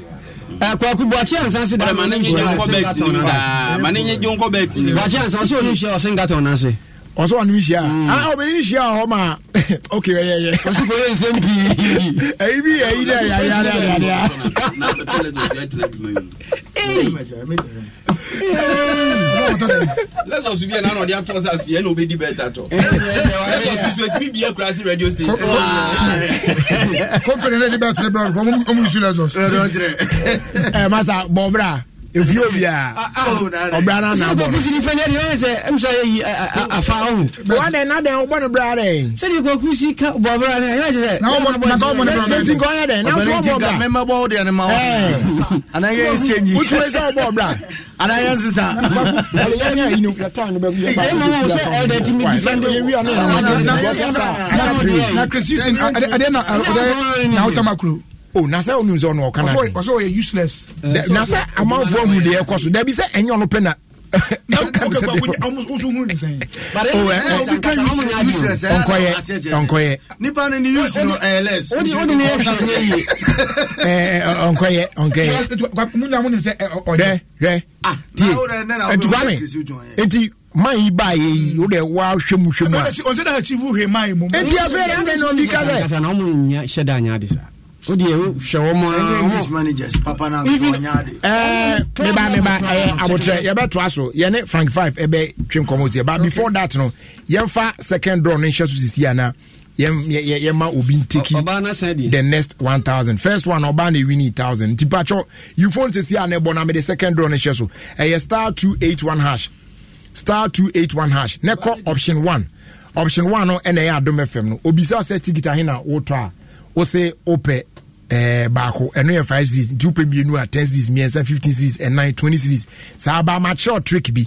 ɔsɛ ɔno nhyia a ɔbɛni hɔ ma okay ɛyɛ yɛ ɔso lexus bi yɛn na ɔde ato ɔsa fie ɛna obedi bɛɛ ta tɔ lexus so etimi bi ekura si radio station. kópin ní ɛdi bɛɛ tẹlɛ bẹrẹ ɔmu nsu lexus. ɛɛ masa bɔ bra efi obi a ɔbra na na bɔ no. sɛ fɛn yɛrɛ yɛrɛ sɛ ɛmusa yɛ yi afa awo. wɔn dɛ n'a dɛ ɔbɔ ne bra dɛ. sani ko kusi ka bɔ bra dɛ yɛrɛ sɛ. n'aw ma bɔ n'aw ne bra dɛ. n'aw ma bɔ bra. mɛ ma bɔ o de yan ni ma wɔ. ana yɛ exchange. o tun bɛ sɛ o bɔ bra. ana yɛ sisan. wale yɛrɛ yɛrɛ yini ka taa ni bɛ bi. e ma wo sɛ ɛdɛ ti mi difɛn de. na kirisi ti na ade na ade na aw ta ma kuro o nasa sɛ onu nsɛ ɔno ɔka na ɔsɛ ɔyɛ useless nasa sɛ amanfoɔ mu deɛ ɛkɔ so dabi sɛ ɛnyɛ ɔno pɛ na nkɔyɛ nkɔyɛ nkɔyɛ dɛ tie ntukwame nti man yi ba ye yi o de wa hwɛmu hwɛmu a. eti afei ɛna ɔdi kasɛ o deɛ o hwɛ wɔn a. english managers papa na ɛɛ eh, meba meba ɛɛ abotire yɛbɛto aso yɛne frank five ɛbɛ twe nkɔmɔ si ba before that no yɛnfa second draw no nhyɛ so sisi ana yɛma obi nteki the next one thousand first one ɔbaa na ewini thousand ntipakyɛ you phone sisi ana ɛbɔ na mede second draw ne hyɛ so ɛyɛ star two eight one hash star two eight one hash ne kɔ option one option one no ɛna ɛyɛ adom fm no obisa sɛ tikita hin na wotɔ a wose wopɛ eh, baako ɛno yɛ 5 series two wopɛ mmienu a ten series mmiɛnsa fifteen series ɛnan twenty series saa baa makyerɛw trick bi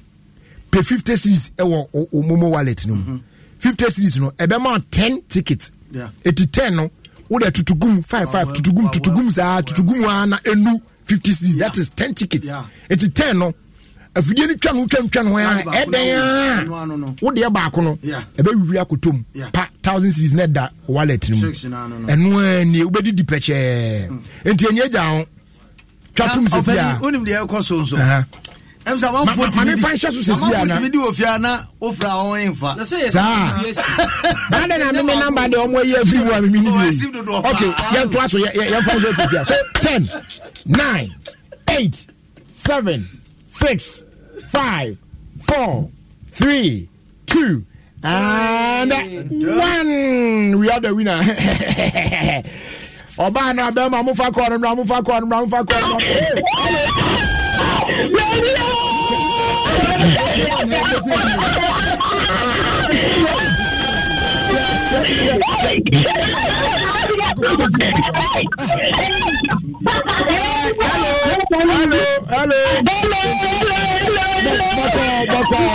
pay 50 series ɛwɔ omomo wallet no mu mm series no ɛbɛma ten ticket yeah. ɛti 10 no wode tutugum five five tutugum tutugum saa tutugum a na ɛnu 50 series that is ten ticket yeah. ɛti 10 no afidie no twa no twa no twa no ɛdɛn a wodeɛ baako no ɛbɛwiwi akotom pa thousand series na da wallet no mu ɛno ani wobɛdidi pɛkyɛɛ mm. nti ɛnyɛ gya ho twa tom sesi a wonim deɛ ɛkɔ so nso mamefa nhyɛ so sesi ana baadɛ na meme namba de ɔmo ayi afiri mu a memene die ok yɛntoa so yɛmfa nhyɛ a so 10 9 8 7 6 5 4 3 2 and one we are the winner. ọbaa náà bẹ́ẹ̀ ma mo fa kọ́ ọ̀nà mìíràn mo hello hello hello.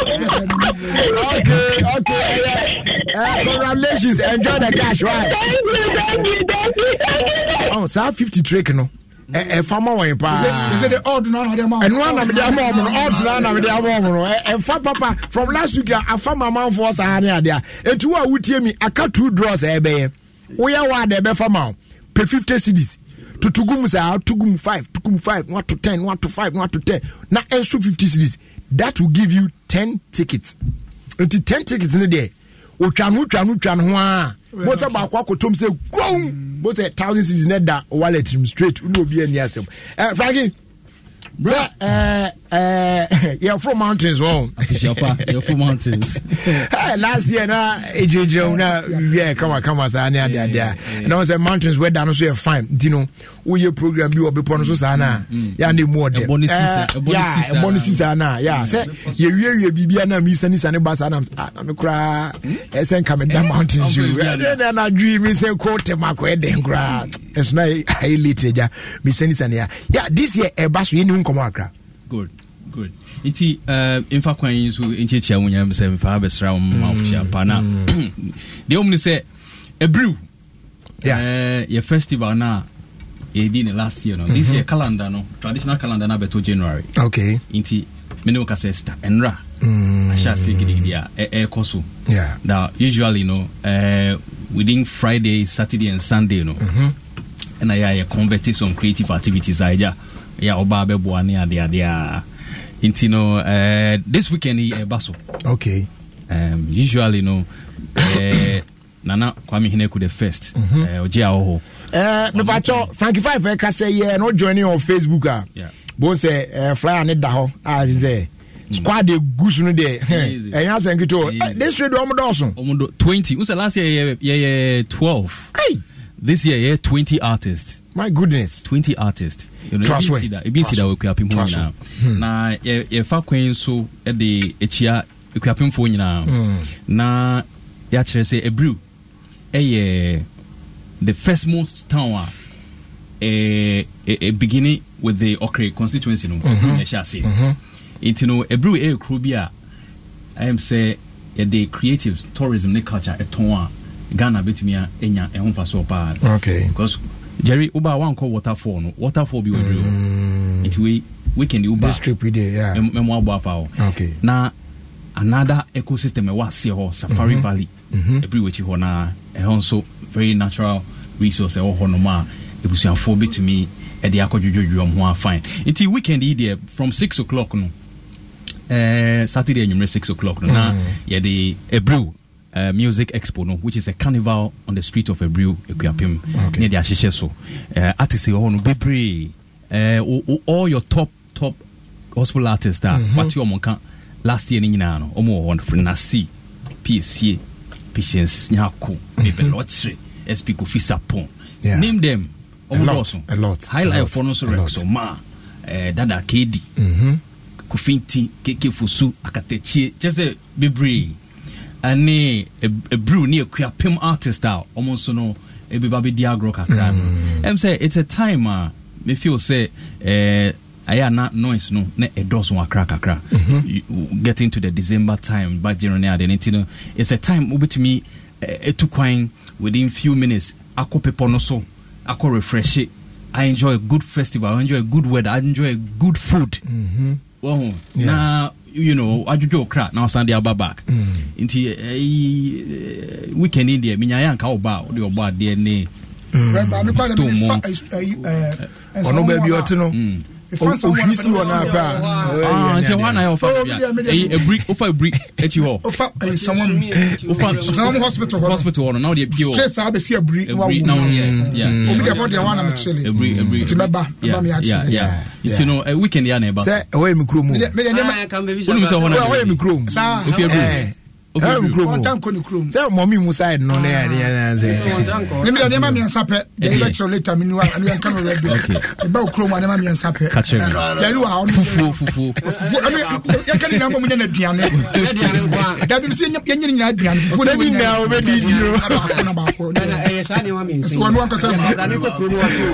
okay, okay. Uh, congratulations. Enjoy the cash, right? Thank you, thank you, thank you, thank you. Oh, so 50 trick, no? ɛfa ma wɔn paa ɛnua na mi di ama wɔn no odds na na mi di ama wɔn no ɛfa eh, papa from last week afa ma amanfoɔ saa ne adeɛ etu a wutie mi aka two draws ɛbɛyɛ woyɛ wa de ɛbɛfa ma o pay fifty cedis tutu gum saa tutu five tutu five one to ten one to five one to ten na ɛnso fifty cedis that will give you ten tickets nti ten tickets ni deɛ otwa no otwa no otwa no ho a mo sɛ baako akotom sɛ gbɔn mo sɛ thousand cities ne da wallet rim straight unu obi ani asɛm ɛ frankie. bro uh, uh, you're from mountains wrong you're from mountains hey, last year na ejinjin na yeah come on come on sa ni ade ade and i mountains where down so you're fine you know woyɛ program bi wɔ bepɔ no so saa no a mm, mm, yɛane mu ɔdɛ ɛbɔ no si saa no a yɛ sɛ yɛwiewie biribia no meisane sane ba saa nam ah, me koraa hmm? ɛsɛ nka meda eh, mountain sɛne anadwee mesɛ ko temakɔ ɛdɛn koraa mm. ɛso na ayɛ late agya mesane sane a yɛ this year ɛba so yɛni nkɔmmɔ akra good good nti eh, mfa kwan yi nso nkyekyia wo nyam sɛ mfa bɛsra wo mma wohyia pa na deɛ wom ne sɛ ɛbiriw eh, yɛ festival no a yɛdi ne last year no this mm-hmm. year calendar no traditional calendar no abɛto january okay nti mene wo ka sɛ sta ɛnra mm. ahyɛ ase gidigidi a ɛɛkɔ so yeah. da eh, eh, usually no uh, within friday saturday and sunday no ɛna mm-hmm. yɛayɛ converti some creative activities a ɛgya yɛ ɔbaa bɛboa ne adeadeɛ a nti no uh, this weekend yi ɛba so okay um, usually no uh, nana kwame heneko the first ɔgye a wɔ hɔ Eh, mepakyɛ franki five ɛka sɛ yɛ na ɔjoine on facebook a bohu sɛ eh, flyer ne da hɔ a ah, sɛ squad de so no deɛ ɛyɛ asɛn ketewa eh, this trade ɔmo dɔɔso. twenty n sɛ last year yɛ yɛ twelve this year yɛ twenty artists. my goodness. twenty artists. traswe ebi nsi da wɔ ekuapem ho nyinaa hmm. na yɛ yɛfa kwan so ɛde ekyia ekuapemfo nyinaa hmm. na yɛakyerɛ sɛ ebrew ɛyɛ the first most town uh, a eh, eh, beginning with the Okre constituency no ɛhyɛ ase nti no ɛbere wɔ ɛyɛ kuro bi a ɛyɛm sɛ yɛde creative tourism ne culture ɛtɔn a uh, Ghana bɛtumi uh, a ɛnya ɛho fa soɔ paa okay. jerry woba a wankɔ waterfall no waterfall bi wɔ bere hɔ nti wei weekend woba this trip we yeah mɛmo abɔ afa hɔ okay. na another ecosystem ɛwɔ aseɛ hɔ Safari mm -hmm. Valley ɛbere mm -hmm. wɔ hɔ naa ɛhɔ nso very natural resource ɛwɔ hɔ nom a ebusuafoɔ bɛtumi ɛde akɔdwodwodwo ɔmo ho afine nti weekend yi deɛ from six o'clock no ɛɛ saturday enyimire six o'clock no mm. na yɛde ebrew music expo no which is a carnival on the street of ebrew ekuapem okay. ne yɛde ahyehyɛ so ɛɛ uh, artist wɔ hɔ no bebree ɛɛ all your top top gospel artist a wate mm-hmm. ɔmo nka last year ne nyinaa no ɔmo wɔ hɔ no nasi piesie patience nyako ebelotre mhm. sp kofi sapon name them ɔmodɔɔso highlightfoɔ no nso rexoma ma eh, dada kedi mm-hmm. kofi nti keke fosu akatakyie kyɛ sɛ bebree ɛne ɛbrew ne akua pem artist a ɔmo nso no ɛbɛba e bɛdi agorɔ kakra no ɛm sɛ it's a time a ah, mefeel sɛ eh, ɛyɛ na noise no na ɛdɔɔso wakra kakra mm getting to the december time budget ne ade no nti no it's a time wobɛtumi ɛtu kwan within few minutes akɔ pepɔ no so akɔ refresh it. I enjoy a good festival, I enjoy a good weather, I enjoy a good food. Mm-hmm. Well, yeah. now you know, adwodwo kra na ɔsan de aba back nti ɛyi weekend yi deɛ menyayɛ anka woba a wode ɔbɔ adeɛ ne ɔno baabi ɔte no ohun si wɔ naa paa nti hɔ na yɛ ɔfa bia ebiri ofa ebiri ekyi hɔ ofa eh, nsamu ofa nsamu hospital hɔ hospital hɔ no na ɔde bi wɔ stress a abɛsi ebiri na wawu na ɔyɛ obi de ɛbɔ deɛ wɔn anam kyele ebiri ebiri nti mɛba mɛba mi akyele nti no weekend yɛ anaba sɛ ɛwɔ yɛ mi kurom o olu mi sɛ ɔwɔ na ɛwɔ yɛ mi kurom ofi ebiri sɛ mɔmi mu side no ne yɛneɛnasɛmeda nnoɛma miɛnsa pɛ deɛ wobɛkyerɛ lata menu ɛnka no wɛbi ɛba wo kurom a nnoɛma miɛnsa pɛ yɛrewa yɛka ne nyinaa mu nyɛ no aduane da bim sɛ yɛnyɛ ne nyinaa aduane fufuoninaa wobɛdi gyiro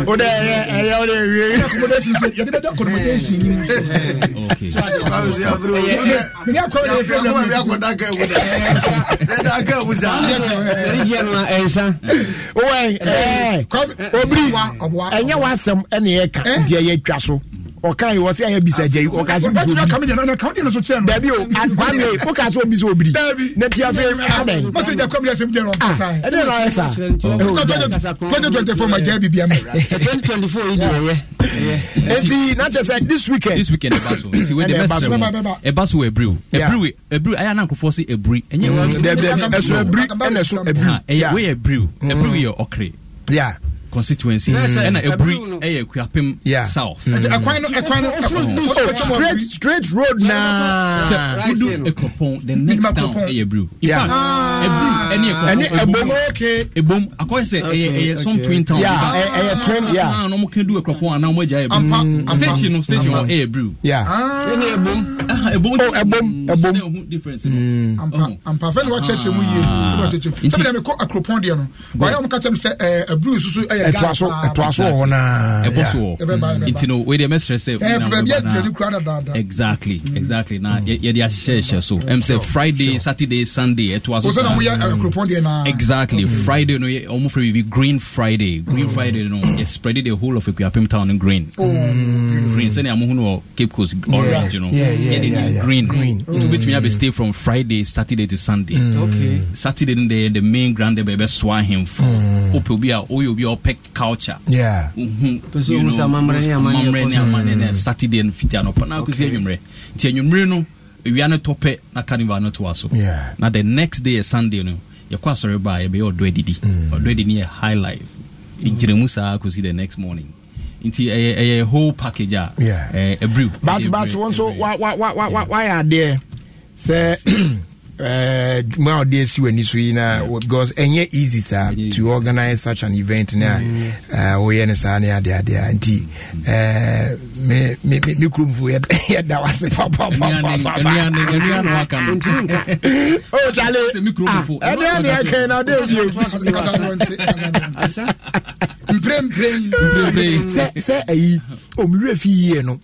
wodɛɛyɛwodɛwieyɛdebɛdɛ accommodation mene akɔ ɛnsa obiri ɛnyɛ wasɛm ɛna yɛka deɛ yɛtwa so eh? ɔka yi wɔsi ayɛ bisa jɛ yi ɔka so bisa obiri dabi o kwame ɔka so bisa obiri ne tia fe adan. mose jẹ kɔmi yasem jẹ rɔ kasa. ɛ ne na ayɛ sa. twenty twenty four ma jɛ bibi ama. twenty twenty four yi di ɛyɛ. eti n'a cɛ sɛ this weekend. this weekend ɛba so nti wei de bɛ ɛba so wɔ ebiri o ebiri ebiri ayɛ anan kofo si ebiri. ɛnyɛ ɛso ebiri ɛna ɛso ebiri constituency ɛna ɛburi ɛyɛ akuapem south. ɛkwan mm. no ɛkwan no straight straight road naa. sɛ wudu ekropɔn the next town ɛyɛ eburu in fact ah. eburu ɛni ekropɔn ebom ɛni ebom akɔyɛ sɛ ɛyɛ ɛyɛ some twin town. ɛyɛ ah. twin ya. naa n'ɔmo kɛ du ekropɔn anaa ɔmo agya eburu station no station hɔ ɛyɛ eburu. Ah. ɛni ebom ebom oh ebom ebom difference. Mm. ampa ampa fɛn ni wa kyerɛkyerɛ mu yie fɛn ni wa kyerɛkyerɛ mu sɛbi na mi kɔ akropɔn deɛ no wa yɛ ɔmo kata mi sɛ ɛɛ eh, eburu susu ɛ ɛtoaso exactly exactly na mm. yɛde ahyehyɛhyɛ so ɛm mm. friday saturday sunday ɛtoa so eh, exactly mm. friday no ɔmofrɛ biribi green friday green friday no yɛspreade the whole of akuapem town no green oh, green sɛnea mohu no wɔ cape coast orange no yɛde ne green nti wobɛtumi abɛstay from friday saturday to sunday saturday no deɛ the main grande bɛbɛsoa ahemfo wopɛ obi a woyɛ obi a perfect culture yeah mm-hmm. mm -hmm. you know mammerɛ ne amane ne saturday no fiti anɔpa na akɔsi anwummerɛ nti anwummerɛ no awia no tɔpɛ na carnival no toa Yeah. na the next day yɛ sunday no yɛkɔ asɔre baa yɛbɛyɛ ɔdɔ adidi ɔdɔ mm. adidi yɛ high life ɛgyinamu mm. saa kɔsi the next morning nti ɛyɛ e, ɛyɛ e, e, whole package Yeah. a eh, ɛbriw but but So why why why why wayɛ adeɛ sɛ Eh, ma ɔde asi w'ani so yi na because ɛnyɛ easy saa to organize such an event na mm. eh, woyɛ eh, oh, ah, no saa ne adeadeɛ a nti me kuromfo yɛda wase papapapapaɛdeɛ ne ɛkɛ na ɔde bio sɛ ayi ɔmewerɛ fi yie no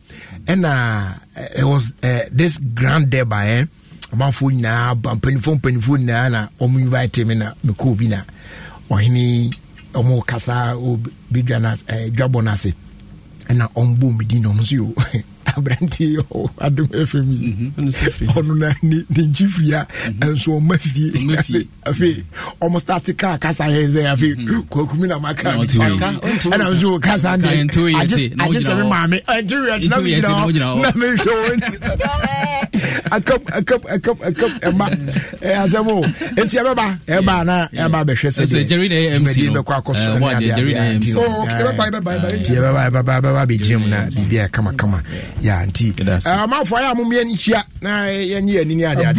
ɛna it was uh, this grand day by eh? ɔmanfoɔ nyinaa ba mpanimfoɔ mpanimfoɔ nyinaa na ɔmo invite mi na mekɔ bi na ɔhene ɔmo kasa bi dwa na ɛɛ eh, dwabɔ n'ase ɛna ɔmo bɔ omi di na ɔmo nso yɛ o aberanteɛ yɛ adom fm yi mhm, ɔno na ne ne nkyi firi a mhm. nso ɔma fie afei ɔmo start kaa kasa yɛ sɛ afei mhm. kwakumi na maka maka ɛna nso o kasa deɛ agye agye sɛ me maame ɛnti wia tena mi gyina hɔ na mehwɛ wɔn akam akam akam akam ɛma asɛm o nti ɛbɛba ɛba na ɛba bɛhwɛ sɛ dwumadi bɛkɔ akɔ so nti oh, ɛbɛba ɛbɛba ɛbɛba bɛgyina mu na biribia kamakama ya nti ɔmanfoɔ yɛ a momeɛ no hyia na yɛnye yɛ anini adeadeɛɛne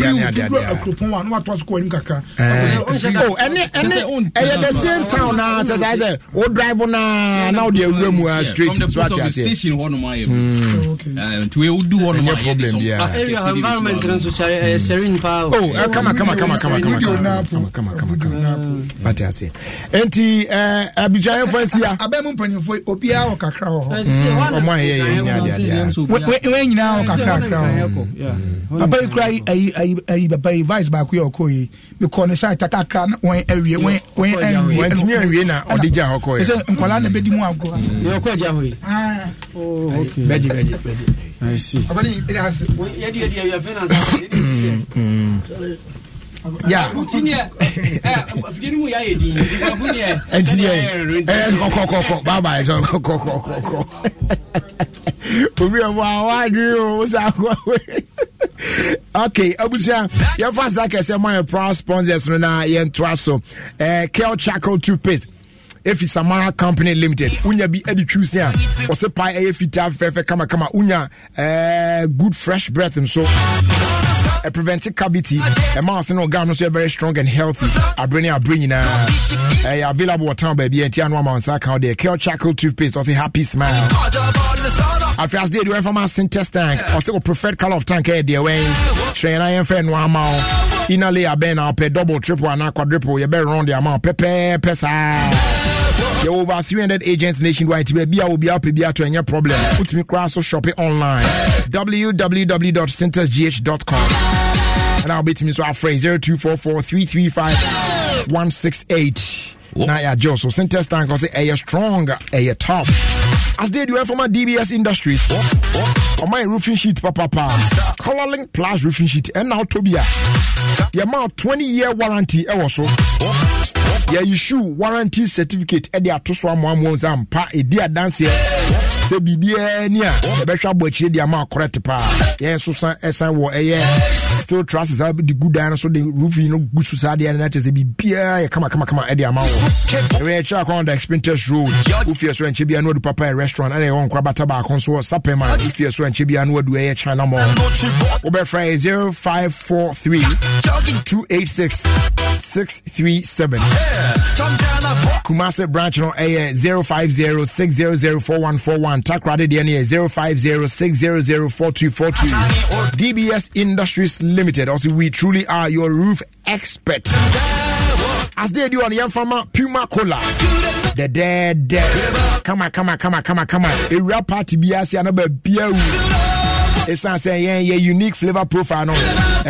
the same town na sɛ saa sɛ wo drive na na wode awura mu a straight so ateaseɛ environment no so kyare eh, serene oh, eh, on come on come on come on come on kama ate ase enti eh, abidwayɛfo asia abɛ mu mpanyinfo obiara wɔ kakra wɔ hɔ ɔmo ayɛ yɛ nyɛ ade ade wɔn nyinaa wɔ kakra kakra wɔ papa yi kura ayi ayi ayi papa yi vice baako yɛ ɔkɔ yi mekɔ ne site kakra wɔn awie wɔn wɔn awie wɔn ntumi awie na ɔde gya hɔ kɔ yɛ ɛsɛ nkɔla na bɛ di mu agorɔ yɛ ɔkɔ gya hɔ yi bɛdi bɛdi bɛdi. I see. Abani, Yeah, has. Yedi yedi yedi finance. Ya. Ntiniɛ. Ɛ fidini mu y'a ye di. Ntiniɛ. Ntiniɛ. Ɛ kɔkɔkɔkɔ. Baa baa ɛsɛ kɔkɔkɔkɔ. Obi yɛ fɔ awa adi o musa akɔ. okay abusua yɛmfa sda kɛsɛ ma yɛ proud sponsors no na yɛntoa so eh, kel chackle toopaste ɛfi samara company limited unya bi ade twiw se a kama. Uny,a eh, good fresh breath So. ɛprevente cavity A ase in ɔgam no so very strong and healthy I bring it, I bring it. ɛyɛ available wɔ town baabi ɛnti ano ama wo nsa ka wo deɛ kel chackle toothpaste ɔse happy smile I afei ase deɛ deɛ from ma sintest tank ɔse wɔ preferred color of tank ɛyɛ deɛ wɛn hwɛ yɛna yɛmfa ɛno ama wo inner layer Ben na pay double triple anaa quadruple You better run the amount. Pepe pesa. are over 300 agents nationwide ti will be obiara pɛ bi ato ɛnyɛ problem me koraa so shop online www.centersgh.com ɛna you so afrɛ 0244 335 168 na Joe so centers tank sɛ ɛyɛ eh, strong eh, you tough as they do eh, my DBS Industries. On my roofing sheet, papa, papa. Colorlink Plus roofing sheet, and now Tobia. The amount 20 year warranty, also. yɛyi issue warranty certificate de ato so amoamoa nsa mpa ɛdi adanseɛ sɛ biribiara ni a yɛbɛhwɛ abɔ akyire de ama akorɛte paa yɛn nso san ɛsan eh, wɔ ɛyɛ still trusses a de gu dan no so de roofing no gu so saa deɛ no na kyɛ sɛ biribiara yɛ kamakamakama ɛde eh, ama wɔ ɛwɛ yɛkyerɛ akwan da expinters road wofie so ɛnkyɛ biara na wadu papa yɛ restaurant ɛna yɛwɔ nkora bata baako nso wɔ sapɛm a wofie so ɛnkyɛ biara na wadu ɛyɛ china mall wobɛfrɛ 0543 286 637 kumase branch no ɛyɛ 050 6004141 Antakra de Diani 0506004242. DBS Industries Limited. Also, we truly are your roof expert. As they do on the Yamfama Puma Cola. The dead, dead. Come on, come on, come on, come on, come on. A real party biasi beer. It's not saying yɛn yɛ unique flavor profile no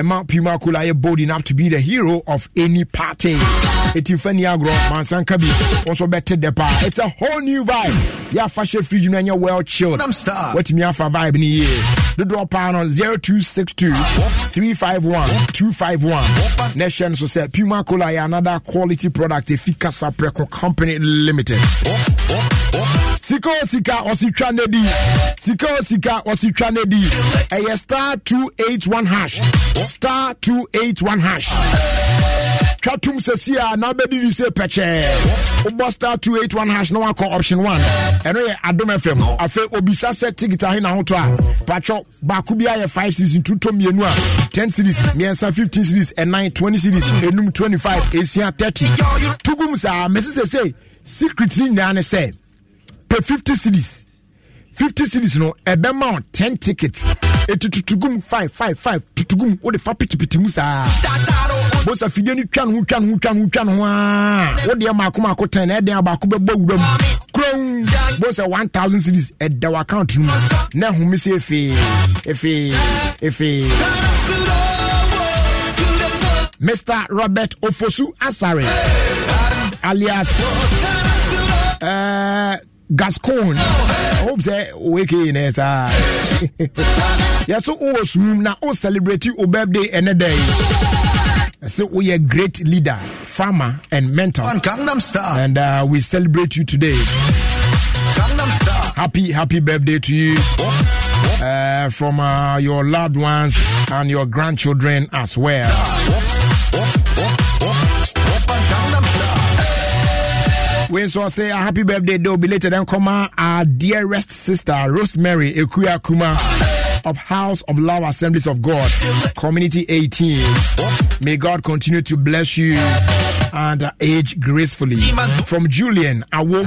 Mount puma cola yɛ bold enough to be the hero of any party ɛtimfa ni agorɔ mansanka bi wo nso bɛte dɛ it's a whole new vibe yɛafa fashion fridge no ɛnyɛ well chilled woatumi afa vibe no yie dodoɔ paa no 0262 351 251 na puma cola yɛ another quality product ɛfi kasa company limited sika sika ɔsi di sika o sika ɔsi twa di star 281 hash star 281 hash twa tom sɛsi a na bɛdidi sɛ pɛkyɛɛ wobɔ star 281 hash na wakɔ option 1 ɛno yɛ adom fm afei obisa sɛ tigita he na hotɔ a patwɔ baako bi ayɛ 5 series ntutɔ mmienu a 10 series mmiɛnsa 15 series ɛnan 20 series enum 25 esia 30 tugum saa mɛsi sɛsɛ secret ni nyinaa ne sɛ pɛ 50 cities, 50 cities, no ɛbɛma 10 tickets ɛti tutugum five. tutugum wode fa pitipiti mu saa bosa fidie no twa no ho twa no ho twa no ho twa no ho a wodeɛ maako maako tɛn na ɛdɛn abaako bɛbɔ wura mu kurom bosa 1000 series ɛda w account no mu na ɛhome sɛ ɛfee ɛfee ɛfee Mr. Robert Ofosu Asare, alias uh, gascon hope oh, sɛ wake in saa yɛso oh, wowɔ sum na wo oh, celebrate wo birthday ɛnɛ we ɛsɛ woyɛ great leader farmer and mentor and uh, we celebrate you today happy happy birthday to you uh, from uh, your loved ones and your grandchildren as well we so say a ah, happy birthday though belated and comma our dearest sister Rosemary Ekuya Kuma of House of Love Assemblies of God Community 18. May God continue to bless you and age gracefully. From Julian, Awo,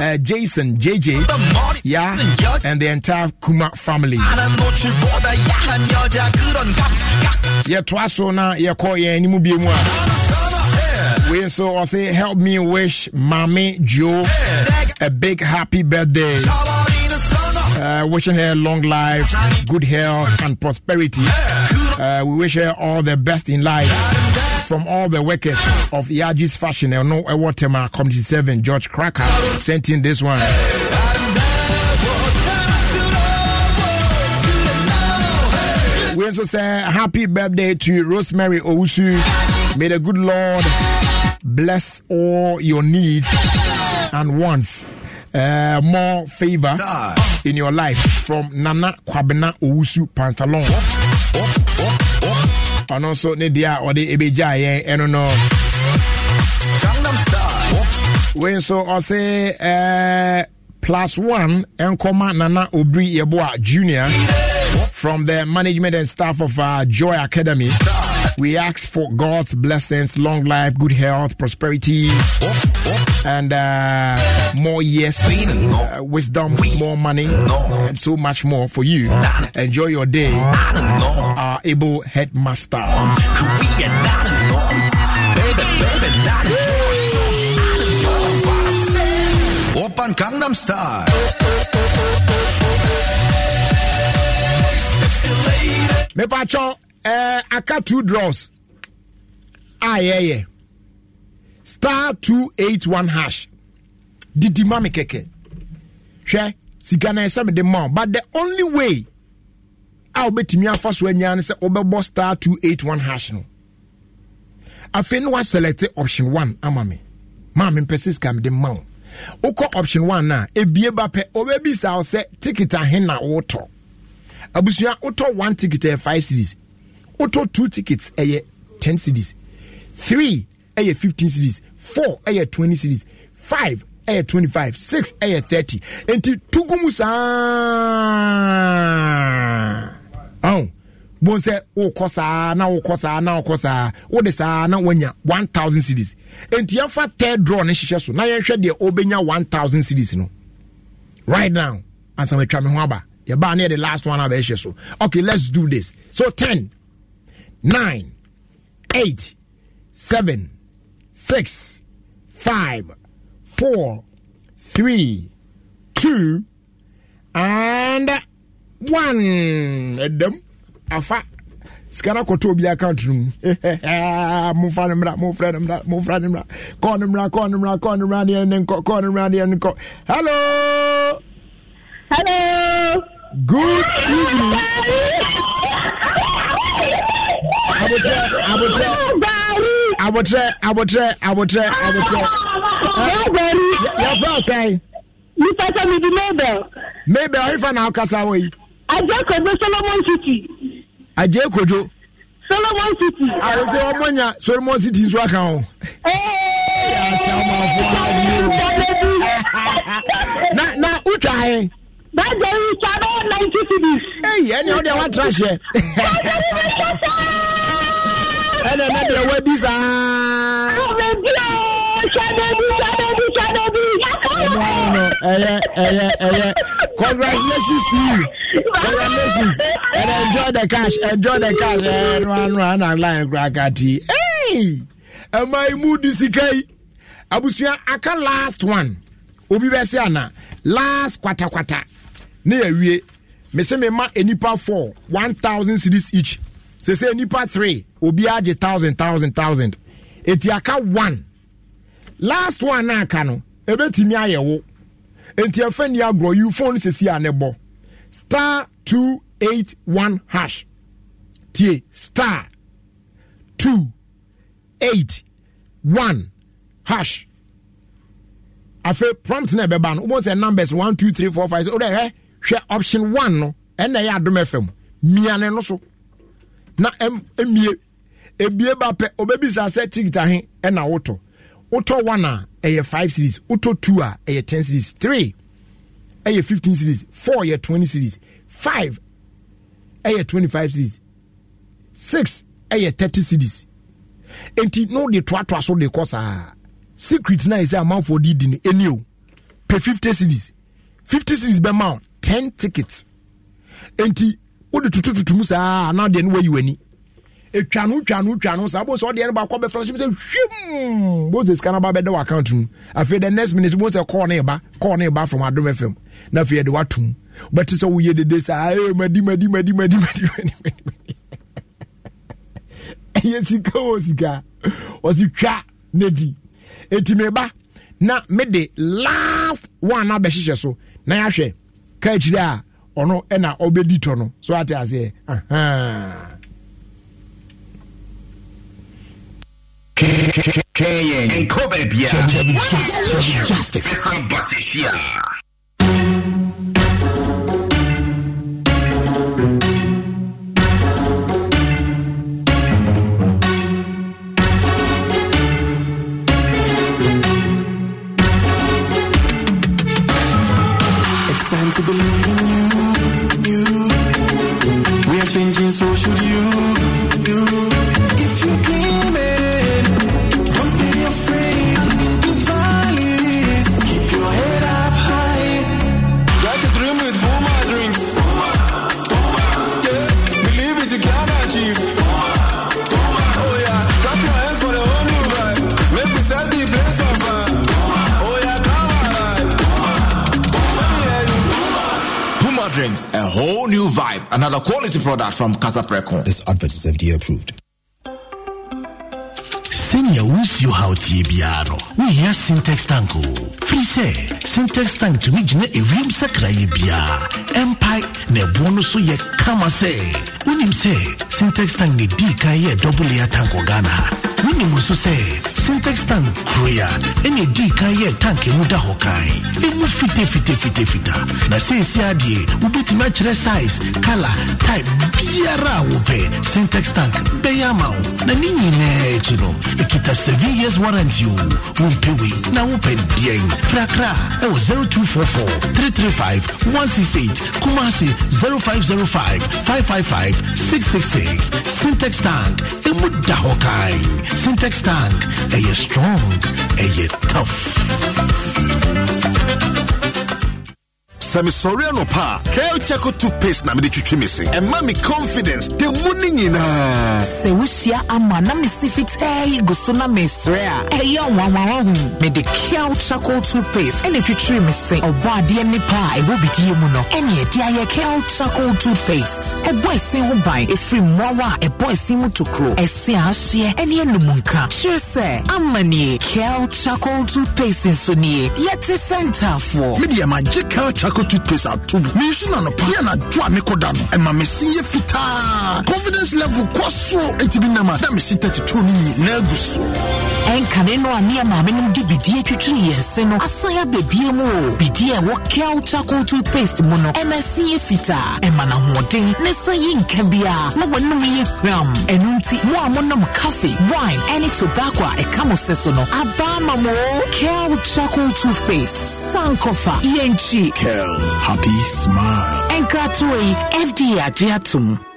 uh, Jason, JJ, yeah, and the entire Kuma family. Yeah, twice so now, yeah, call yeah, we I say, help me wish Mami Joe a big happy birthday. Uh, wishing her long life, good health, and prosperity. Uh, we wish her all the best in life from all the workers of Yaji's Fashion. I know watermark Community 7, George Cracker, sent in this one. we also say happy birthday to Rosemary Owusu. May the good Lord bless all your needs and wants. Uh, more favor in your life from Nana Kwabena Owusu Pantalon. And also, Nidia or the Ebeja, I don't know. When so I say uh, plus one, and comma Nana Obri Yeboa Junior from the management and staff of uh, Joy Academy. We ask for God's blessings, long life, good health, prosperity, and uh, more years, uh, wisdom, more money, and so much more for you. Enjoy your day, our able headmaster. Open Gangnam Style. mepatwɔ ɛɛ eh, aka two draws a ah, yɛyɛ star two eight one hash didi ma mi kɛkɛ hwɛ sika na ɛsɛ mi de ma but the only way a wobɛtumi afa so anya ne sɛ wobɛbɔ star two eight one hash no afei ne waselɛte option one ama me maa me mpɛ sika mi de ma wokɔ option one na ebie ba pɛ obɛbi sa ɔsɛ tikita hin na wotɔ abusua wotɔ one ticket ɛyɛ five series wotɔ two tickets ɛyɛ ten series three ɛyɛ fifteen series four ɛyɛ twenty series five ɛyɛ twenty five six ɛyɛ thirty nti tugu mu saa ɔn bon sɛ wokɔ saa na wokɔ saa na wokɔ saa wode saa na wanya one thousand series nti yɛmfa third draw ne hyehyɛ so na yɛhwɛ deɛ ɔbɛnya one thousand series no right now asan atwa me ho aba. yɛbaa ne yɛ the last one abɛɛhyɛ so okay let's do this so ten, nine, eight, seven, six, five, four, three, two, and 1 ɛdam afa sika no akɔtɔ obi account no mu momfa no mmra momfrɛ no mmra momfra no mmra kɔɔ no mmra kɔɔ no mmra kɔɔ no mmra neɛ ne nkɔ kɔɔ no mmra neɛ ne nkɔ hello hello good evening. abotire abotire abotire abotire abotire abotire. yàtọ̀ sẹ́yìn. nípa sọ mi di mabel. mabel ọ̀hìnfà náà kásá wọ̀ yìí. ajé kojú solomon city. ajé kojú. solomon city. àrèsé ọmọ nya solomon city nsọ àkàn o. yàtọ̀ sẹ́yìn ọmọ fún wa. na na utah yẹn bẹẹ jẹ irú tí a bẹ ninety cedis. eyi ẹni ọdẹ wa tra ṣe. ẹnna ẹnna bẹrẹ wẹ bi saa. ọmọ ìbílẹ̀ ṣàdébí ṣàdébí ṣàdébí. ọmọ àná ẹyẹ ẹyẹ ẹyẹ congratulations to you congratulations and enjoy the cash enjoy the cash ẹnu anu ana line kura kati. ẹ máa ń mú di sika yìí abusua aka last one obi bẹ sẹ àná last kwatakwata. Kwata ne yɛwie mese mema nipa four one thousand series each sese nipa three obiara gye thousand thousand thousand eti aka one last one na aka no ebetumi ayɛ wo nti efe ni agorɔ yi phone sisi a ne bɔ star two eight one hash tie star two eight one hash afei prompt na ɛbɛba no wɔn sɛ numbers one two three four five six o de hɛ. Eh? hwɛ option one no ɛna ɛyɛ adom fm miane no so na ɛmie ebie ba pɛ obebisa sɛ ticket ahe ɛna wotɔ wotɔ one a ɛyɛ five series wotɔ two a ɛyɛ ten series three ɛyɛ fifteen series four ɛyɛ twenty series five ɛyɛ twenty five series six ɛyɛ thirty series nti na wode toatoa so de kɔ saa secret na ɛsɛ amanfoɔ de di no ɛni pɛ fifty series fifty series bɛma mount ten tickets nti wode tutututu mu saa anaa deɛ no wayi w'ani etwa no twa no twa no saa bó sɛ ɔdeɛ no baako abɛfra no sɛ hwim bó sɛ sika no aba bɛda wɔ account mu afei the next minute bó sɛ kɔɔ ne ba kɔɔ ne ba from adom fm na afei yɛde watum bɛte sɛ woyɛ dede saa ee madi madi madi madi madi madi madi ɛyɛ sika wɔ sika ɔsi twa ne di eti me ba na me de last one abɛhyehyɛ so na yɛahwɛ ka akyire a ɔno ɛna ɔbɛdi tɔ no so ate aseɛ kɛyɛn nkɔ baabia justice product from Casapreco. This advert is FDA approved. sɛnea wonsuo haw tie biara no wohia sintex tank o firi sɛ sintex tank tumi gyina ewiem sakrayɛ biara ɛmpae na ɛboɔ no so yɛ kama sɛ wonim sɛ sintex tank ne dii kan yɛ dɔbleya tank wɔ ghana ha wonim nso sɛ syntax tank korea ɛna ɛdii kan yɛ tank e e mu da hɔ kan ɛmu fitafitafitafita na seesi adeɛ wobɛtumi akyerɛ size kala type biara a wopɛ syntax tank bɛyɛ ama wo na ne nyinaa akyi no ɛkita e 7 years warranty o wompɛ wei na wopɛ deɛn frakra ɛwɔ 0244 335 168 kumase 0505 555 666 syntax tank ɛmu da hɔ kan syntax tank Are you strong? Are you tough? sɛ mesɔre anɔpa a kelchaco toopaste na mede twitwi me se ɛma me confidence da mu no nyinaa sɛ wohyia ama na mese fitaa yi gu so na mesrɛ a ɛyɛ nwanwanwaho mede kelchaco toopaste ɛne twitwiri me se ɔbɔ adeɛ nnipa a ɛwɔ bidie mu no ɛne ɛde ayɛ kelchaco toopaste ɛbɔ ɛsen ho ban ɛfiri mmoawa a ɛbɔ ɛsen mu tokuro ɛse ahyeɛ ɛne ɛnum nka kyerɛ sɛ ama nie kelchaco toopaste nso nie yɛte sɛ ntaafoɔ medeɛ magye kelchaco toothpaste at Me mensu no nɔpa yɛ anadwo a mekɔda no ɛma e mesi yɛ fitaa confidence level kɔ soro ɛti e bi nam a na mesi 32 no nyinaa gu so ɛnkane no a ne maamenom de bidie twitwiri yɛn se no asan abɛbie mu o bidie a ɛwɔ kel charcoal toothpaste mono. no ɛna e si yɛ fitaa ɛma no ahoɔden ne sa yi nka biaa na wɔnom yɛ hwam mo a monom wine Eni tobacco a ɛka mo sɛ so no abaa ma mo charcoal toothpaste sankofa yɛnkyi kel Happy smile. Enka FD FDA Ajiatum.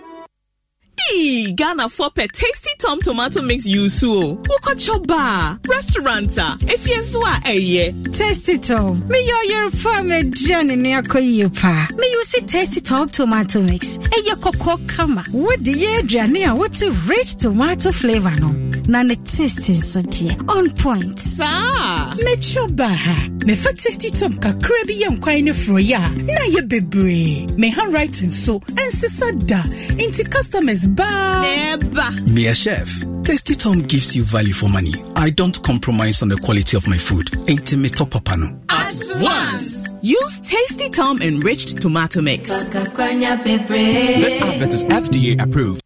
Hey, Ghana for pet tasty Tom tomato mix yusu. Woko choba restaurant a efiensua eye. Eh, tasty Tom. Me yo your farm journey ne akoyi pa. Me you see tasty Tom tomato mix. e Eye koko kama. What the journey a what rich tomato flavor no. Na ne tasty so dear. On point. Sa. Me choba. Me fa tasty Tom ka bi ye nkwan ne froya. Na ye bebre. Me handwriting so ensisa da. Inti customers Never. Never. Mia eh, Chef. Tasty Tom gives you value for money. I don't compromise on the quality of my food. Intimate top papano. At once. Use Tasty Tom enriched tomato mix. This advert is FDA approved.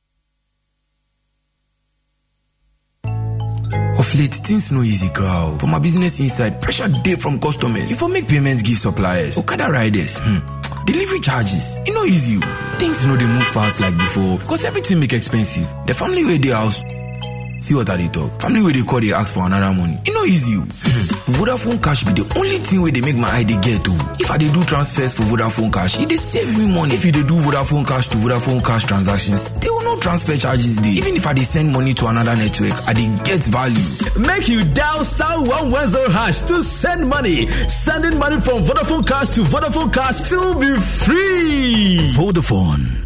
Of late, things no easy, girl. For my business inside, pressure day from customers. If I make payments, give suppliers. Okada riders, hmm delivery charges e no easy things no dey move fast like before because everything make expensive the family wey dey house See what I did talk. Family where they call, they ask for another money. It no easy. Hmm. Vodafone Cash be the only thing where they make my ID get to. If I they do transfers for Vodafone Cash, it they save me money. If you they do Vodafone Cash to Vodafone Cash transactions, still no transfer charges Even if I they send money to another network, I they get value. Make you dial star one one zero hash to send money. Sending money from Vodafone Cash to Vodafone Cash still be free. Vodafone.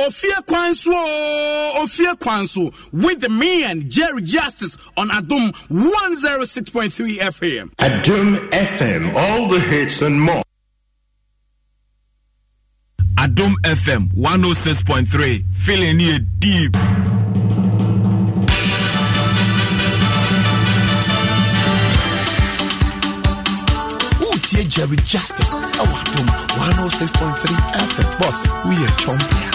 Ophia Kwanso, Ophia Kwanso, with me and Jerry Justice on Adum 106.3 FM. Adum FM, all the hits and more. Adum FM 106.3, feeling you deep. Ooh, Jerry Justice, oh, Adum 106.3 FM, boss, we are chomping.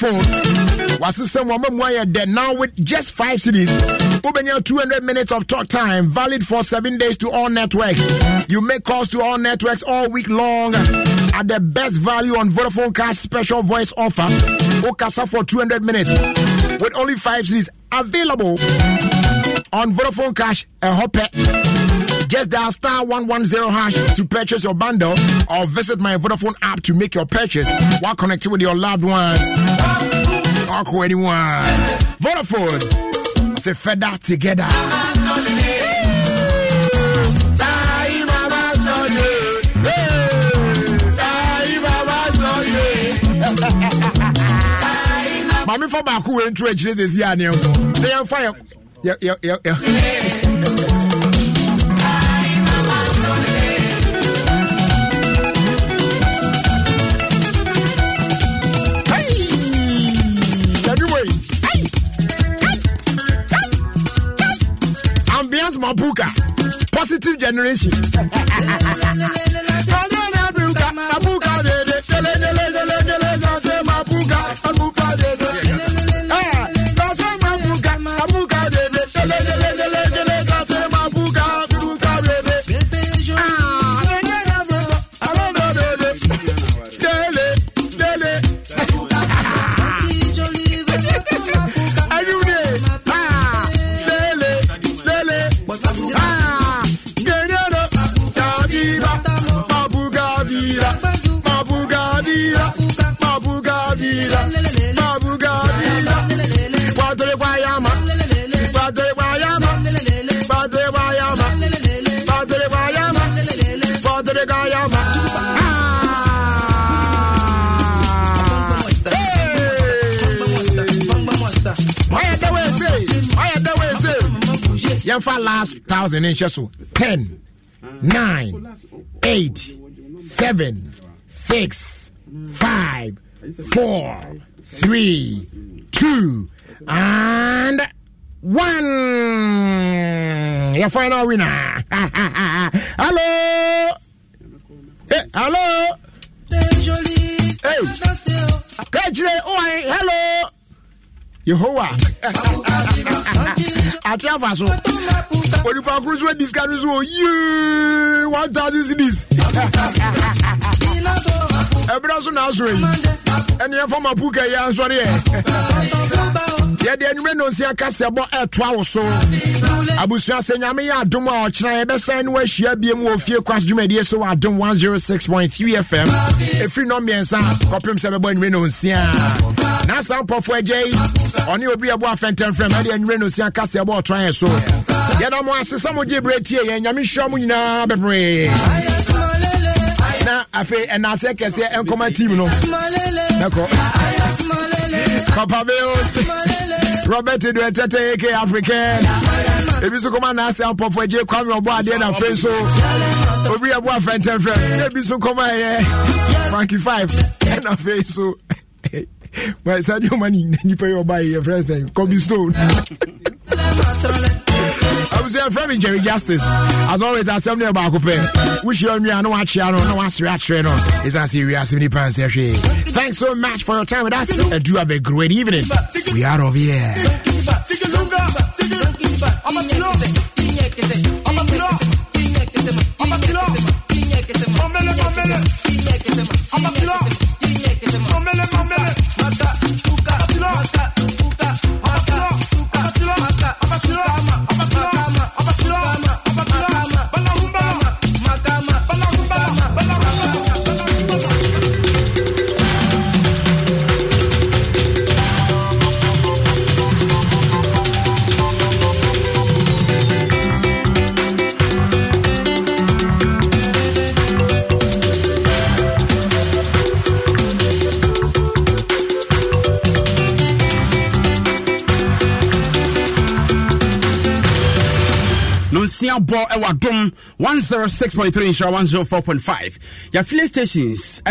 phone. Wasisem Wamamuaya then now with just five cities. Ubenya 200 minutes of talk time, valid for seven days to all networks. You make calls to all networks all week long at the best value on Vodafone Cash special voice offer. Okasa for 200 minutes with only five cities available on Vodafone Cash and Hoppe. Just dial star 110 hash to purchase your bundle or visit my Vodafone app to make your purchase while connecting with your loved ones. Or call anyone. Vodafone. Say feather together. maame fa baako wɔ ntura akyire sɛ si aneɛ ho na yɛmfa yɛ Positive generation. yɛmfa last thousand nhyɛ so 10 9 8 7 6 5 4 3 2 and one your final winner hello hey, hello hey. Hey. Oh, hello yehowa ate afa so onipa koro so adiska no so ɔye 1000 cities ɛberɛ so naasoe ɛneɛ fa mapuka yi ansɔreɛ yɛde anwumere na osi aka sɛ ɛtoa wo so abusua sɛ nyame yɛ adom a ɔkyena yɛbɛsan no ahyia biam wɔ fie kwas dwumadie so wɔ adom 106.3 fm ɛfiri nɔ kɔpem sɛ bɛbɔ anwumere na onsia na saa mpɔfoɔ agya yi ɔne obi ɛbɔ afɛntɛmfrɛm ɛde anwumere na osi aka sɛ ɔtoa yɛ so yɛda mo ase sɛ mogye berɛ tie yɛ nyame hyia mo nyinaa bebree na afei ɛnaase kɛseɛ ɛnkɔma team no ɛkɔ papa beos robert edu ɛtɛtɛ ak african ebi nso kɔma naasɛ apɔfo agye kwame ɔbɔ adeɛ na afei nso obi ɛbo afɛntɛmfrɛm ebi nso kɔma ɛyɛ franky five ɛna afei nso sadio mani nipa yɛ ɔba yɛ frɛ sɛ kobi stone I was your friend Jerry Justice. As always, I said, near Bakupe. Wish you and me, I no what you know, no one's no. It's a serious in the pants. Thanks so much for your time with us, and do have a great evening. We are over here. I'm a killer. I'm a Abakilama. abusua bɔ ɛwɔ adom one zero six point three nhyira one zero four point five yɛ filling stations eh,